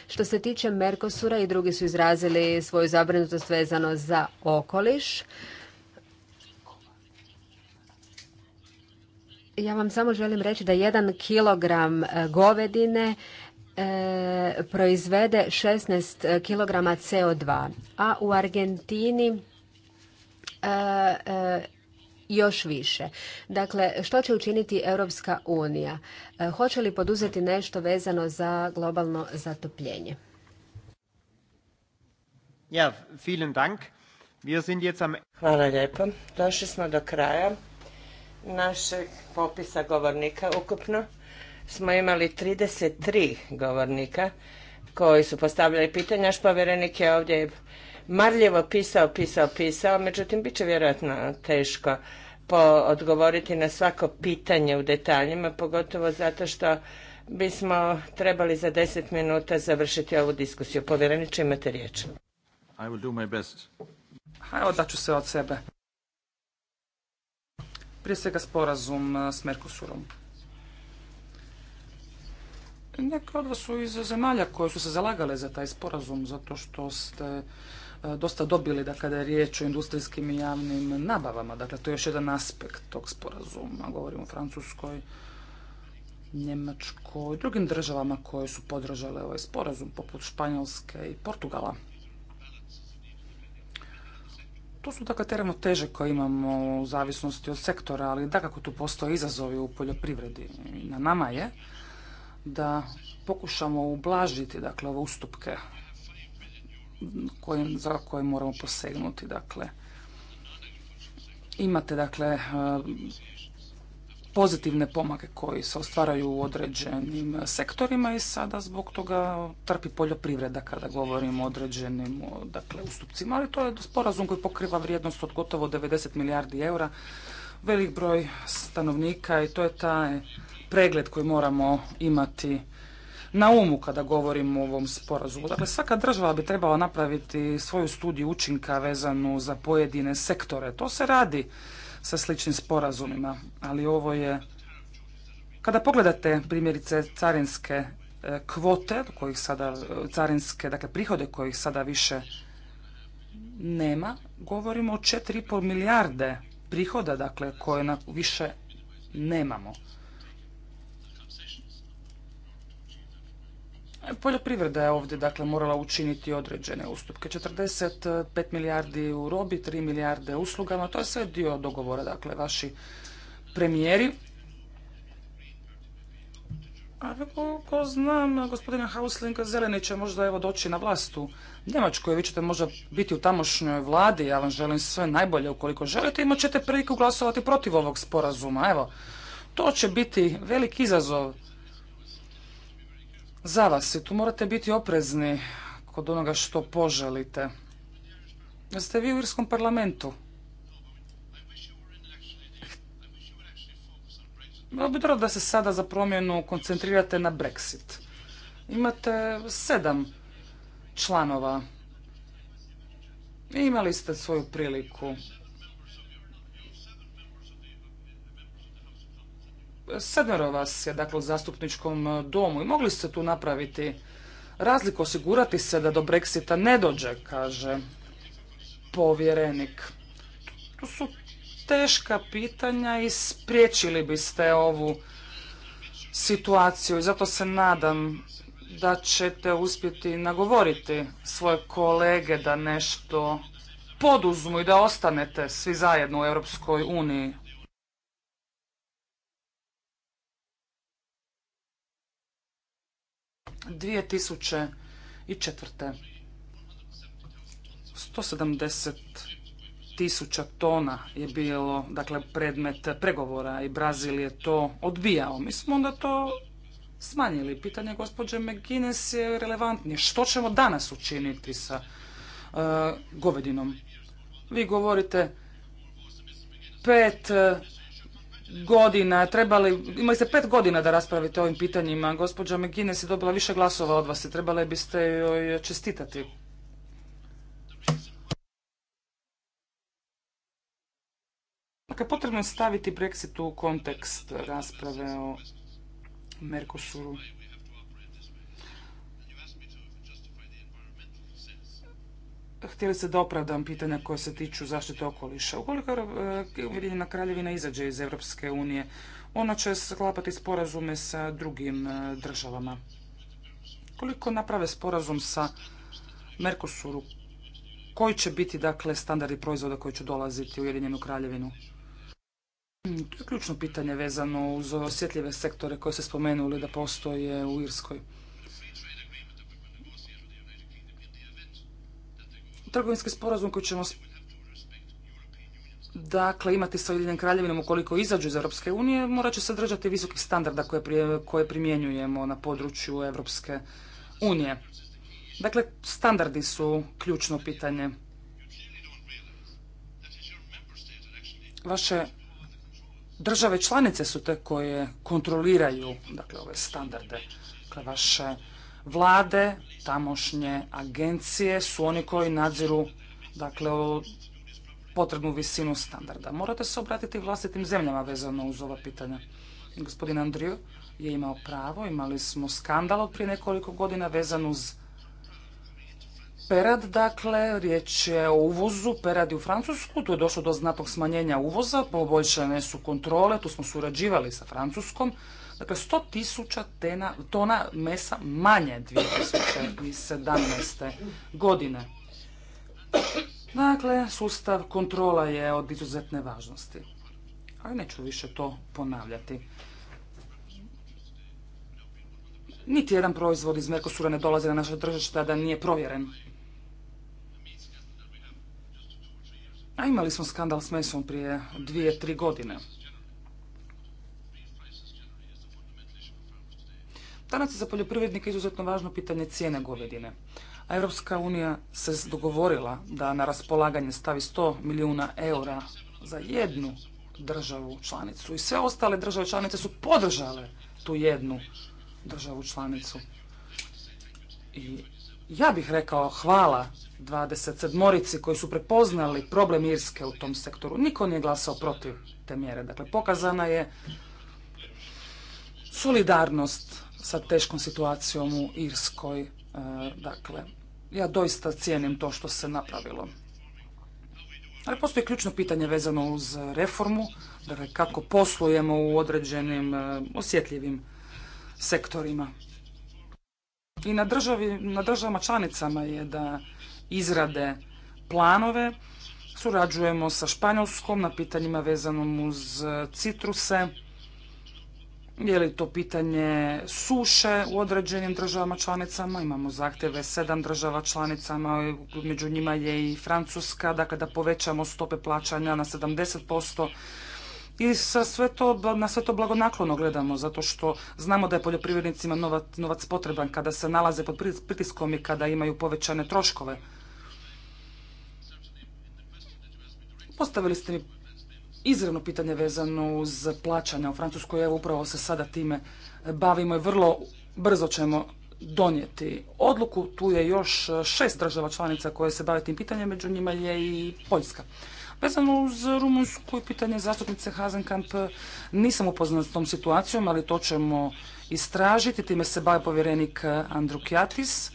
Što se tiče Merkosura i drugi su izrazili svoju zabrinutost vezano za okoliš. Ja vam samo želim reći da jedan kilogram e, govedine E, proizvede 16 kg CO2, a u Argentini e, e, još više. Dakle, što će učiniti Europska unija? Hoće li poduzeti nešto vezano za globalno zatopljenje? Hvala lijepo. Došli smo do kraja našeg popisa govornika ukupno smo imali 33 govornika koji su postavljali pitanja, naš povjerenik je ovdje marljivo pisao, pisao, pisao, međutim, bit će vjerojatno teško odgovoriti na svako pitanje u detaljima, pogotovo zato što bismo trebali za deset minuta završiti ovu diskusiju. Povjereniče, imate riječ. I will do se od sebe. Prije svega sporazum eh, s Mercosurom neke od vas su iz zemalja koje su se zalagale za taj sporazum, zato što ste e, dosta dobili da kada je riječ o industrijskim i javnim nabavama. Dakle, to je još jedan aspekt tog sporazuma. Govorimo o Francuskoj, Njemačkoj drugim državama koje su podržale ovaj sporazum, poput Španjolske i Portugala. To su dakle teremo teže koje imamo u zavisnosti od sektora, ali dakako tu postoje izazovi u poljoprivredi. Na nama je da pokušamo ublažiti dakle ove ustupke kojim, za koje moramo posegnuti. Dakle, imate dakle e, pozitivne pomake koji se ostvaraju u određenim sektorima i sada zbog toga trpi poljoprivreda kada govorimo o određenim dakle, ustupcima, ali to je sporazum koji pokriva vrijednost od gotovo 90 milijardi eura, velik broj stanovnika i to je taj pregled koji moramo imati na umu kada govorimo o ovom sporazumu. Dakle, svaka država bi trebala napraviti svoju studiju učinka vezanu za pojedine sektore. To se radi sa sličnim sporazumima, ali ovo je... Kada pogledate primjerice carinske e, kvote, kojih sada, carinske, dakle prihode kojih sada više nema, govorimo o 4,5 milijarde prihoda, dakle, koje više nemamo. Poljoprivreda je ovdje dakle morala učiniti određene ustupke. 45 milijardi u robi, 3 milijarde uslugama, to je sve dio dogovora, dakle vaši premijeri. A koliko znam, gospodina Hauslinga, Zeleni će možda evo doći na vlast u Njemačkoj, vi ćete možda biti u tamošnjoj vladi, ja vam želim sve najbolje ukoliko želite, imat priliku glasovati protiv ovog sporazuma, evo. To će biti veliki izazov za vas i tu morate biti oprezni kod onoga što poželite. Jeste vi u Irskom parlamentu? Bilo bi dobro da se sada za promjenu koncentrirate na Brexit. Imate sedam članova. I imali ste svoju priliku. Sedmero vas je dakle u zastupničkom e, domu i mogli ste tu napraviti razliku, osigurati se da do Brexita ne dođe, kaže povjerenik. To su teška pitanja i spriječili biste ovu situaciju i zato se nadam da ćete uspjeti nagovoriti svoje kolege da nešto poduzmu i da ostanete svi zajedno u Europskoj uniji. 2004. 170 tisuća tona je bilo dakle, predmet pregovora i Brazil je to odbijao. Mi smo onda to smanjili. Pitanje gospođe McGuinness je relevantnije. Što ćemo danas učiniti sa uh, govedinom? Vi govorite pet godina, trebali, imali ste pet godina da raspravite o ovim pitanjima. Gospođa McGuinness je dobila više glasova od vas i trebali biste joj čestitati. Dakle, potrebno je staviti Brexit u kontekst rasprave o Mercosuru. htjeli ste da opravdam pitanja koja se tiču zaštite okoliša. Ukoliko e, Ujedinjena kraljevina izađe iz Europske unije, ona će sklapati sporazume sa drugim e, državama. Koliko naprave sporazum sa Mercosuru, koji će biti dakle standardi proizvoda koji će dolaziti u Ujedinjenu kraljevinu? Hmm, to je ključno pitanje vezano uz osjetljive sektore koje ste spomenuli da postoje u Irskoj. trgovinski sporazum koji ćemo dakle imati sa Ujedinjenim kraljevinom ukoliko izađu iz Europske unije morat će se držati visokih standarda koje, koje primjenjujemo na području Europske unije. Dakle, standardi su ključno pitanje. Vaše države članice su te koje kontroliraju dakle, ove standarde. Dakle, vaše vlade tamošnje agencije su oni koji nadziru dakle potrebnu visinu standarda. Morate se obratiti vlastitim zemljama vezano uz ova pitanja. Gospodin Andriju je imao pravo, imali smo skandal od prije nekoliko godina vezan uz perad, dakle, riječ je o uvozu peradi u Francusku, tu je došlo do znatnog smanjenja uvoza, poboljšane su kontrole, tu smo surađivali sa Francuskom, Dakle, 100 tisuća tona mesa manje 2017. godine. Dakle, sustav kontrola je od izuzetne važnosti. Ali neću više to ponavljati. Niti jedan proizvod iz Merkosura ne dolazi na naše tržište da nije provjeren. A imali smo skandal s mesom prije dvije, tri godine. Danas je za poljoprivrednika izuzetno važno pitanje cijene govedine. A Europska unija se dogovorila da na raspolaganje stavi 100 milijuna eura za jednu državu članicu. I sve ostale države članice su podržale tu jednu državu članicu. I ja bih rekao hvala 27 morici koji su prepoznali problem Irske u tom sektoru. Niko nije glasao protiv te mjere. Dakle, pokazana je solidarnost sa teškom situacijom u Irskoj. E, dakle, ja doista cijenim to što se napravilo. Ali postoji ključno pitanje vezano uz reformu, dakle kako poslujemo u određenim e, osjetljivim sektorima. I na, državi, na državama članicama je da izrade planove, surađujemo sa Španjolskom na pitanjima vezanom uz citruse, je li to pitanje suše u određenim državama članicama? Imamo zahtjeve sedam država članicama, među njima je i Francuska, dakle da povećamo stope plaćanja na 70%. I sa na sve to blagonaklono gledamo, zato što znamo da je poljoprivrednicima novac, novac potreban kada se nalaze pod pritiskom i kada imaju povećane troškove. Postavili ste mi izravno pitanje vezano uz plaćanja u Francuskoj. Evo upravo se sada time bavimo i vrlo brzo ćemo donijeti odluku. Tu je još šest država članica koje se bave tim pitanjem, među njima je i Poljska. Vezano uz Rumunsku i pitanje zastupnice Hazenkamp, nisam upoznan s tom situacijom, ali to ćemo istražiti. Time se bavi povjerenik Andru Kjatis. E,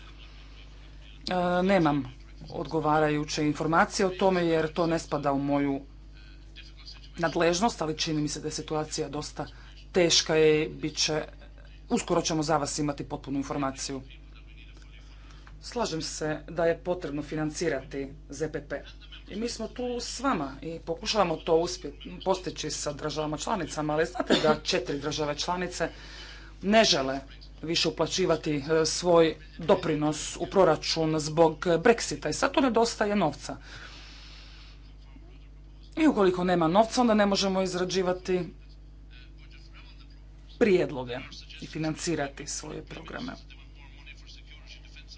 nemam odgovarajuće informacije o tome jer to ne spada u moju nadležnost, ali čini mi se da je situacija dosta teška i bit će, uskoro ćemo za vas imati potpunu informaciju. Slažem se da je potrebno financirati ZPP. I mi smo tu s vama i pokušavamo to uspjeti, postići sa državama članicama, ali znate da četiri države članice ne žele više uplaćivati e, svoj doprinos u proračun zbog Brexita i sad tu nedostaje novca. I ukoliko nema novca, onda ne možemo izrađivati prijedloge i financirati svoje programe.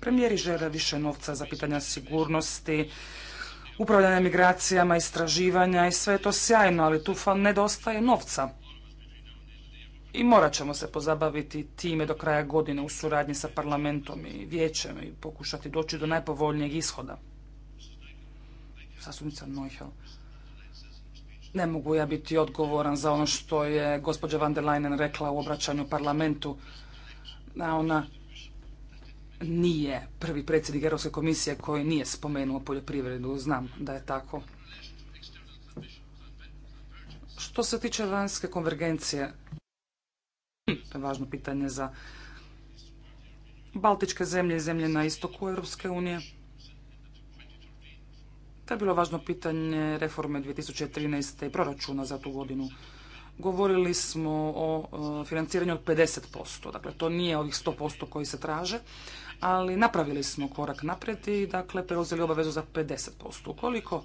Premijeri žele više novca za pitanja sigurnosti, upravljanja migracijama, istraživanja i sve je to sjajno, ali tu nedostaje novca. I morat ćemo se pozabaviti time do kraja godine u suradnji sa parlamentom i vijećem i pokušati doći do najpovoljnijeg ishoda. Sasunica Neuhel. Ne mogu ja biti odgovoran za ono što je gospođa van der Leyen rekla u obraćanju parlamentu. A ona nije prvi predsjednik Europske komisije koji nije spomenuo poljoprivredu. Znam da je tako. Što se tiče vanjske konvergencije, to je važno pitanje za Baltičke zemlje i zemlje na istoku Europske unije. To je bilo važno pitanje reforme 2013. i proračuna za tu godinu. Govorili smo o e, financiranju od 50%, dakle to nije ovih 100% koji se traže, ali napravili smo korak naprijed i dakle preuzeli obavezu za 50%. Ukoliko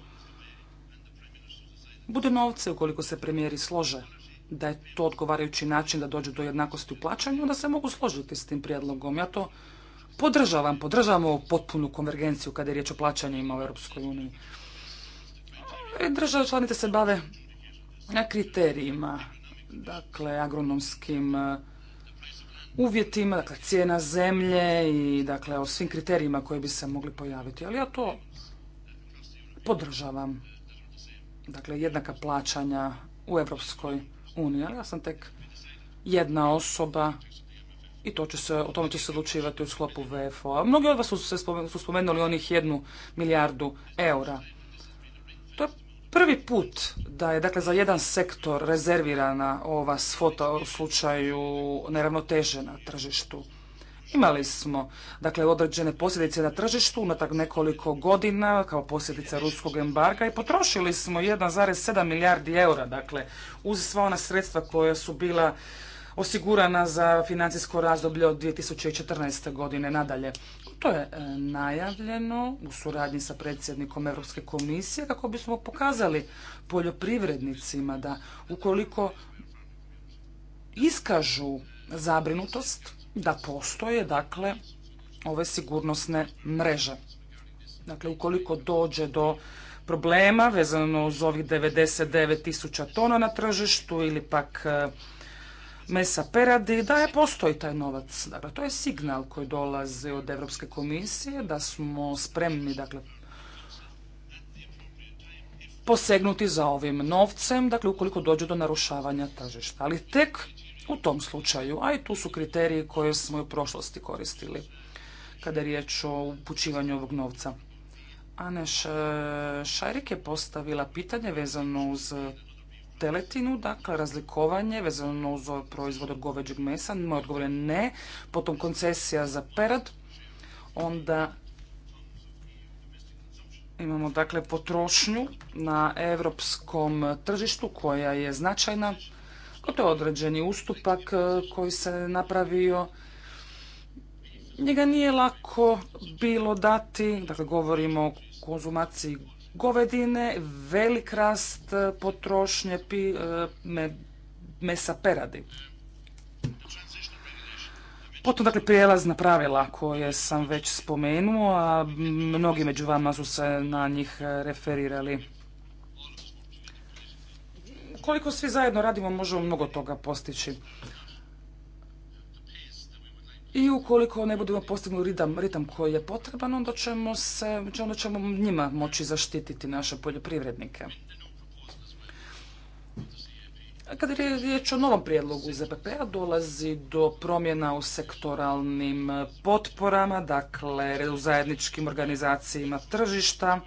bude novce, ukoliko se premijeri slože da je to odgovarajući način da dođu do jednakosti u plaćanju, onda se mogu složiti s tim prijedlogom. Ja to podržavam, podržavamo potpunu konvergenciju kada je riječ o plaćanjima u Europskoj uniji. E, države članice se bave na kriterijima, dakle agronomskim e, uvjetima, dakle cijena zemlje i dakle o svim kriterijima koji bi se mogli pojaviti. Ali ja to podržavam. Dakle, jednaka plaćanja u Europskoj uniji. Ali ja sam tek jedna osoba i to će se, o tome će se odlučivati u sklopu VFO-a. Mnogi od vas su, se spomenuli, su spomenuli onih jednu milijardu eura. To je prvi put da je dakle, za jedan sektor rezervirana ova svota u slučaju neravnoteže na tržištu. Imali smo dakle, određene posljedice na tržištu unatrag nekoliko godina kao posljedica ruskog embarga i potrošili smo 1,7 milijardi eura dakle, uz sva ona sredstva koja su bila osigurana za financijsko razdoblje od 2014. godine nadalje. To je e, najavljeno u suradnji sa predsjednikom Europske komisije kako bismo pokazali poljoprivrednicima da ukoliko iskažu zabrinutost da postoje dakle ove sigurnosne mreže. Dakle, ukoliko dođe do problema vezano uz ovih 99 tisuća tona na tržištu ili pak e, mesa peradi, da je postoji taj novac. Dakle, to je signal koji dolazi od Europske komisije da smo spremni, dakle, posegnuti za ovim novcem, dakle, ukoliko dođe do narušavanja tržišta. Ali tek u tom slučaju, a i tu su kriteriji koje smo u prošlosti koristili kada je riječ o upućivanju ovog novca. Aneš e, Šajrik je postavila pitanje vezano uz teletinu, dakle razlikovanje vezano uz proizvod od goveđeg mesa, moj odgovor je ne, potom koncesija za perad, onda imamo dakle potrošnju na europskom tržištu koja je značajna, to je određeni ustupak e, koji se napravio, njega nije lako bilo dati, dakle govorimo o konzumaciji govedine, velik rast e, potrošnje e, mesa peradi. Potom, dakle, prijelazna pravila koje sam već spomenuo, a mnogi među vama su se na njih e, referirali. Koliko svi zajedno radimo, možemo mnogo toga postići i ukoliko ne budemo postigli ritam, ritam koji je potreban, onda ćemo, ćemo njima moći zaštititi naše poljoprivrednike. Kad je riječ o novom prijedlogu ZPP-a, e dolazi do promjena u sektoralnim potporama, dakle u zajedničkim organizacijama tržišta,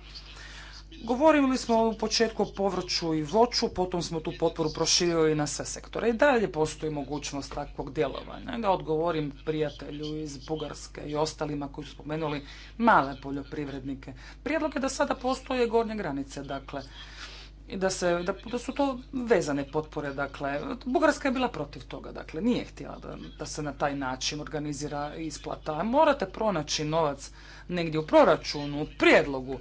Govorili smo u početku o povrću i voću, potom smo tu potporu proširili na sve sektore. I dalje postoji mogućnost takvog djelovanja. Da odgovorim prijatelju iz Bugarske i ostalima koji su spomenuli male poljoprivrednike. Prijedlog je da sada postoje gornje granice, dakle, i da, se, da, su to vezane potpore, dakle, Bugarska je bila protiv toga, dakle, nije htjela da, se na taj način organizira isplata. Morate pronaći novac negdje u proračunu, u prijedlogu,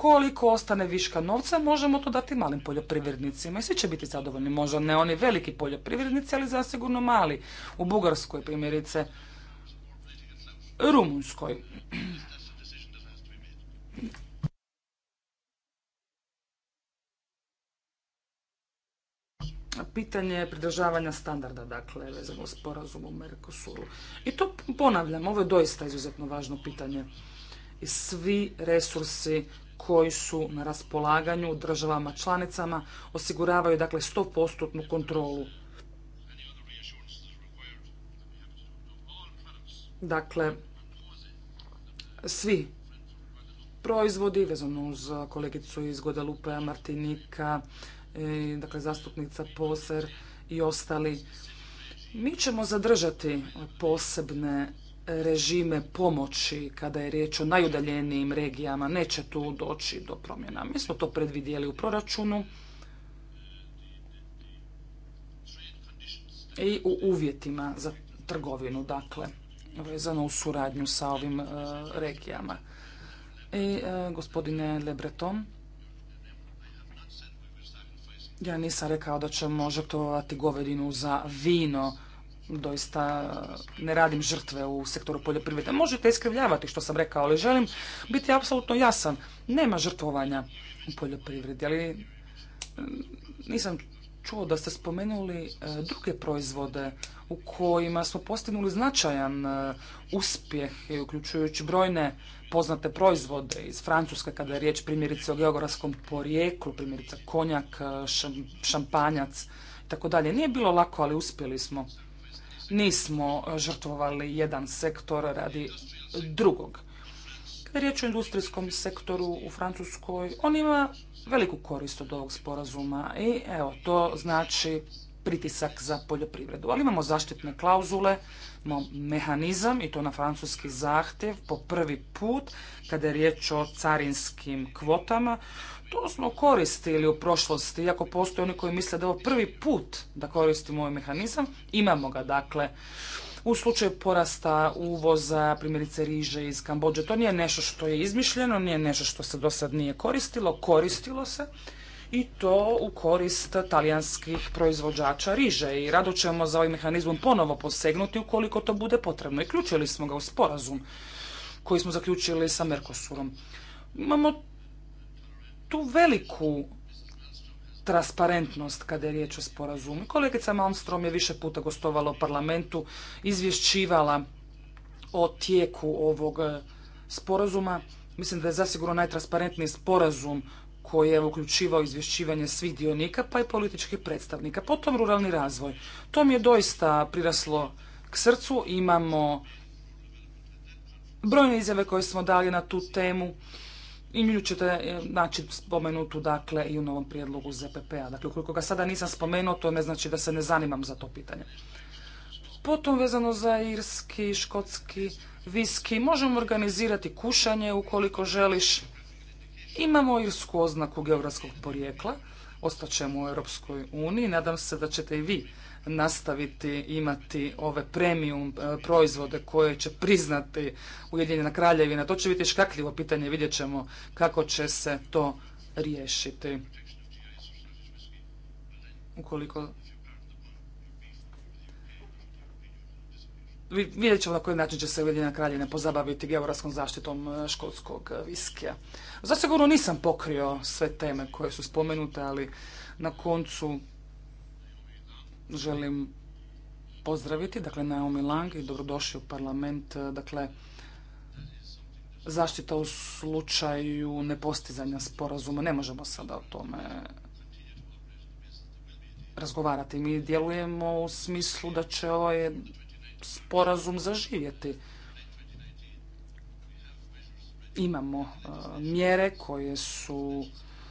koliko ostane viška novca možemo to dati malim poljoprivrednicima i svi će biti zadovoljni. Možda ne oni veliki poljoprivrednici, ali zasigurno mali. U Bugarskoj primjerice, Rumunskoj. pitanje je pridržavanja standarda, dakle, vezano s porazumom u Merkosuru. I to ponavljam, ovo je doista izuzetno važno pitanje. I svi resursi koji su na raspolaganju državama članicama osiguravaju dakle 100% kontrolu. Dakle, svi proizvodi, vezano uz kolegicu iz Guadalupe, Martinika, e, dakle zastupnica Poser i ostali, mi ćemo zadržati posebne režime pomoći kada je riječ o najudaljenijim regijama. Neće tu doći do promjena. Mi smo to predvidjeli u proračunu i u uvjetima za trgovinu, dakle, vezano u suradnju sa ovim e, regijama. I e, gospodine Lebreton, ja nisam rekao da ćemo žrtvovati govedinu za vino doista ne radim žrtve u sektoru poljoprivrede. Možete iskrivljavati što sam rekao, ali želim biti apsolutno jasan. Nema žrtvovanja u poljoprivredi, ali e, nisam čuo da ste spomenuli e, druge proizvode u kojima smo postignuli značajan e, uspjeh, uključujući brojne poznate proizvode iz Francuske, kada je riječ primjerice o geografskom porijeklu, primjerice konjak, šampanjac i tako dalje. Nije bilo lako, ali uspjeli smo nismo žrtvovali jedan sektor radi drugog. Kada je riječ o industrijskom sektoru u Francuskoj, on ima veliku korist od ovog sporazuma i evo, to znači pritisak za poljoprivredu. Ali imamo zaštitne klauzule, imamo mehanizam i to na francuski zahtjev po prvi put kada je riječ o carinskim kvotama. To smo koristili u prošlosti, iako postoje oni koji misle da je ovo prvi put da koristimo ovaj mehanizam. Imamo ga, dakle, u slučaju porasta uvoza, primjerice riže iz Kambođe. To nije nešto što je izmišljeno, nije nešto što se do sad nije koristilo, koristilo se i to u korist talijanskih proizvođača riže i rado ćemo za ovim ovaj mehanizmom ponovo posegnuti ukoliko to bude potrebno. I ključili smo ga u sporazum koji smo zaključili sa Mercosurom. Imamo tu veliku transparentnost kada je riječ o sporazumu. Kolegica Malmstrom je više puta gostovala u parlamentu, izvješćivala o tijeku ovog e, sporazuma. Mislim da je zasigurno najtransparentniji sporazum koji je uključivao izvješćivanje svih dionika pa i političkih predstavnika. Potom ruralni razvoj. To mi je doista priraslo k srcu. Imamo brojne izjave koje smo dali na tu temu i nju ćete e, naći spomenutu dakle i u novom prijedlogu ZPP-a. Dakle, ukoliko ga sada nisam spomenuo, to ne znači da se ne zanimam za to pitanje. Potom vezano za irski, škotski, viski, možemo organizirati kušanje ukoliko želiš. Imamo irsku oznaku geografskog porijekla, ostaćemo u Europskoj uniji, nadam se da ćete i vi nastaviti imati ove premium e, proizvode koje će priznati Ujedinjena kraljevina. To će biti škakljivo pitanje, vidjet ćemo kako će se to riješiti. Ukoliko Vidjet ćemo na koji način će se Ujedinjena kraljevina pozabaviti geografskom zaštitom e, školskog e, viskija. Zasigurno nisam pokrio sve teme koje su spomenute, ali na koncu želim pozdraviti, dakle Naomi Lang i dobrodošli u parlament, e, dakle zaštita u slučaju nepostizanja sporazuma, ne možemo sada o tome razgovarati. Mi djelujemo u smislu da će ovaj sporazum zaživjeti. Imamo e, mjere koje su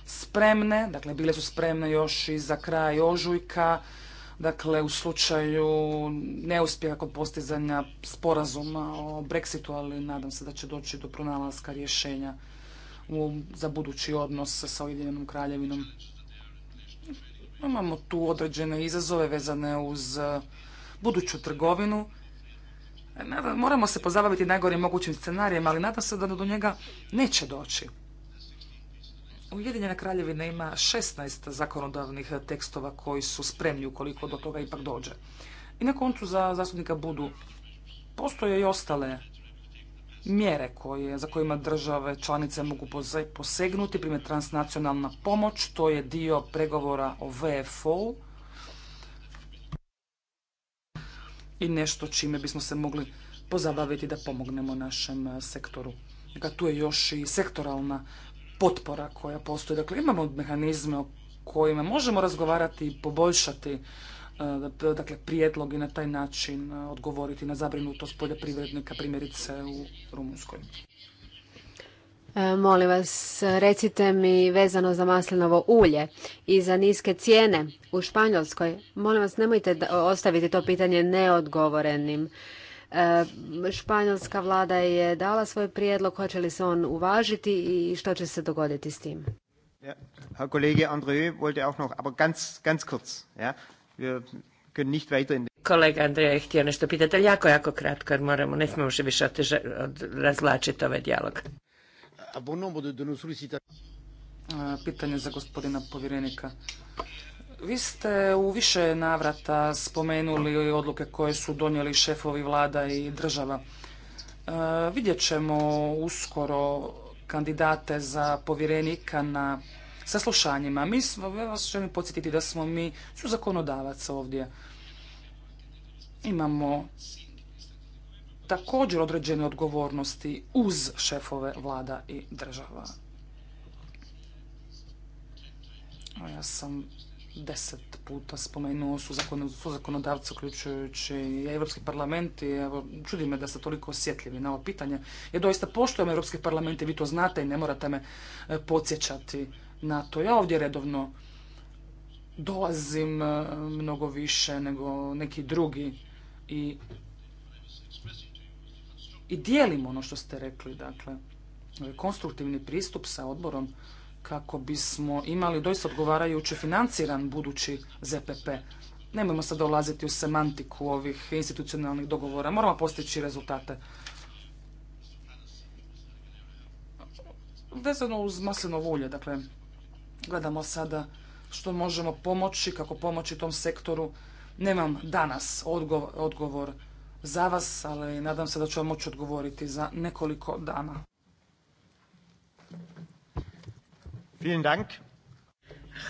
spremne, dakle bile su spremne još i za kraj ožujka, dakle u slučaju neuspjeha kod postizanja sporazuma o Brexitu, ali nadam se da će doći do pronalaska rješenja za budući odnos sa Ujedinjenom kraljevinom. Imamo tu određene izazove vezane uz uh, buduću trgovinu. Moramo se pozabaviti najgorim mogućim scenarijem, ali nadam se da do njega neće doći. Ujedinjena kraljevina ima 16 zakonodavnih tekstova koji su spremni ukoliko do toga ipak dođe. I na koncu za zastupnika Budu postoje i ostale mjere koje, za kojima države članice mogu posegnuti, primjer transnacionalna pomoć, to je dio pregovora o vfo i nešto čime bismo se mogli pozabaviti da pomognemo našem sektoru. Dakle, tu je još i sektoralna potpora koja postoji. Dakle, imamo mehanizme o kojima možemo razgovarati i poboljšati e, dakle, prijedlog i na taj način e, odgovoriti na zabrinutost poljoprivrednika, primjerice u Rumunskoj. E, molim vas, recite mi vezano za maslinovo ulje i za niske cijene u Španjolskoj. Molim vas, nemojte ostaviti to pitanje neodgovorenim. E, španjolska vlada je dala svoj prijedlog, hoće li se on uvažiti i što će se dogoditi s tim? Ja, wollte auch noch, aber ganz, ganz kurz. Ja, Kolega Andreja je htio nešto pitati, ali jako, jako kratko, jer moramo, ne smemo više više razlačiti ovaj dijalog. E, pitanje za gospodina povjerenika. Vi ste u više navrata spomenuli odluke koje su donijeli šefovi vlada i država. E, vidjet ćemo uskoro kandidate za povjerenika na saslušanjima. Mi smo, vas želim podsjetiti da smo mi su zakonodavac ovdje. Imamo također određene odgovornosti uz šefove vlada i država. Ja sam deset puta spomenuo su, zakonodavci, uključujući i Europski parlament i evo, čudi me da ste toliko osjetljivi na ovo pitanje. Ja doista poštujem Europski parlament i vi to znate i ne morate me e, podsjećati na to. Ja ovdje redovno dolazim e, mnogo više nego neki drugi i, i dijelim ono što ste rekli, dakle, ovaj konstruktivni pristup sa odborom kako bismo imali doista odgovarajuće financiran budući ZPP. Nemojmo sad dolaziti u semantiku ovih institucionalnih dogovora. Moramo postići rezultate. Vezano uz maslinovo ulje, dakle, gledamo sada što možemo pomoći, kako pomoći tom sektoru. Nemam danas odgovor za vas, ali nadam se da ću vam moći odgovoriti za nekoliko dana.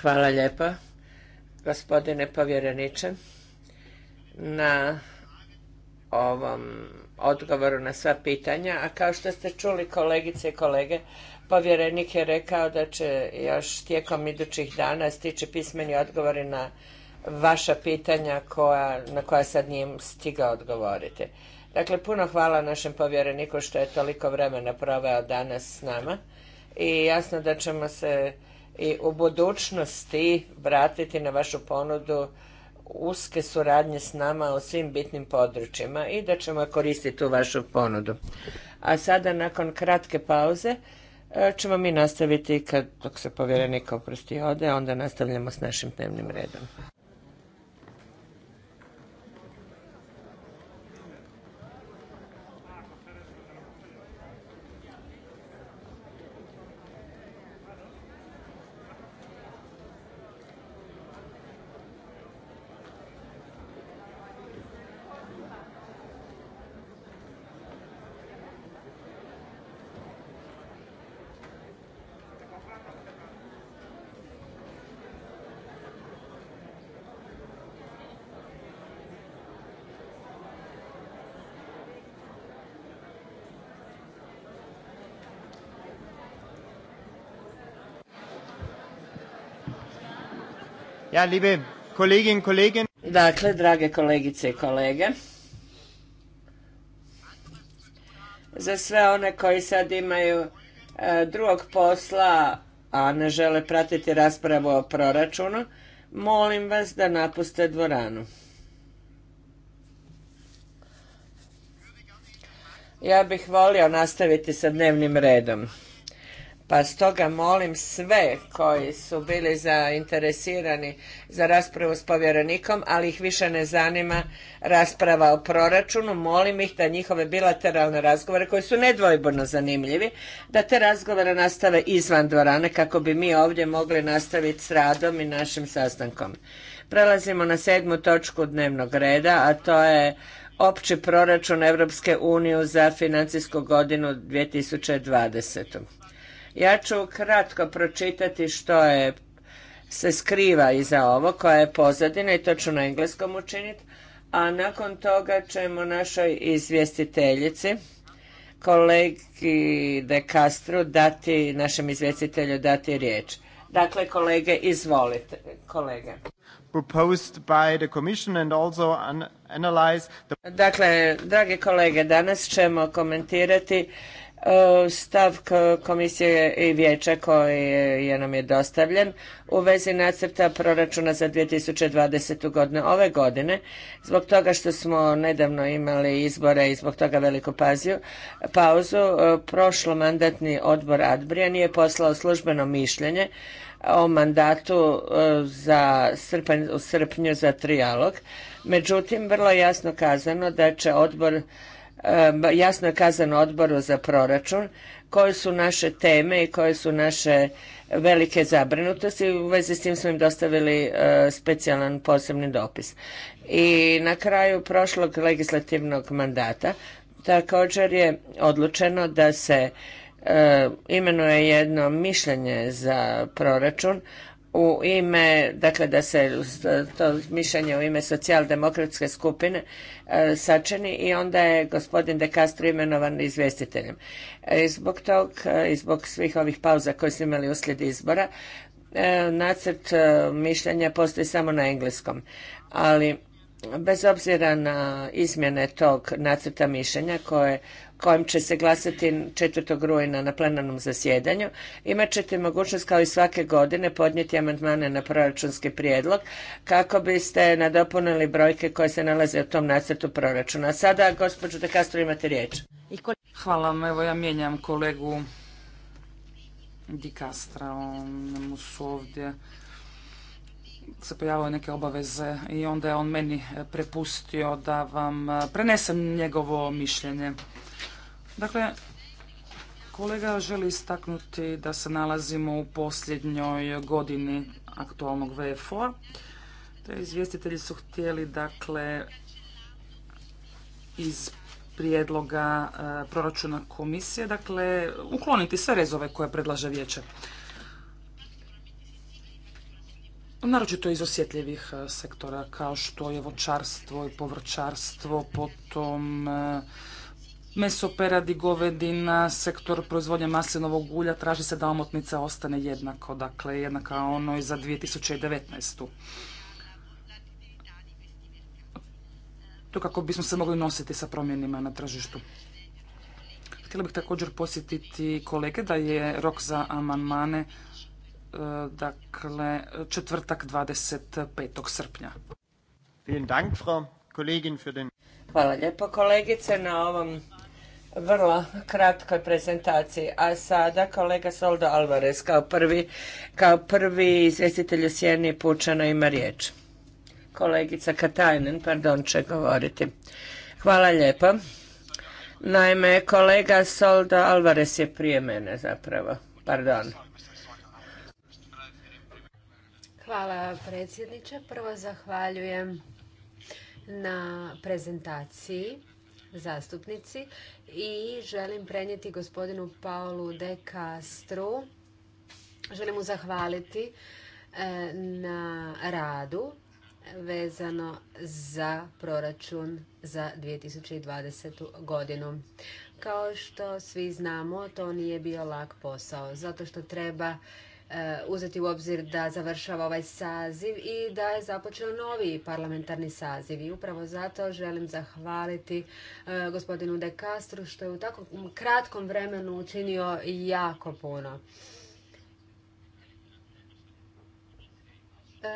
Hvala lijepa, gospodine povjereniče, na ovom odgovoru na sva pitanja. A kao što ste čuli kolegice i kolege, povjerenik je rekao da će još tijekom idućih dana stići pismeni odgovori na vaša pitanja koja, na koja sad nije stiga odgovoriti. Dakle, puno hvala našem povjereniku što je toliko vremena proveo danas s nama i jasno da ćemo se i u budućnosti vratiti na vašu ponudu uske suradnje s nama o svim bitnim područjima i da ćemo koristiti tu vašu ponudu. A sada nakon kratke pauze e, ćemo mi nastaviti kad dok se povjerenik oprosti ode, onda nastavljamo s našim dnevnim redom. Ja, liebe Dakle, drage kolegice i kolege, za sve one koji sad imaju e, drugog posla, a ne žele pratiti raspravu o proračunu, molim vas da napuste dvoranu. Ja bih volio nastaviti sa dnevnim redom. Pa stoga molim sve koji su bili zainteresirani za raspravu s povjerenikom, ali ih više ne zanima rasprava o proračunu, molim ih da njihove bilateralne razgovore, koji su nedvojbeno zanimljivi, da te razgovore nastave izvan dvorane kako bi mi ovdje mogli nastaviti s radom i našim sastankom. Prelazimo na sedmu točku dnevnog reda, a to je opći proračun Europske unije za financijsku godinu 2020. Ja ću kratko pročitati što je se skriva iza ovo, koja je pozadina i to ću na engleskom učiniti, a nakon toga ćemo našoj izvjestiteljici, kolegi De Castro, dati, našem izvjestitelju dati riječ. Dakle, kolege, izvolite, kolege. Dakle, drage kolege, danas ćemo komentirati E, stav komisije i vijeća koji je nam je dostavljen u vezi nacrta proračuna za 2020. godine. ove godine. Zbog toga što smo nedavno imali izbore i zbog toga veliku paziju, pauzu, e, prošlo mandatni odbor Adbrijan je poslao službeno mišljenje o mandatu e, za u srpnju za trijalog. Međutim, vrlo jasno kazano da će odbor jasno je kazano odboru za proračun koje su naše teme i koje su naše velike zabrinutosti. U vezi s tim smo im dostavili e, specijalan posebni dopis. I na kraju prošlog legislativnog mandata također je odlučeno da se e, imenuje jedno mišljenje za proračun u ime, dakle da se to mišljenje u ime socijaldemokratske skupine e, sačini i onda je gospodin De Castro imenovan izvjestiteljem. E, I zbog tog e, i zbog svih ovih pauza koje smo imali uslijed izbora, nacrt mišljenja postoji samo na engleskom. Ali bez obzira na izmjene tog nacrta mišljenja koje kojem će se glasati 4. rujna na plenarnom zasjedanju, imat ćete mogućnost kao i svake godine podnijeti amandmane na proračunski prijedlog kako biste nadopunili brojke koje se nalaze u tom nacrtu proračuna. sada, gospođu De Castro, imate riječ. Hvala vam, evo ja mijenjam kolegu Di Castra, on mu su ovdje se pojavio neke obaveze i onda je on meni prepustio da vam prenesem njegovo mišljenje. Dakle, kolega želi istaknuti da se nalazimo u posljednjoj godini aktualnog VFO-a. Izvjestitelji su htjeli dakle iz prijedloga e, proračuna komisije, dakle ukloniti sve rezove koje predlaže vijeće. Naročito iz osjetljivih e, sektora kao što je vočarstvo i povrćarstvo, potom e, meso, peradi, govedina, sektor proizvodnje maslinovog ulja traži se da omotnica ostane jednako, dakle jednaka onoj za 2019. To kako bismo se mogli nositi sa promjenima na tržištu. Htjela bih također posjetiti kolege da je rok za amandmane e, dakle četvrtak 25. srpnja. Hvala lijepo kolegice na ovom vrlo kratkoj prezentaciji. A sada kolega Soldo Alvarez kao prvi, kao prvi izvjestitelj u Sjeni Pučano ima riječ. Kolegica Katajnen, pardon, će govoriti. Hvala lijepo. Naime, kolega Soldo Alvarez je prije mene zapravo. Pardon. Hvala predsjedniče. Prvo zahvaljujem na prezentaciji zastupnici i želim prenijeti gospodinu Paulu de Castro. Želim mu zahvaliti e, na radu vezano za proračun za 2020. godinu. Kao što svi znamo, to nije bio lak posao, zato što treba E, uzeti u obzir da završava ovaj saziv i da je započeo novi parlamentarni saziv. I upravo zato želim zahvaliti e, gospodinu De Castro što je u tako kratkom vremenu učinio jako puno. E,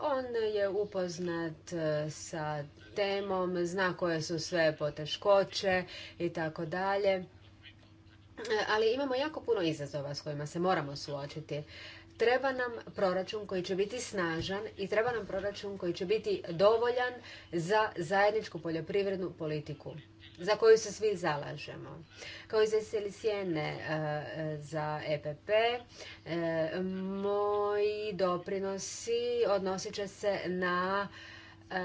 on je upoznat sa temom, zna koje su sve poteškoće i tako dalje. E, ali imamo jako puno izazova s kojima se moramo suočiti. Treba nam proračun koji će biti snažan i treba nam proračun koji će biti dovoljan za zajedničku poljoprivrednu politiku za koju se svi zalažemo. Kao e, za Sjene za EPP, moji doprinosi odnosit će se na e,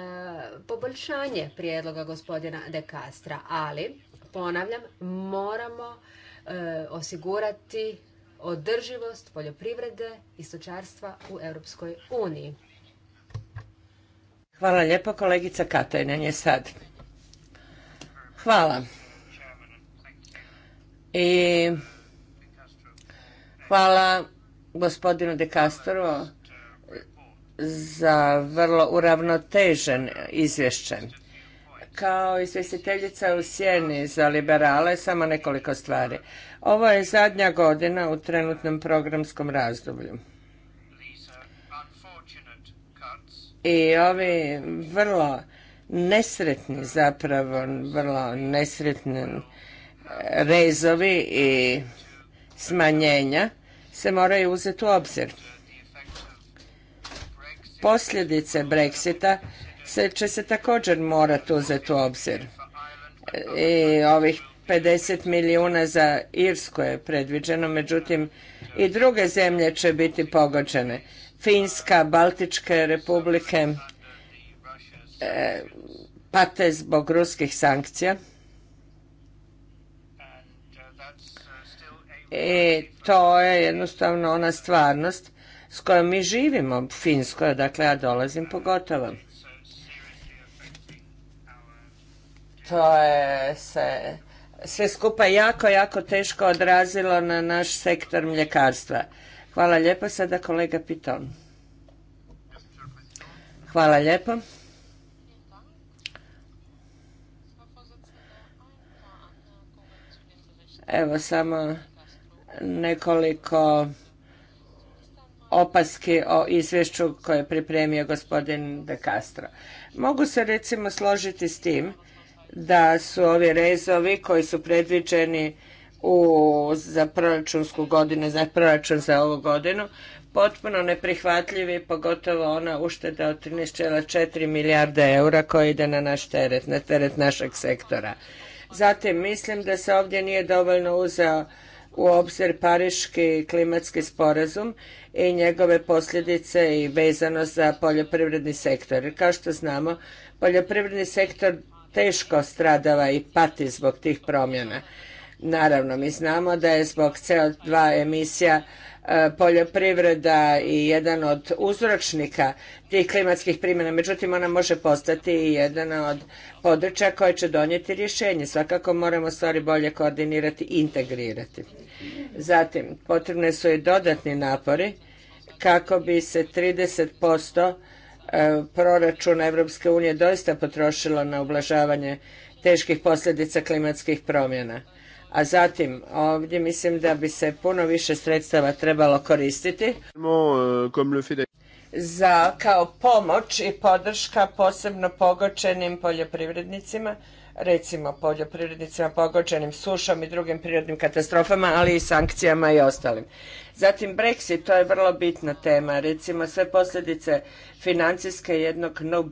poboljšanje prijedloga gospodina De Castra, ali ponavljam, moramo E, osigurati održivost poljoprivrede i stočarstva u Europskoj uniji. Hvala lijepo kolegica Katajnen je sad. Hvala. I hvala gospodinu De Castro za vrlo uravnotežen izvješće kao izvjestiteljica u sjeni za liberale samo nekoliko stvari. Ovo je zadnja godina u trenutnom programskom razdoblju. I ovi vrlo nesretni zapravo, vrlo nesretni rezovi i smanjenja se moraju uzeti u obzir. Posljedice Brexita se, će se također morati uzeti u obzir. I e, ovih 50 milijuna za Irsku je predviđeno, međutim i druge zemlje će biti pogođene. Finska, Baltičke republike e, pate zbog ruskih sankcija. I e, to je jednostavno ona stvarnost s kojom mi živimo. Finsko, dakle ja dolazim pogotovo. to je se sve skupa jako, jako teško odrazilo na naš sektor mljekarstva. Hvala lijepo. Sada kolega Piton. Hvala lijepo. Evo samo nekoliko opaski o izvješću koje je pripremio gospodin De Castro. Mogu se recimo složiti s tim da su ovi rezovi koji su predviđeni za proračunsku godinu, za proračun za ovu godinu, potpuno neprihvatljivi, pogotovo ona ušteda od 13,4 milijarde eura koja ide na naš teret, na teret našeg sektora. Zatim, mislim da se ovdje nije dovoljno uzeo u obzir Pariški klimatski sporazum i njegove posljedice i vezano za poljoprivredni sektor. kao što znamo, poljoprivredni sektor teško stradava i pati zbog tih promjena. Naravno, mi znamo da je zbog CO2 emisija e, poljoprivreda i jedan od uzročnika tih klimatskih primjena. Međutim, ona može postati i jedan od područja koje će donijeti rješenje. Svakako moramo stvari bolje koordinirati i integrirati. Zatim, potrebne su i dodatni napori kako bi se 30% E, proračuna Europske unije doista potrošilo na ublažavanje teških posljedica klimatskih promjena. A zatim, ovdje mislim da bi se puno više sredstava trebalo koristiti za kao pomoć i podrška posebno pogočenim poljoprivrednicima recimo poljoprivrednicima pogođenim sušom i drugim prirodnim katastrofama, ali i sankcijama i ostalim. Zatim Brexit, to je vrlo bitna tema, recimo sve posljedice financijske jednog no,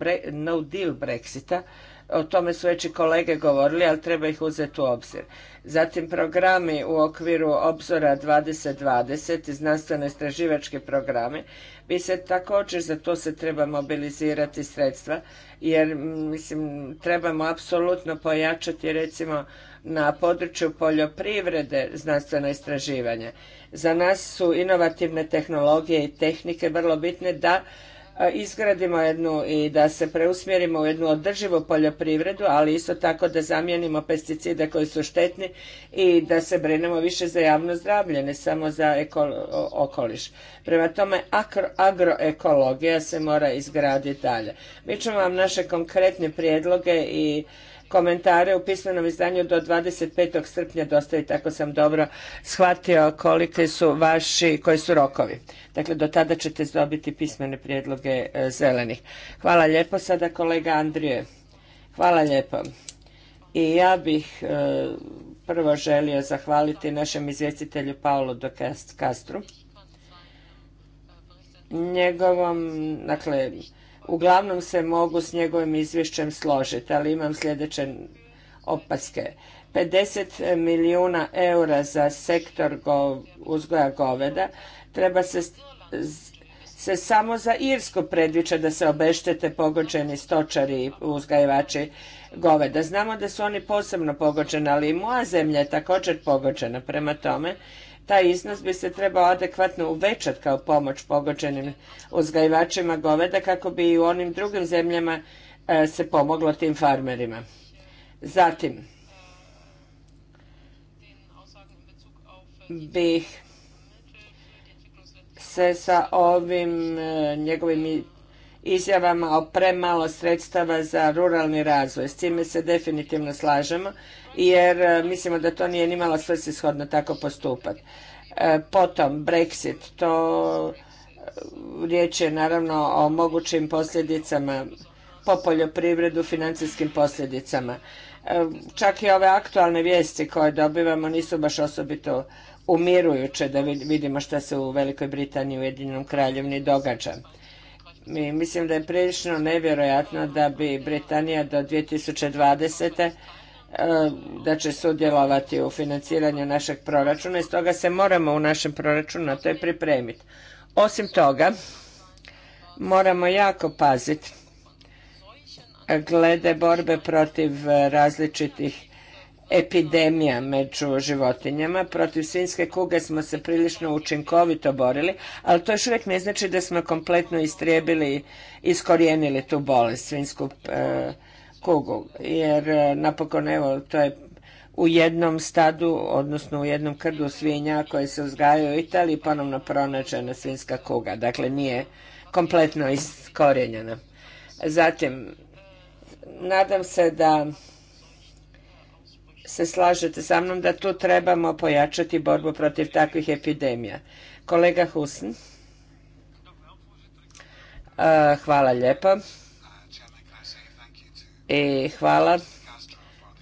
deal Brexita, o tome su već i kolege govorili, ali treba ih uzeti u obzir. Zatim programi u okviru obzora 2020, znanstveno-istraživački programi bi se također za to se treba mobilizirati sredstva jer mislim trebamo apsolutno pojačati recimo na području poljoprivrede znanstvena istraživanja. Za nas su inovativne tehnologije i tehnike vrlo bitne da E, izgradimo jednu i da se preusmjerimo u jednu održivu poljoprivredu, ali isto tako da zamijenimo pesticide koji su štetni i da se brinemo više za javno zdravlje, ne samo za okoliš. Prema tome, agroekologija se mora izgraditi dalje. Mi ćemo vam naše konkretne prijedloge i komentare u pismenom izdanju do 25. srpnja dostaviti ako sam dobro shvatio kolike su vaši, koji su rokovi. Dakle, do tada ćete dobiti pismene prijedloge e, zelenih. Hvala lijepo. Sada kolega Andrije. Hvala lijepo. I ja bih e, prvo želio zahvaliti našem izvjestitelju Paolo do Castru. Njegovom, dakle, uglavnom se mogu s njegovim izvješćem složiti, ali imam sljedeće opaske. 50 milijuna eura za sektor uzgoja goveda treba se se samo za Irsku predviđa da se obeštete pogođeni stočari i uzgajivači goveda. Znamo da su oni posebno pogođeni, ali i moja zemlja je također pogođena. Prema tome, taj iznos bi se trebao adekvatno uvećati kao pomoć pogođenim uzgajivačima goveda kako bi i u onim drugim zemljama e, se pomoglo tim farmerima. Zatim bih se sa ovim e, njegovim izjavama o premalo sredstava za ruralni razvoj. S time se definitivno slažemo jer e, mislimo da to nije nimalo svrsishodno tako postupati. E, potom, Brexit, to e, riječ je naravno o mogućim posljedicama po poljoprivredu, financijskim posljedicama. Čak i ove aktualne vijesti koje dobivamo nisu baš osobito umirujuće da vidimo što se u Velikoj Britaniji u Jedinom kraljevni događa. mislim da je prilično nevjerojatno da bi Britanija do 2020 da će sudjelovati u financiranju našeg proračuna i stoga se moramo u našem proračunu na to pripremiti. Osim toga, moramo jako paziti glede borbe protiv različitih epidemija među životinjama. Protiv svinske kuge smo se prilično učinkovito borili, ali to još uvijek ne znači da smo kompletno istrijebili, i iskorijenili tu bolest, svinsku e, kugu, jer e, napokon evo to je u jednom stadu, odnosno u jednom krdu svinja koje se uzgajaju u Italiji ponovno pronađena svinska kuga. Dakle, nije kompletno iskorjenjena. Zatim, nadam se da se slažete sa mnom da tu trebamo pojačati borbu protiv takvih epidemija. Kolega Husn. E, hvala lijepa i hvala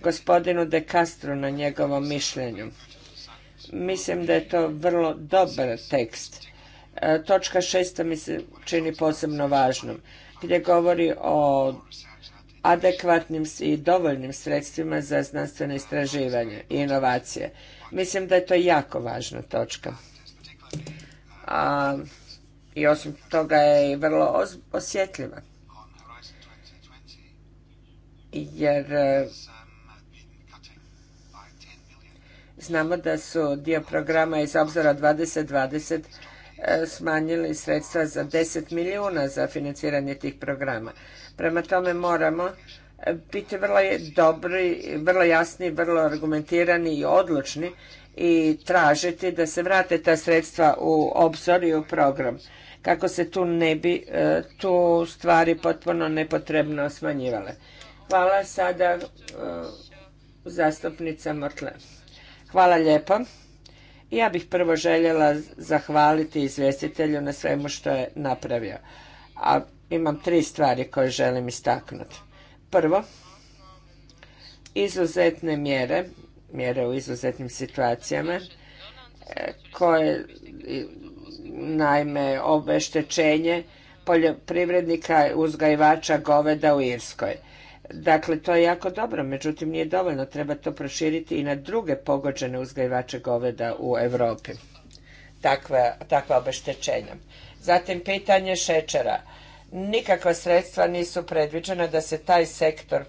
gospodinu De Castro na njegovom mišljenju. Mislim da je to vrlo dobar tekst. E, točka šesta mi se čini posebno važnom, gdje govori o adekvatnim i dovoljnim sredstvima za znanstvene istraživanje i inovacije. Mislim da je to jako važna točka. A, I osim toga je vrlo osjetljiva jer e, znamo da su dio programa iz obzora 2020 e, smanjili sredstva za 10 milijuna za financiranje tih programa. Prema tome moramo e, biti vrlo dobri, vrlo jasni, vrlo argumentirani i odlučni i tražiti da se vrate ta sredstva u obzor i u program kako se tu ne bi tu stvari potpuno nepotrebno smanjivale. Hvala sada e, zastupnica Mrtle. Hvala lijepo. Ja bih prvo željela zahvaliti izvjestitelju na svemu što je napravio. A imam tri stvari koje želim istaknuti. Prvo, izuzetne mjere, mjere u izuzetnim situacijama, e, koje naime obeštećenje poljoprivrednika uzgajivača goveda u Irskoj. Dakle, to je jako dobro, međutim nije dovoljno, treba to proširiti i na druge pogođene uzgajivače goveda u Europi. Takva, takva obeštećenja. Zatim pitanje šećera. Nikakva sredstva nisu predviđena da se taj sektor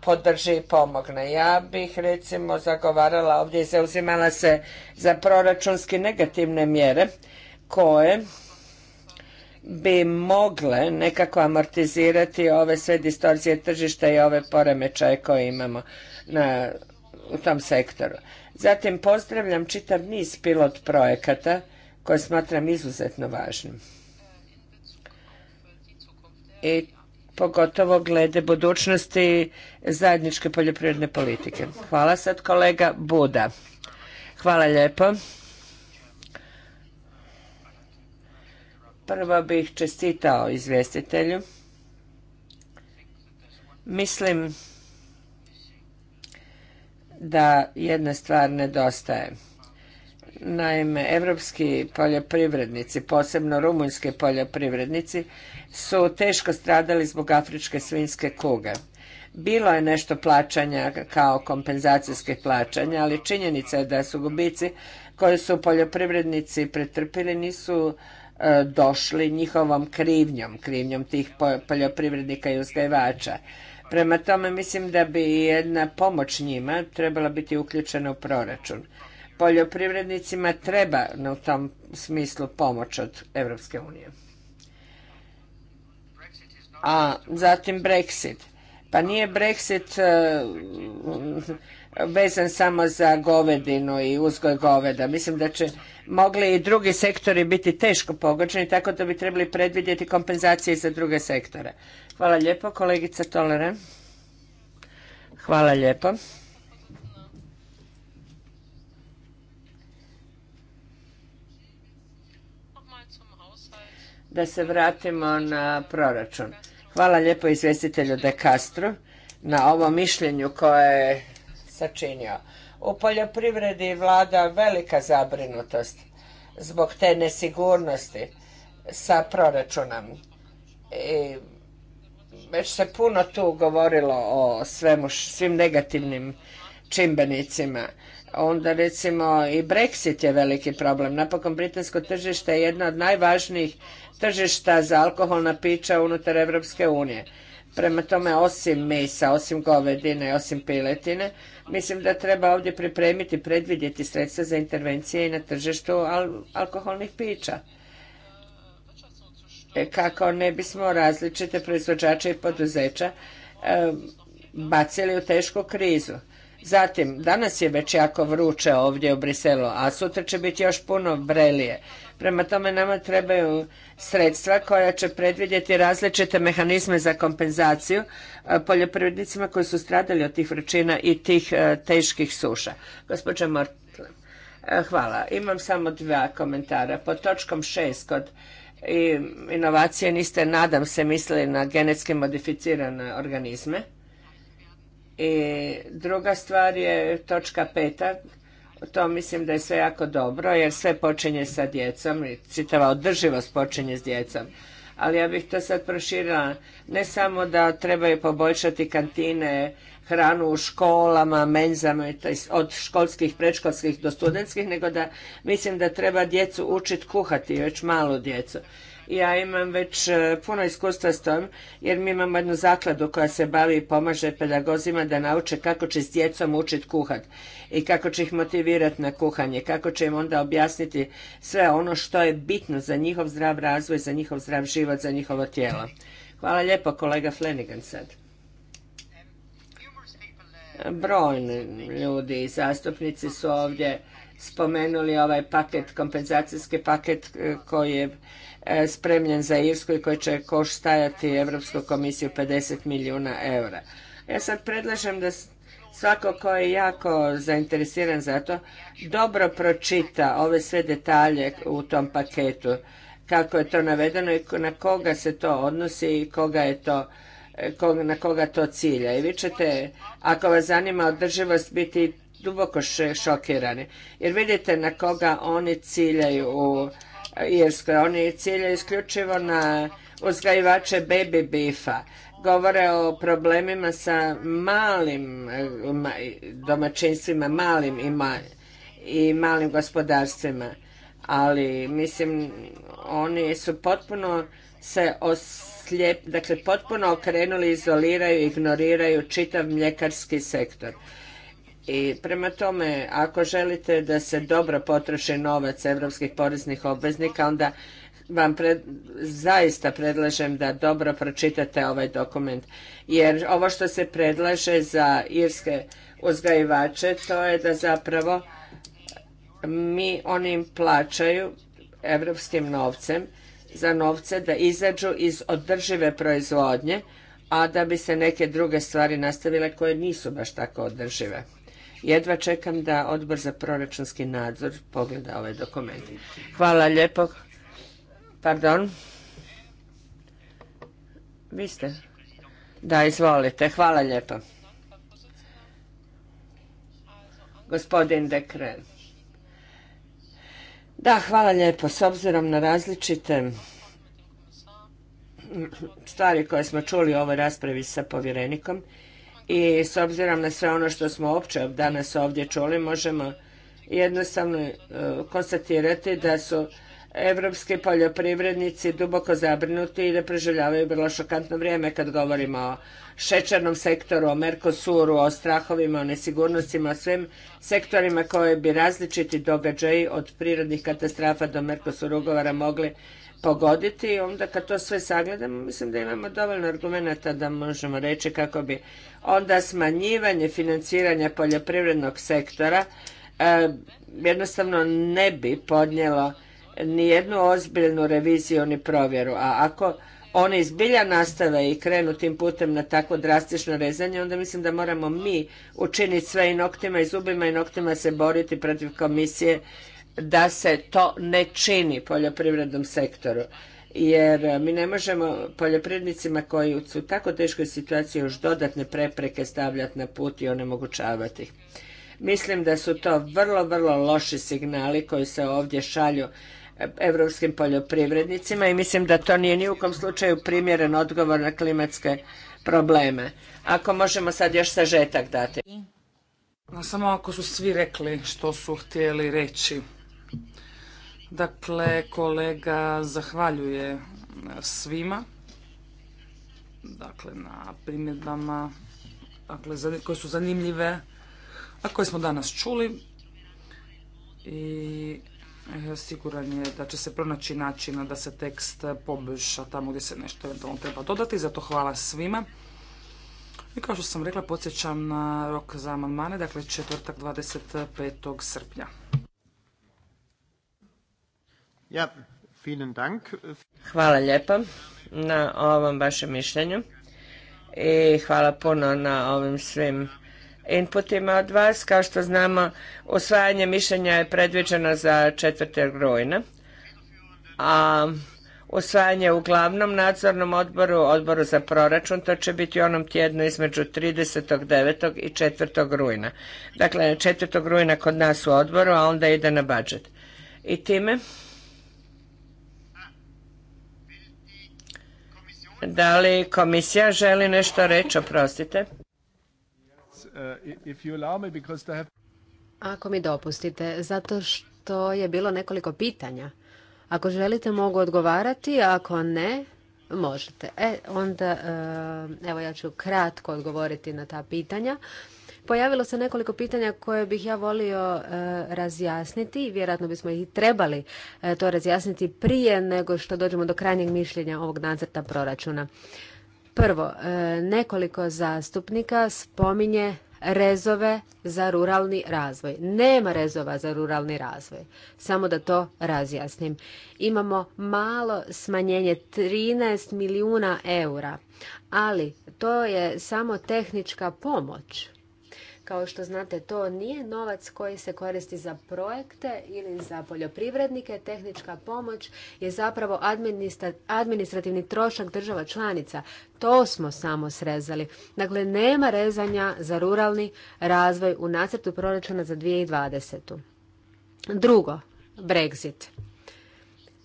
podrži i pomogne. Ja bih recimo zagovarala ovdje i zauzimala se za proračunski negativne mjere koje bi mogle nekako amortizirati ove sve distorzije tržišta i ove poremećaje koje imamo na, u tom sektoru. Zatim pozdravljam čitav niz pilot projekata koje smatram izuzetno važnim. I pogotovo glede budućnosti zajedničke poljoprivredne politike. Hvala sad kolega Buda. Hvala lijepo. Prvo bih čestitao izvjestitelju. Mislim da jedna stvar nedostaje. Naime, evropski poljoprivrednici, posebno rumunjski poljoprivrednici, su teško stradali zbog afričke svinske kuge. Bilo je nešto plaćanja kao kompenzacijske plaćanja, ali činjenica je da su gubici koje su poljoprivrednici pretrpili nisu E, došli njihovom krivnjom, krivnjom tih poljoprivrednika i uzgajivača. Prema tome mislim da bi jedna pomoć njima trebala biti uključena u proračun. Poljoprivrednicima treba u tom smislu pomoć od Europske unije. A zatim Brexit. Pa nije Brexit e, vezan samo za govedinu i uzgoj goveda. Mislim da će mogli i drugi sektori biti teško pogođeni, tako da bi trebali predvidjeti kompenzacije za druge sektore. Hvala lijepo, kolegica Toleran. Hvala lijepo. Da se vratimo na proračun. Hvala lijepo izvjestitelju De Castro na ovom mišljenju koje je sačinio. U poljoprivredi vlada velika zabrinutost zbog te nesigurnosti sa proračunom. I već se puno tu govorilo o svemu, svim negativnim čimbenicima. Onda recimo i Brexit je veliki problem. Napokon britansko tržište je jedno od najvažnijih tržišta za alkoholna pića unutar Evropske unije. Prema tome, osim mesa, osim govedine, osim piletine, mislim da treba ovdje pripremiti, predvidjeti sredstva za intervencije i na tržištu alkoholnih pića. E, kako ne bismo različite proizvođače i poduzeća e, bacili u tešku krizu. Zatim, danas je već jako vruće ovdje u Briselu, a sutra će biti još puno vrelije. Prema tome nama trebaju sredstva koja će predvidjeti različite mehanizme za kompenzaciju e, poljoprivrednicima koji su stradali od tih vrućina i tih e, teških suša. Gospođa Mortle, hvala. Imam samo dva komentara. Pod točkom šest kod inovacije niste, nadam se, mislili na genetski modificirane organizme. I druga stvar je točka peta to mislim da je sve jako dobro jer sve počinje sa djecom i čitava održivost počinje s djecom. Ali ja bih to sad proširila, ne samo da trebaju poboljšati kantine, hranu u školama, menzama, od školskih, predškolskih do studentskih, nego da mislim da treba djecu učiti kuhati, već malu djecu. Ja imam već e, puno iskustva s tom, jer mi imamo jednu zakladu koja se bavi i pomaže pedagozima da nauče kako će s djecom učiti kuhat i kako će ih motivirati na kuhanje, kako će im onda objasniti sve ono što je bitno za njihov zdrav razvoj, za njihov zdrav život, za njihovo tijelo. Hvala lijepo kolega Flanagan sad brojni ljudi i zastupnici su ovdje spomenuli ovaj paket, kompenzacijski paket e, koji je e, spremljen za Irsku i koji će koštajati Europsku komisiju 50 milijuna eura. Ja sad predlažem da svako ko je jako zainteresiran za to, dobro pročita ove sve detalje u tom paketu, kako je to navedeno i na koga se to odnosi i koga je to na koga to cilja. I vi ćete, ako vas zanima održivost, biti duboko šokirani. Jer vidite na koga oni ciljaju u Irskoj. Oni ciljaju isključivo na uzgajivače baby bifa. Govore o problemima sa malim eh, domaćinstvima, malim i malim gospodarstvima. Ali, mislim, oni su potpuno se os dakle potpuno okrenuli, izoliraju, ignoriraju čitav mljekarski sektor. I prema tome, ako želite da se dobro potroši novac evropskih poreznih obveznika, onda vam zaista predlažem da dobro pročitate ovaj dokument. Jer ovo što se predlaže za irske uzgajivače, to je da zapravo mi onim plaćaju evropskim novcem za novce da izađu iz održive proizvodnje, a da bi se neke druge stvari nastavile koje nisu baš tako održive. Jedva čekam da odbor za proračunski nadzor pogleda ovaj dokument. Hvala lijepo. Pardon. Vi ste? Da, izvolite. Hvala lijepo. Gospodin dekret. Da, hvala lijepo. S obzirom na različite stvari koje smo čuli u ovoj raspravi sa povjerenikom i s obzirom na sve ono što smo opće danas ovdje čuli, možemo jednostavno e, konstatirati da su evropski poljoprivrednici duboko zabrinuti i da preživljavaju vrlo šokantno vrijeme kad govorimo o šećernom sektoru, o Mercosuru, o strahovima, o nesigurnostima, o svim sektorima koje bi različiti događaji od prirodnih katastrofa do Mercosur ugovora mogli pogoditi i onda kad to sve sagledamo mislim da imamo dovoljno argumenta da možemo reći kako bi onda smanjivanje financiranja poljoprivrednog sektora eh, jednostavno ne bi podnijelo nijednu ozbiljnu reviziju ni provjeru. A ako oni zbilja nastave i krenu tim putem na tako drastično rezanje, onda mislim da moramo mi učiniti sve i noktima i zubima i noktima se boriti protiv komisije da se to ne čini poljoprivrednom sektoru. Jer e, mi ne možemo poljoprivrednicima koji su u tako teškoj situaciji još dodatne prepreke stavljati na put i onemogućavati ih. Mislim da su to vrlo, vrlo loši signali koji se ovdje šalju europskim poljoprivrednicima i mislim da to nije ni u kom slučaju primjeren odgovor na klimatske probleme. Ako možemo sad još sažetak dati. Samo ako su svi rekli što su htjeli reći. Dakle, kolega zahvaljuje svima dakle, na primjedbama dakle, koje su zanimljive, a koje smo danas čuli i E, siguran je da će se pronaći način da se tekst poboljša tamo gdje se nešto eventualno treba dodati. Zato hvala svima. I kao što sam rekla, podsjećam na rok za amandmane, dakle četvrtak 25. srpnja. Ja, Hvala lijepa na ovom vašem mišljenju i hvala puno na ovim svim inputima od vas. Kao što znamo, usvajanje mišljenja je predviđeno za 4. rujna, a usvajanje glavnom nadzornom odboru, odboru za proračun, to će biti u onom tjednu između 39. i 4. rujna. Dakle, 4. rujna kod nas u odboru, a onda ide na budžet. I time... Da li komisija želi nešto reći, oprostite? Uh, ako mi dopustite, zato što je bilo nekoliko pitanja. Ako želite mogu odgovarati, a ako ne, možete. E, onda, uh, evo ja ću kratko odgovoriti na ta pitanja. Pojavilo se nekoliko pitanja koje bih ja volio uh, razjasniti i vjerojatno bismo ih trebali to razjasniti prije nego što dođemo do krajnjeg mišljenja ovog nacrta proračuna. Prvo, nekoliko zastupnika spominje rezove za ruralni razvoj. Nema rezova za ruralni razvoj. Samo da to razjasnim. Imamo malo smanjenje 13 milijuna eura, ali to je samo tehnička pomoć. Kao što znate, to nije novac koji se koristi za projekte ili za poljoprivrednike. Tehnička pomoć je zapravo administrativni trošak država članica. To smo samo srezali. Dakle, nema rezanja za ruralni razvoj u nacrtu proračuna za 2020. Drugo, Brexit.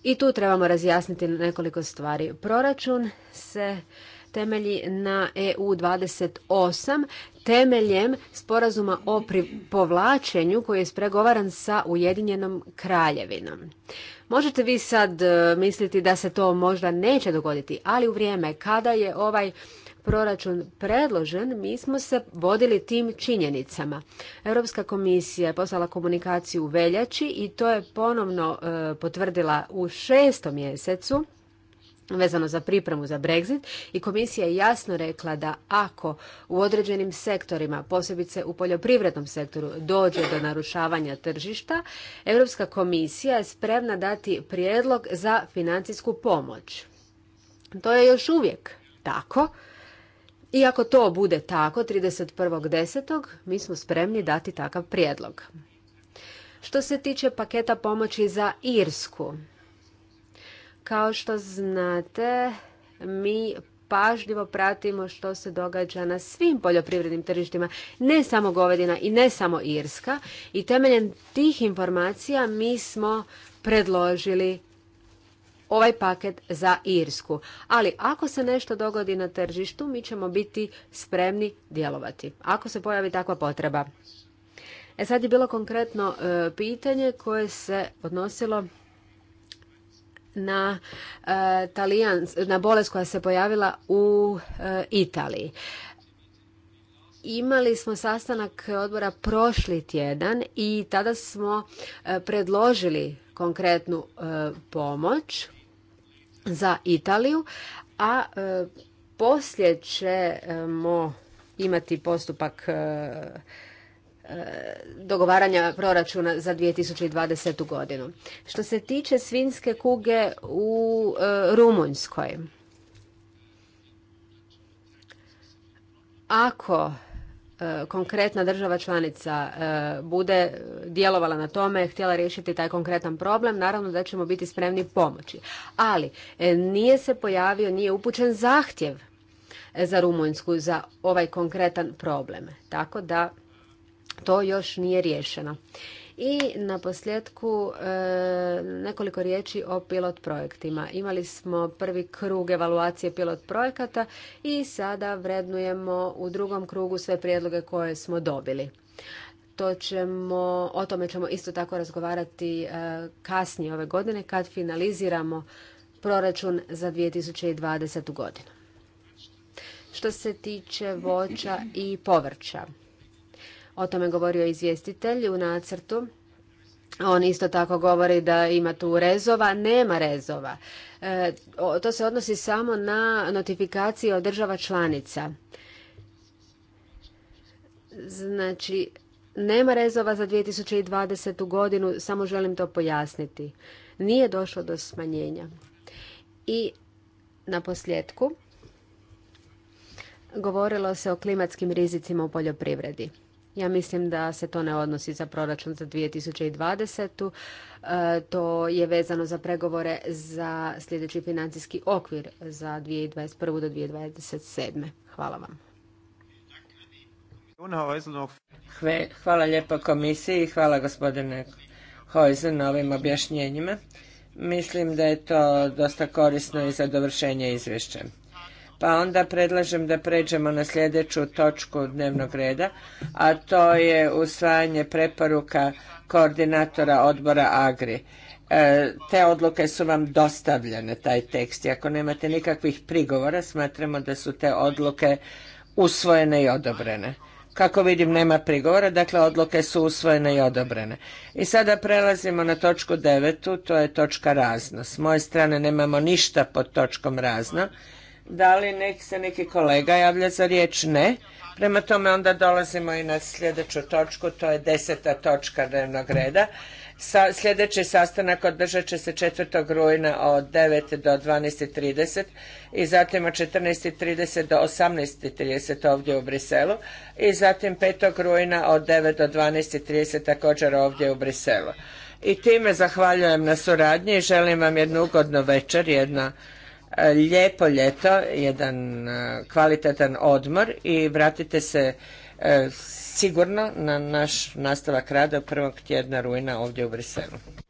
I tu trebamo razjasniti nekoliko stvari. Proračun se temelji na EU 28 temeljem sporazuma o povlačenju koji je spregovaran sa Ujedinjenom kraljevinom. Možete vi sad e, misliti da se to možda neće dogoditi, ali u vrijeme kada je ovaj proračun predložen, mi smo se vodili tim činjenicama. Europska komisija je poslala komunikaciju u veljači i to je ponovno e, potvrdila u šestom mjesecu vezano za pripremu za Brexit i komisija je jasno rekla da ako u određenim sektorima, posebice u poljoprivrednom sektoru, dođe do narušavanja tržišta, Europska komisija je spremna dati prijedlog za financijsku pomoć. To je još uvijek tako. I ako to bude tako, 31.10. mi smo spremni dati takav prijedlog. Što se tiče paketa pomoći za Irsku, kao što znate, mi pažljivo pratimo što se događa na svim poljoprivrednim tržištima, ne samo Govedina i ne samo Irska. I temeljem tih informacija mi smo predložili ovaj paket za Irsku. Ali ako se nešto dogodi na tržištu, mi ćemo biti spremni djelovati. Ako se pojavi takva potreba. E sad je bilo konkretno e, pitanje koje se odnosilo na, e, na bolest koja se pojavila u e, Italiji. Imali smo sastanak odbora prošli tjedan i tada smo e, predložili konkretnu pomoć za Italiju, a poslije ćemo imati postupak E, dogovaranja proračuna za 2020. godinu. Što se tiče svinske kuge u e, Rumunjskoj, ako e, konkretna država članica bude djelovala na tome, htjela riješiti taj konkretan problem, naravno da ćemo biti spremni pomoći. Ali nije se pojavio, nije upućen zahtjev za Rumunjsku za ovaj konkretan problem. Tako da to još nije riješeno. I na posljedku e, nekoliko riječi o pilot projektima. Imali smo prvi krug evaluacije pilot projekata i sada vrednujemo u drugom krugu sve prijedloge koje smo dobili. To ćemo, o tome ćemo isto tako razgovarati e, kasnije ove godine kad finaliziramo proračun za 2020. godinu. Što se tiče voća i povrća, o tome govorio izvjestitelj u nacrtu. On isto tako govori da ima tu rezova, nema rezova. E, to se odnosi samo na notifikacije od država članica. Znači, nema rezova za 2020. godinu, samo želim to pojasniti. Nije došlo do smanjenja. I na posljedku govorilo se o klimatskim rizicima u poljoprivredi. Ja mislim da se to ne odnosi za proračun za 2020. E, to je vezano za pregovore za sljedeći financijski okvir za 2021. do 2027. Hvala vam. Hvala lijepo komisiji i hvala gospodine Hojze na ovim objašnjenjima. Mislim da je to dosta korisno i za dovršenje izvješća. Pa onda predlažem da pređemo na sljedeću točku dnevnog reda, a to je usvajanje preporuka koordinatora odbora AGRI. E, te odluke su vam dostavljene, taj tekst. I ako nemate nikakvih prigovora, smatramo da su te odluke usvojene i odobrene. Kako vidim, nema prigovora, dakle odluke su usvojene i odobrene. I sada prelazimo na točku devetu, to je točka razno. S moje strane nemamo ništa pod točkom razno da li nek se neki kolega javlja za riječ? Ne. Prema tome onda dolazimo i na sljedeću točku, to je deseta točka dnevnog reda. sljedeći sastanak održat će se 4. rujna od 9 do 12.30 i zatim od 14.30 do 18.30 ovdje u Briselu i zatim 5. rujna od 9 do 12.30 također ovdje u Briselu. I time zahvaljujem na suradnji i želim vam jednu ugodnu večer, jedno lijepo ljeto, jedan e, kvalitetan odmor i vratite se e, sigurno na naš nastavak rada prvog tjedna rujna ovdje u Briselu.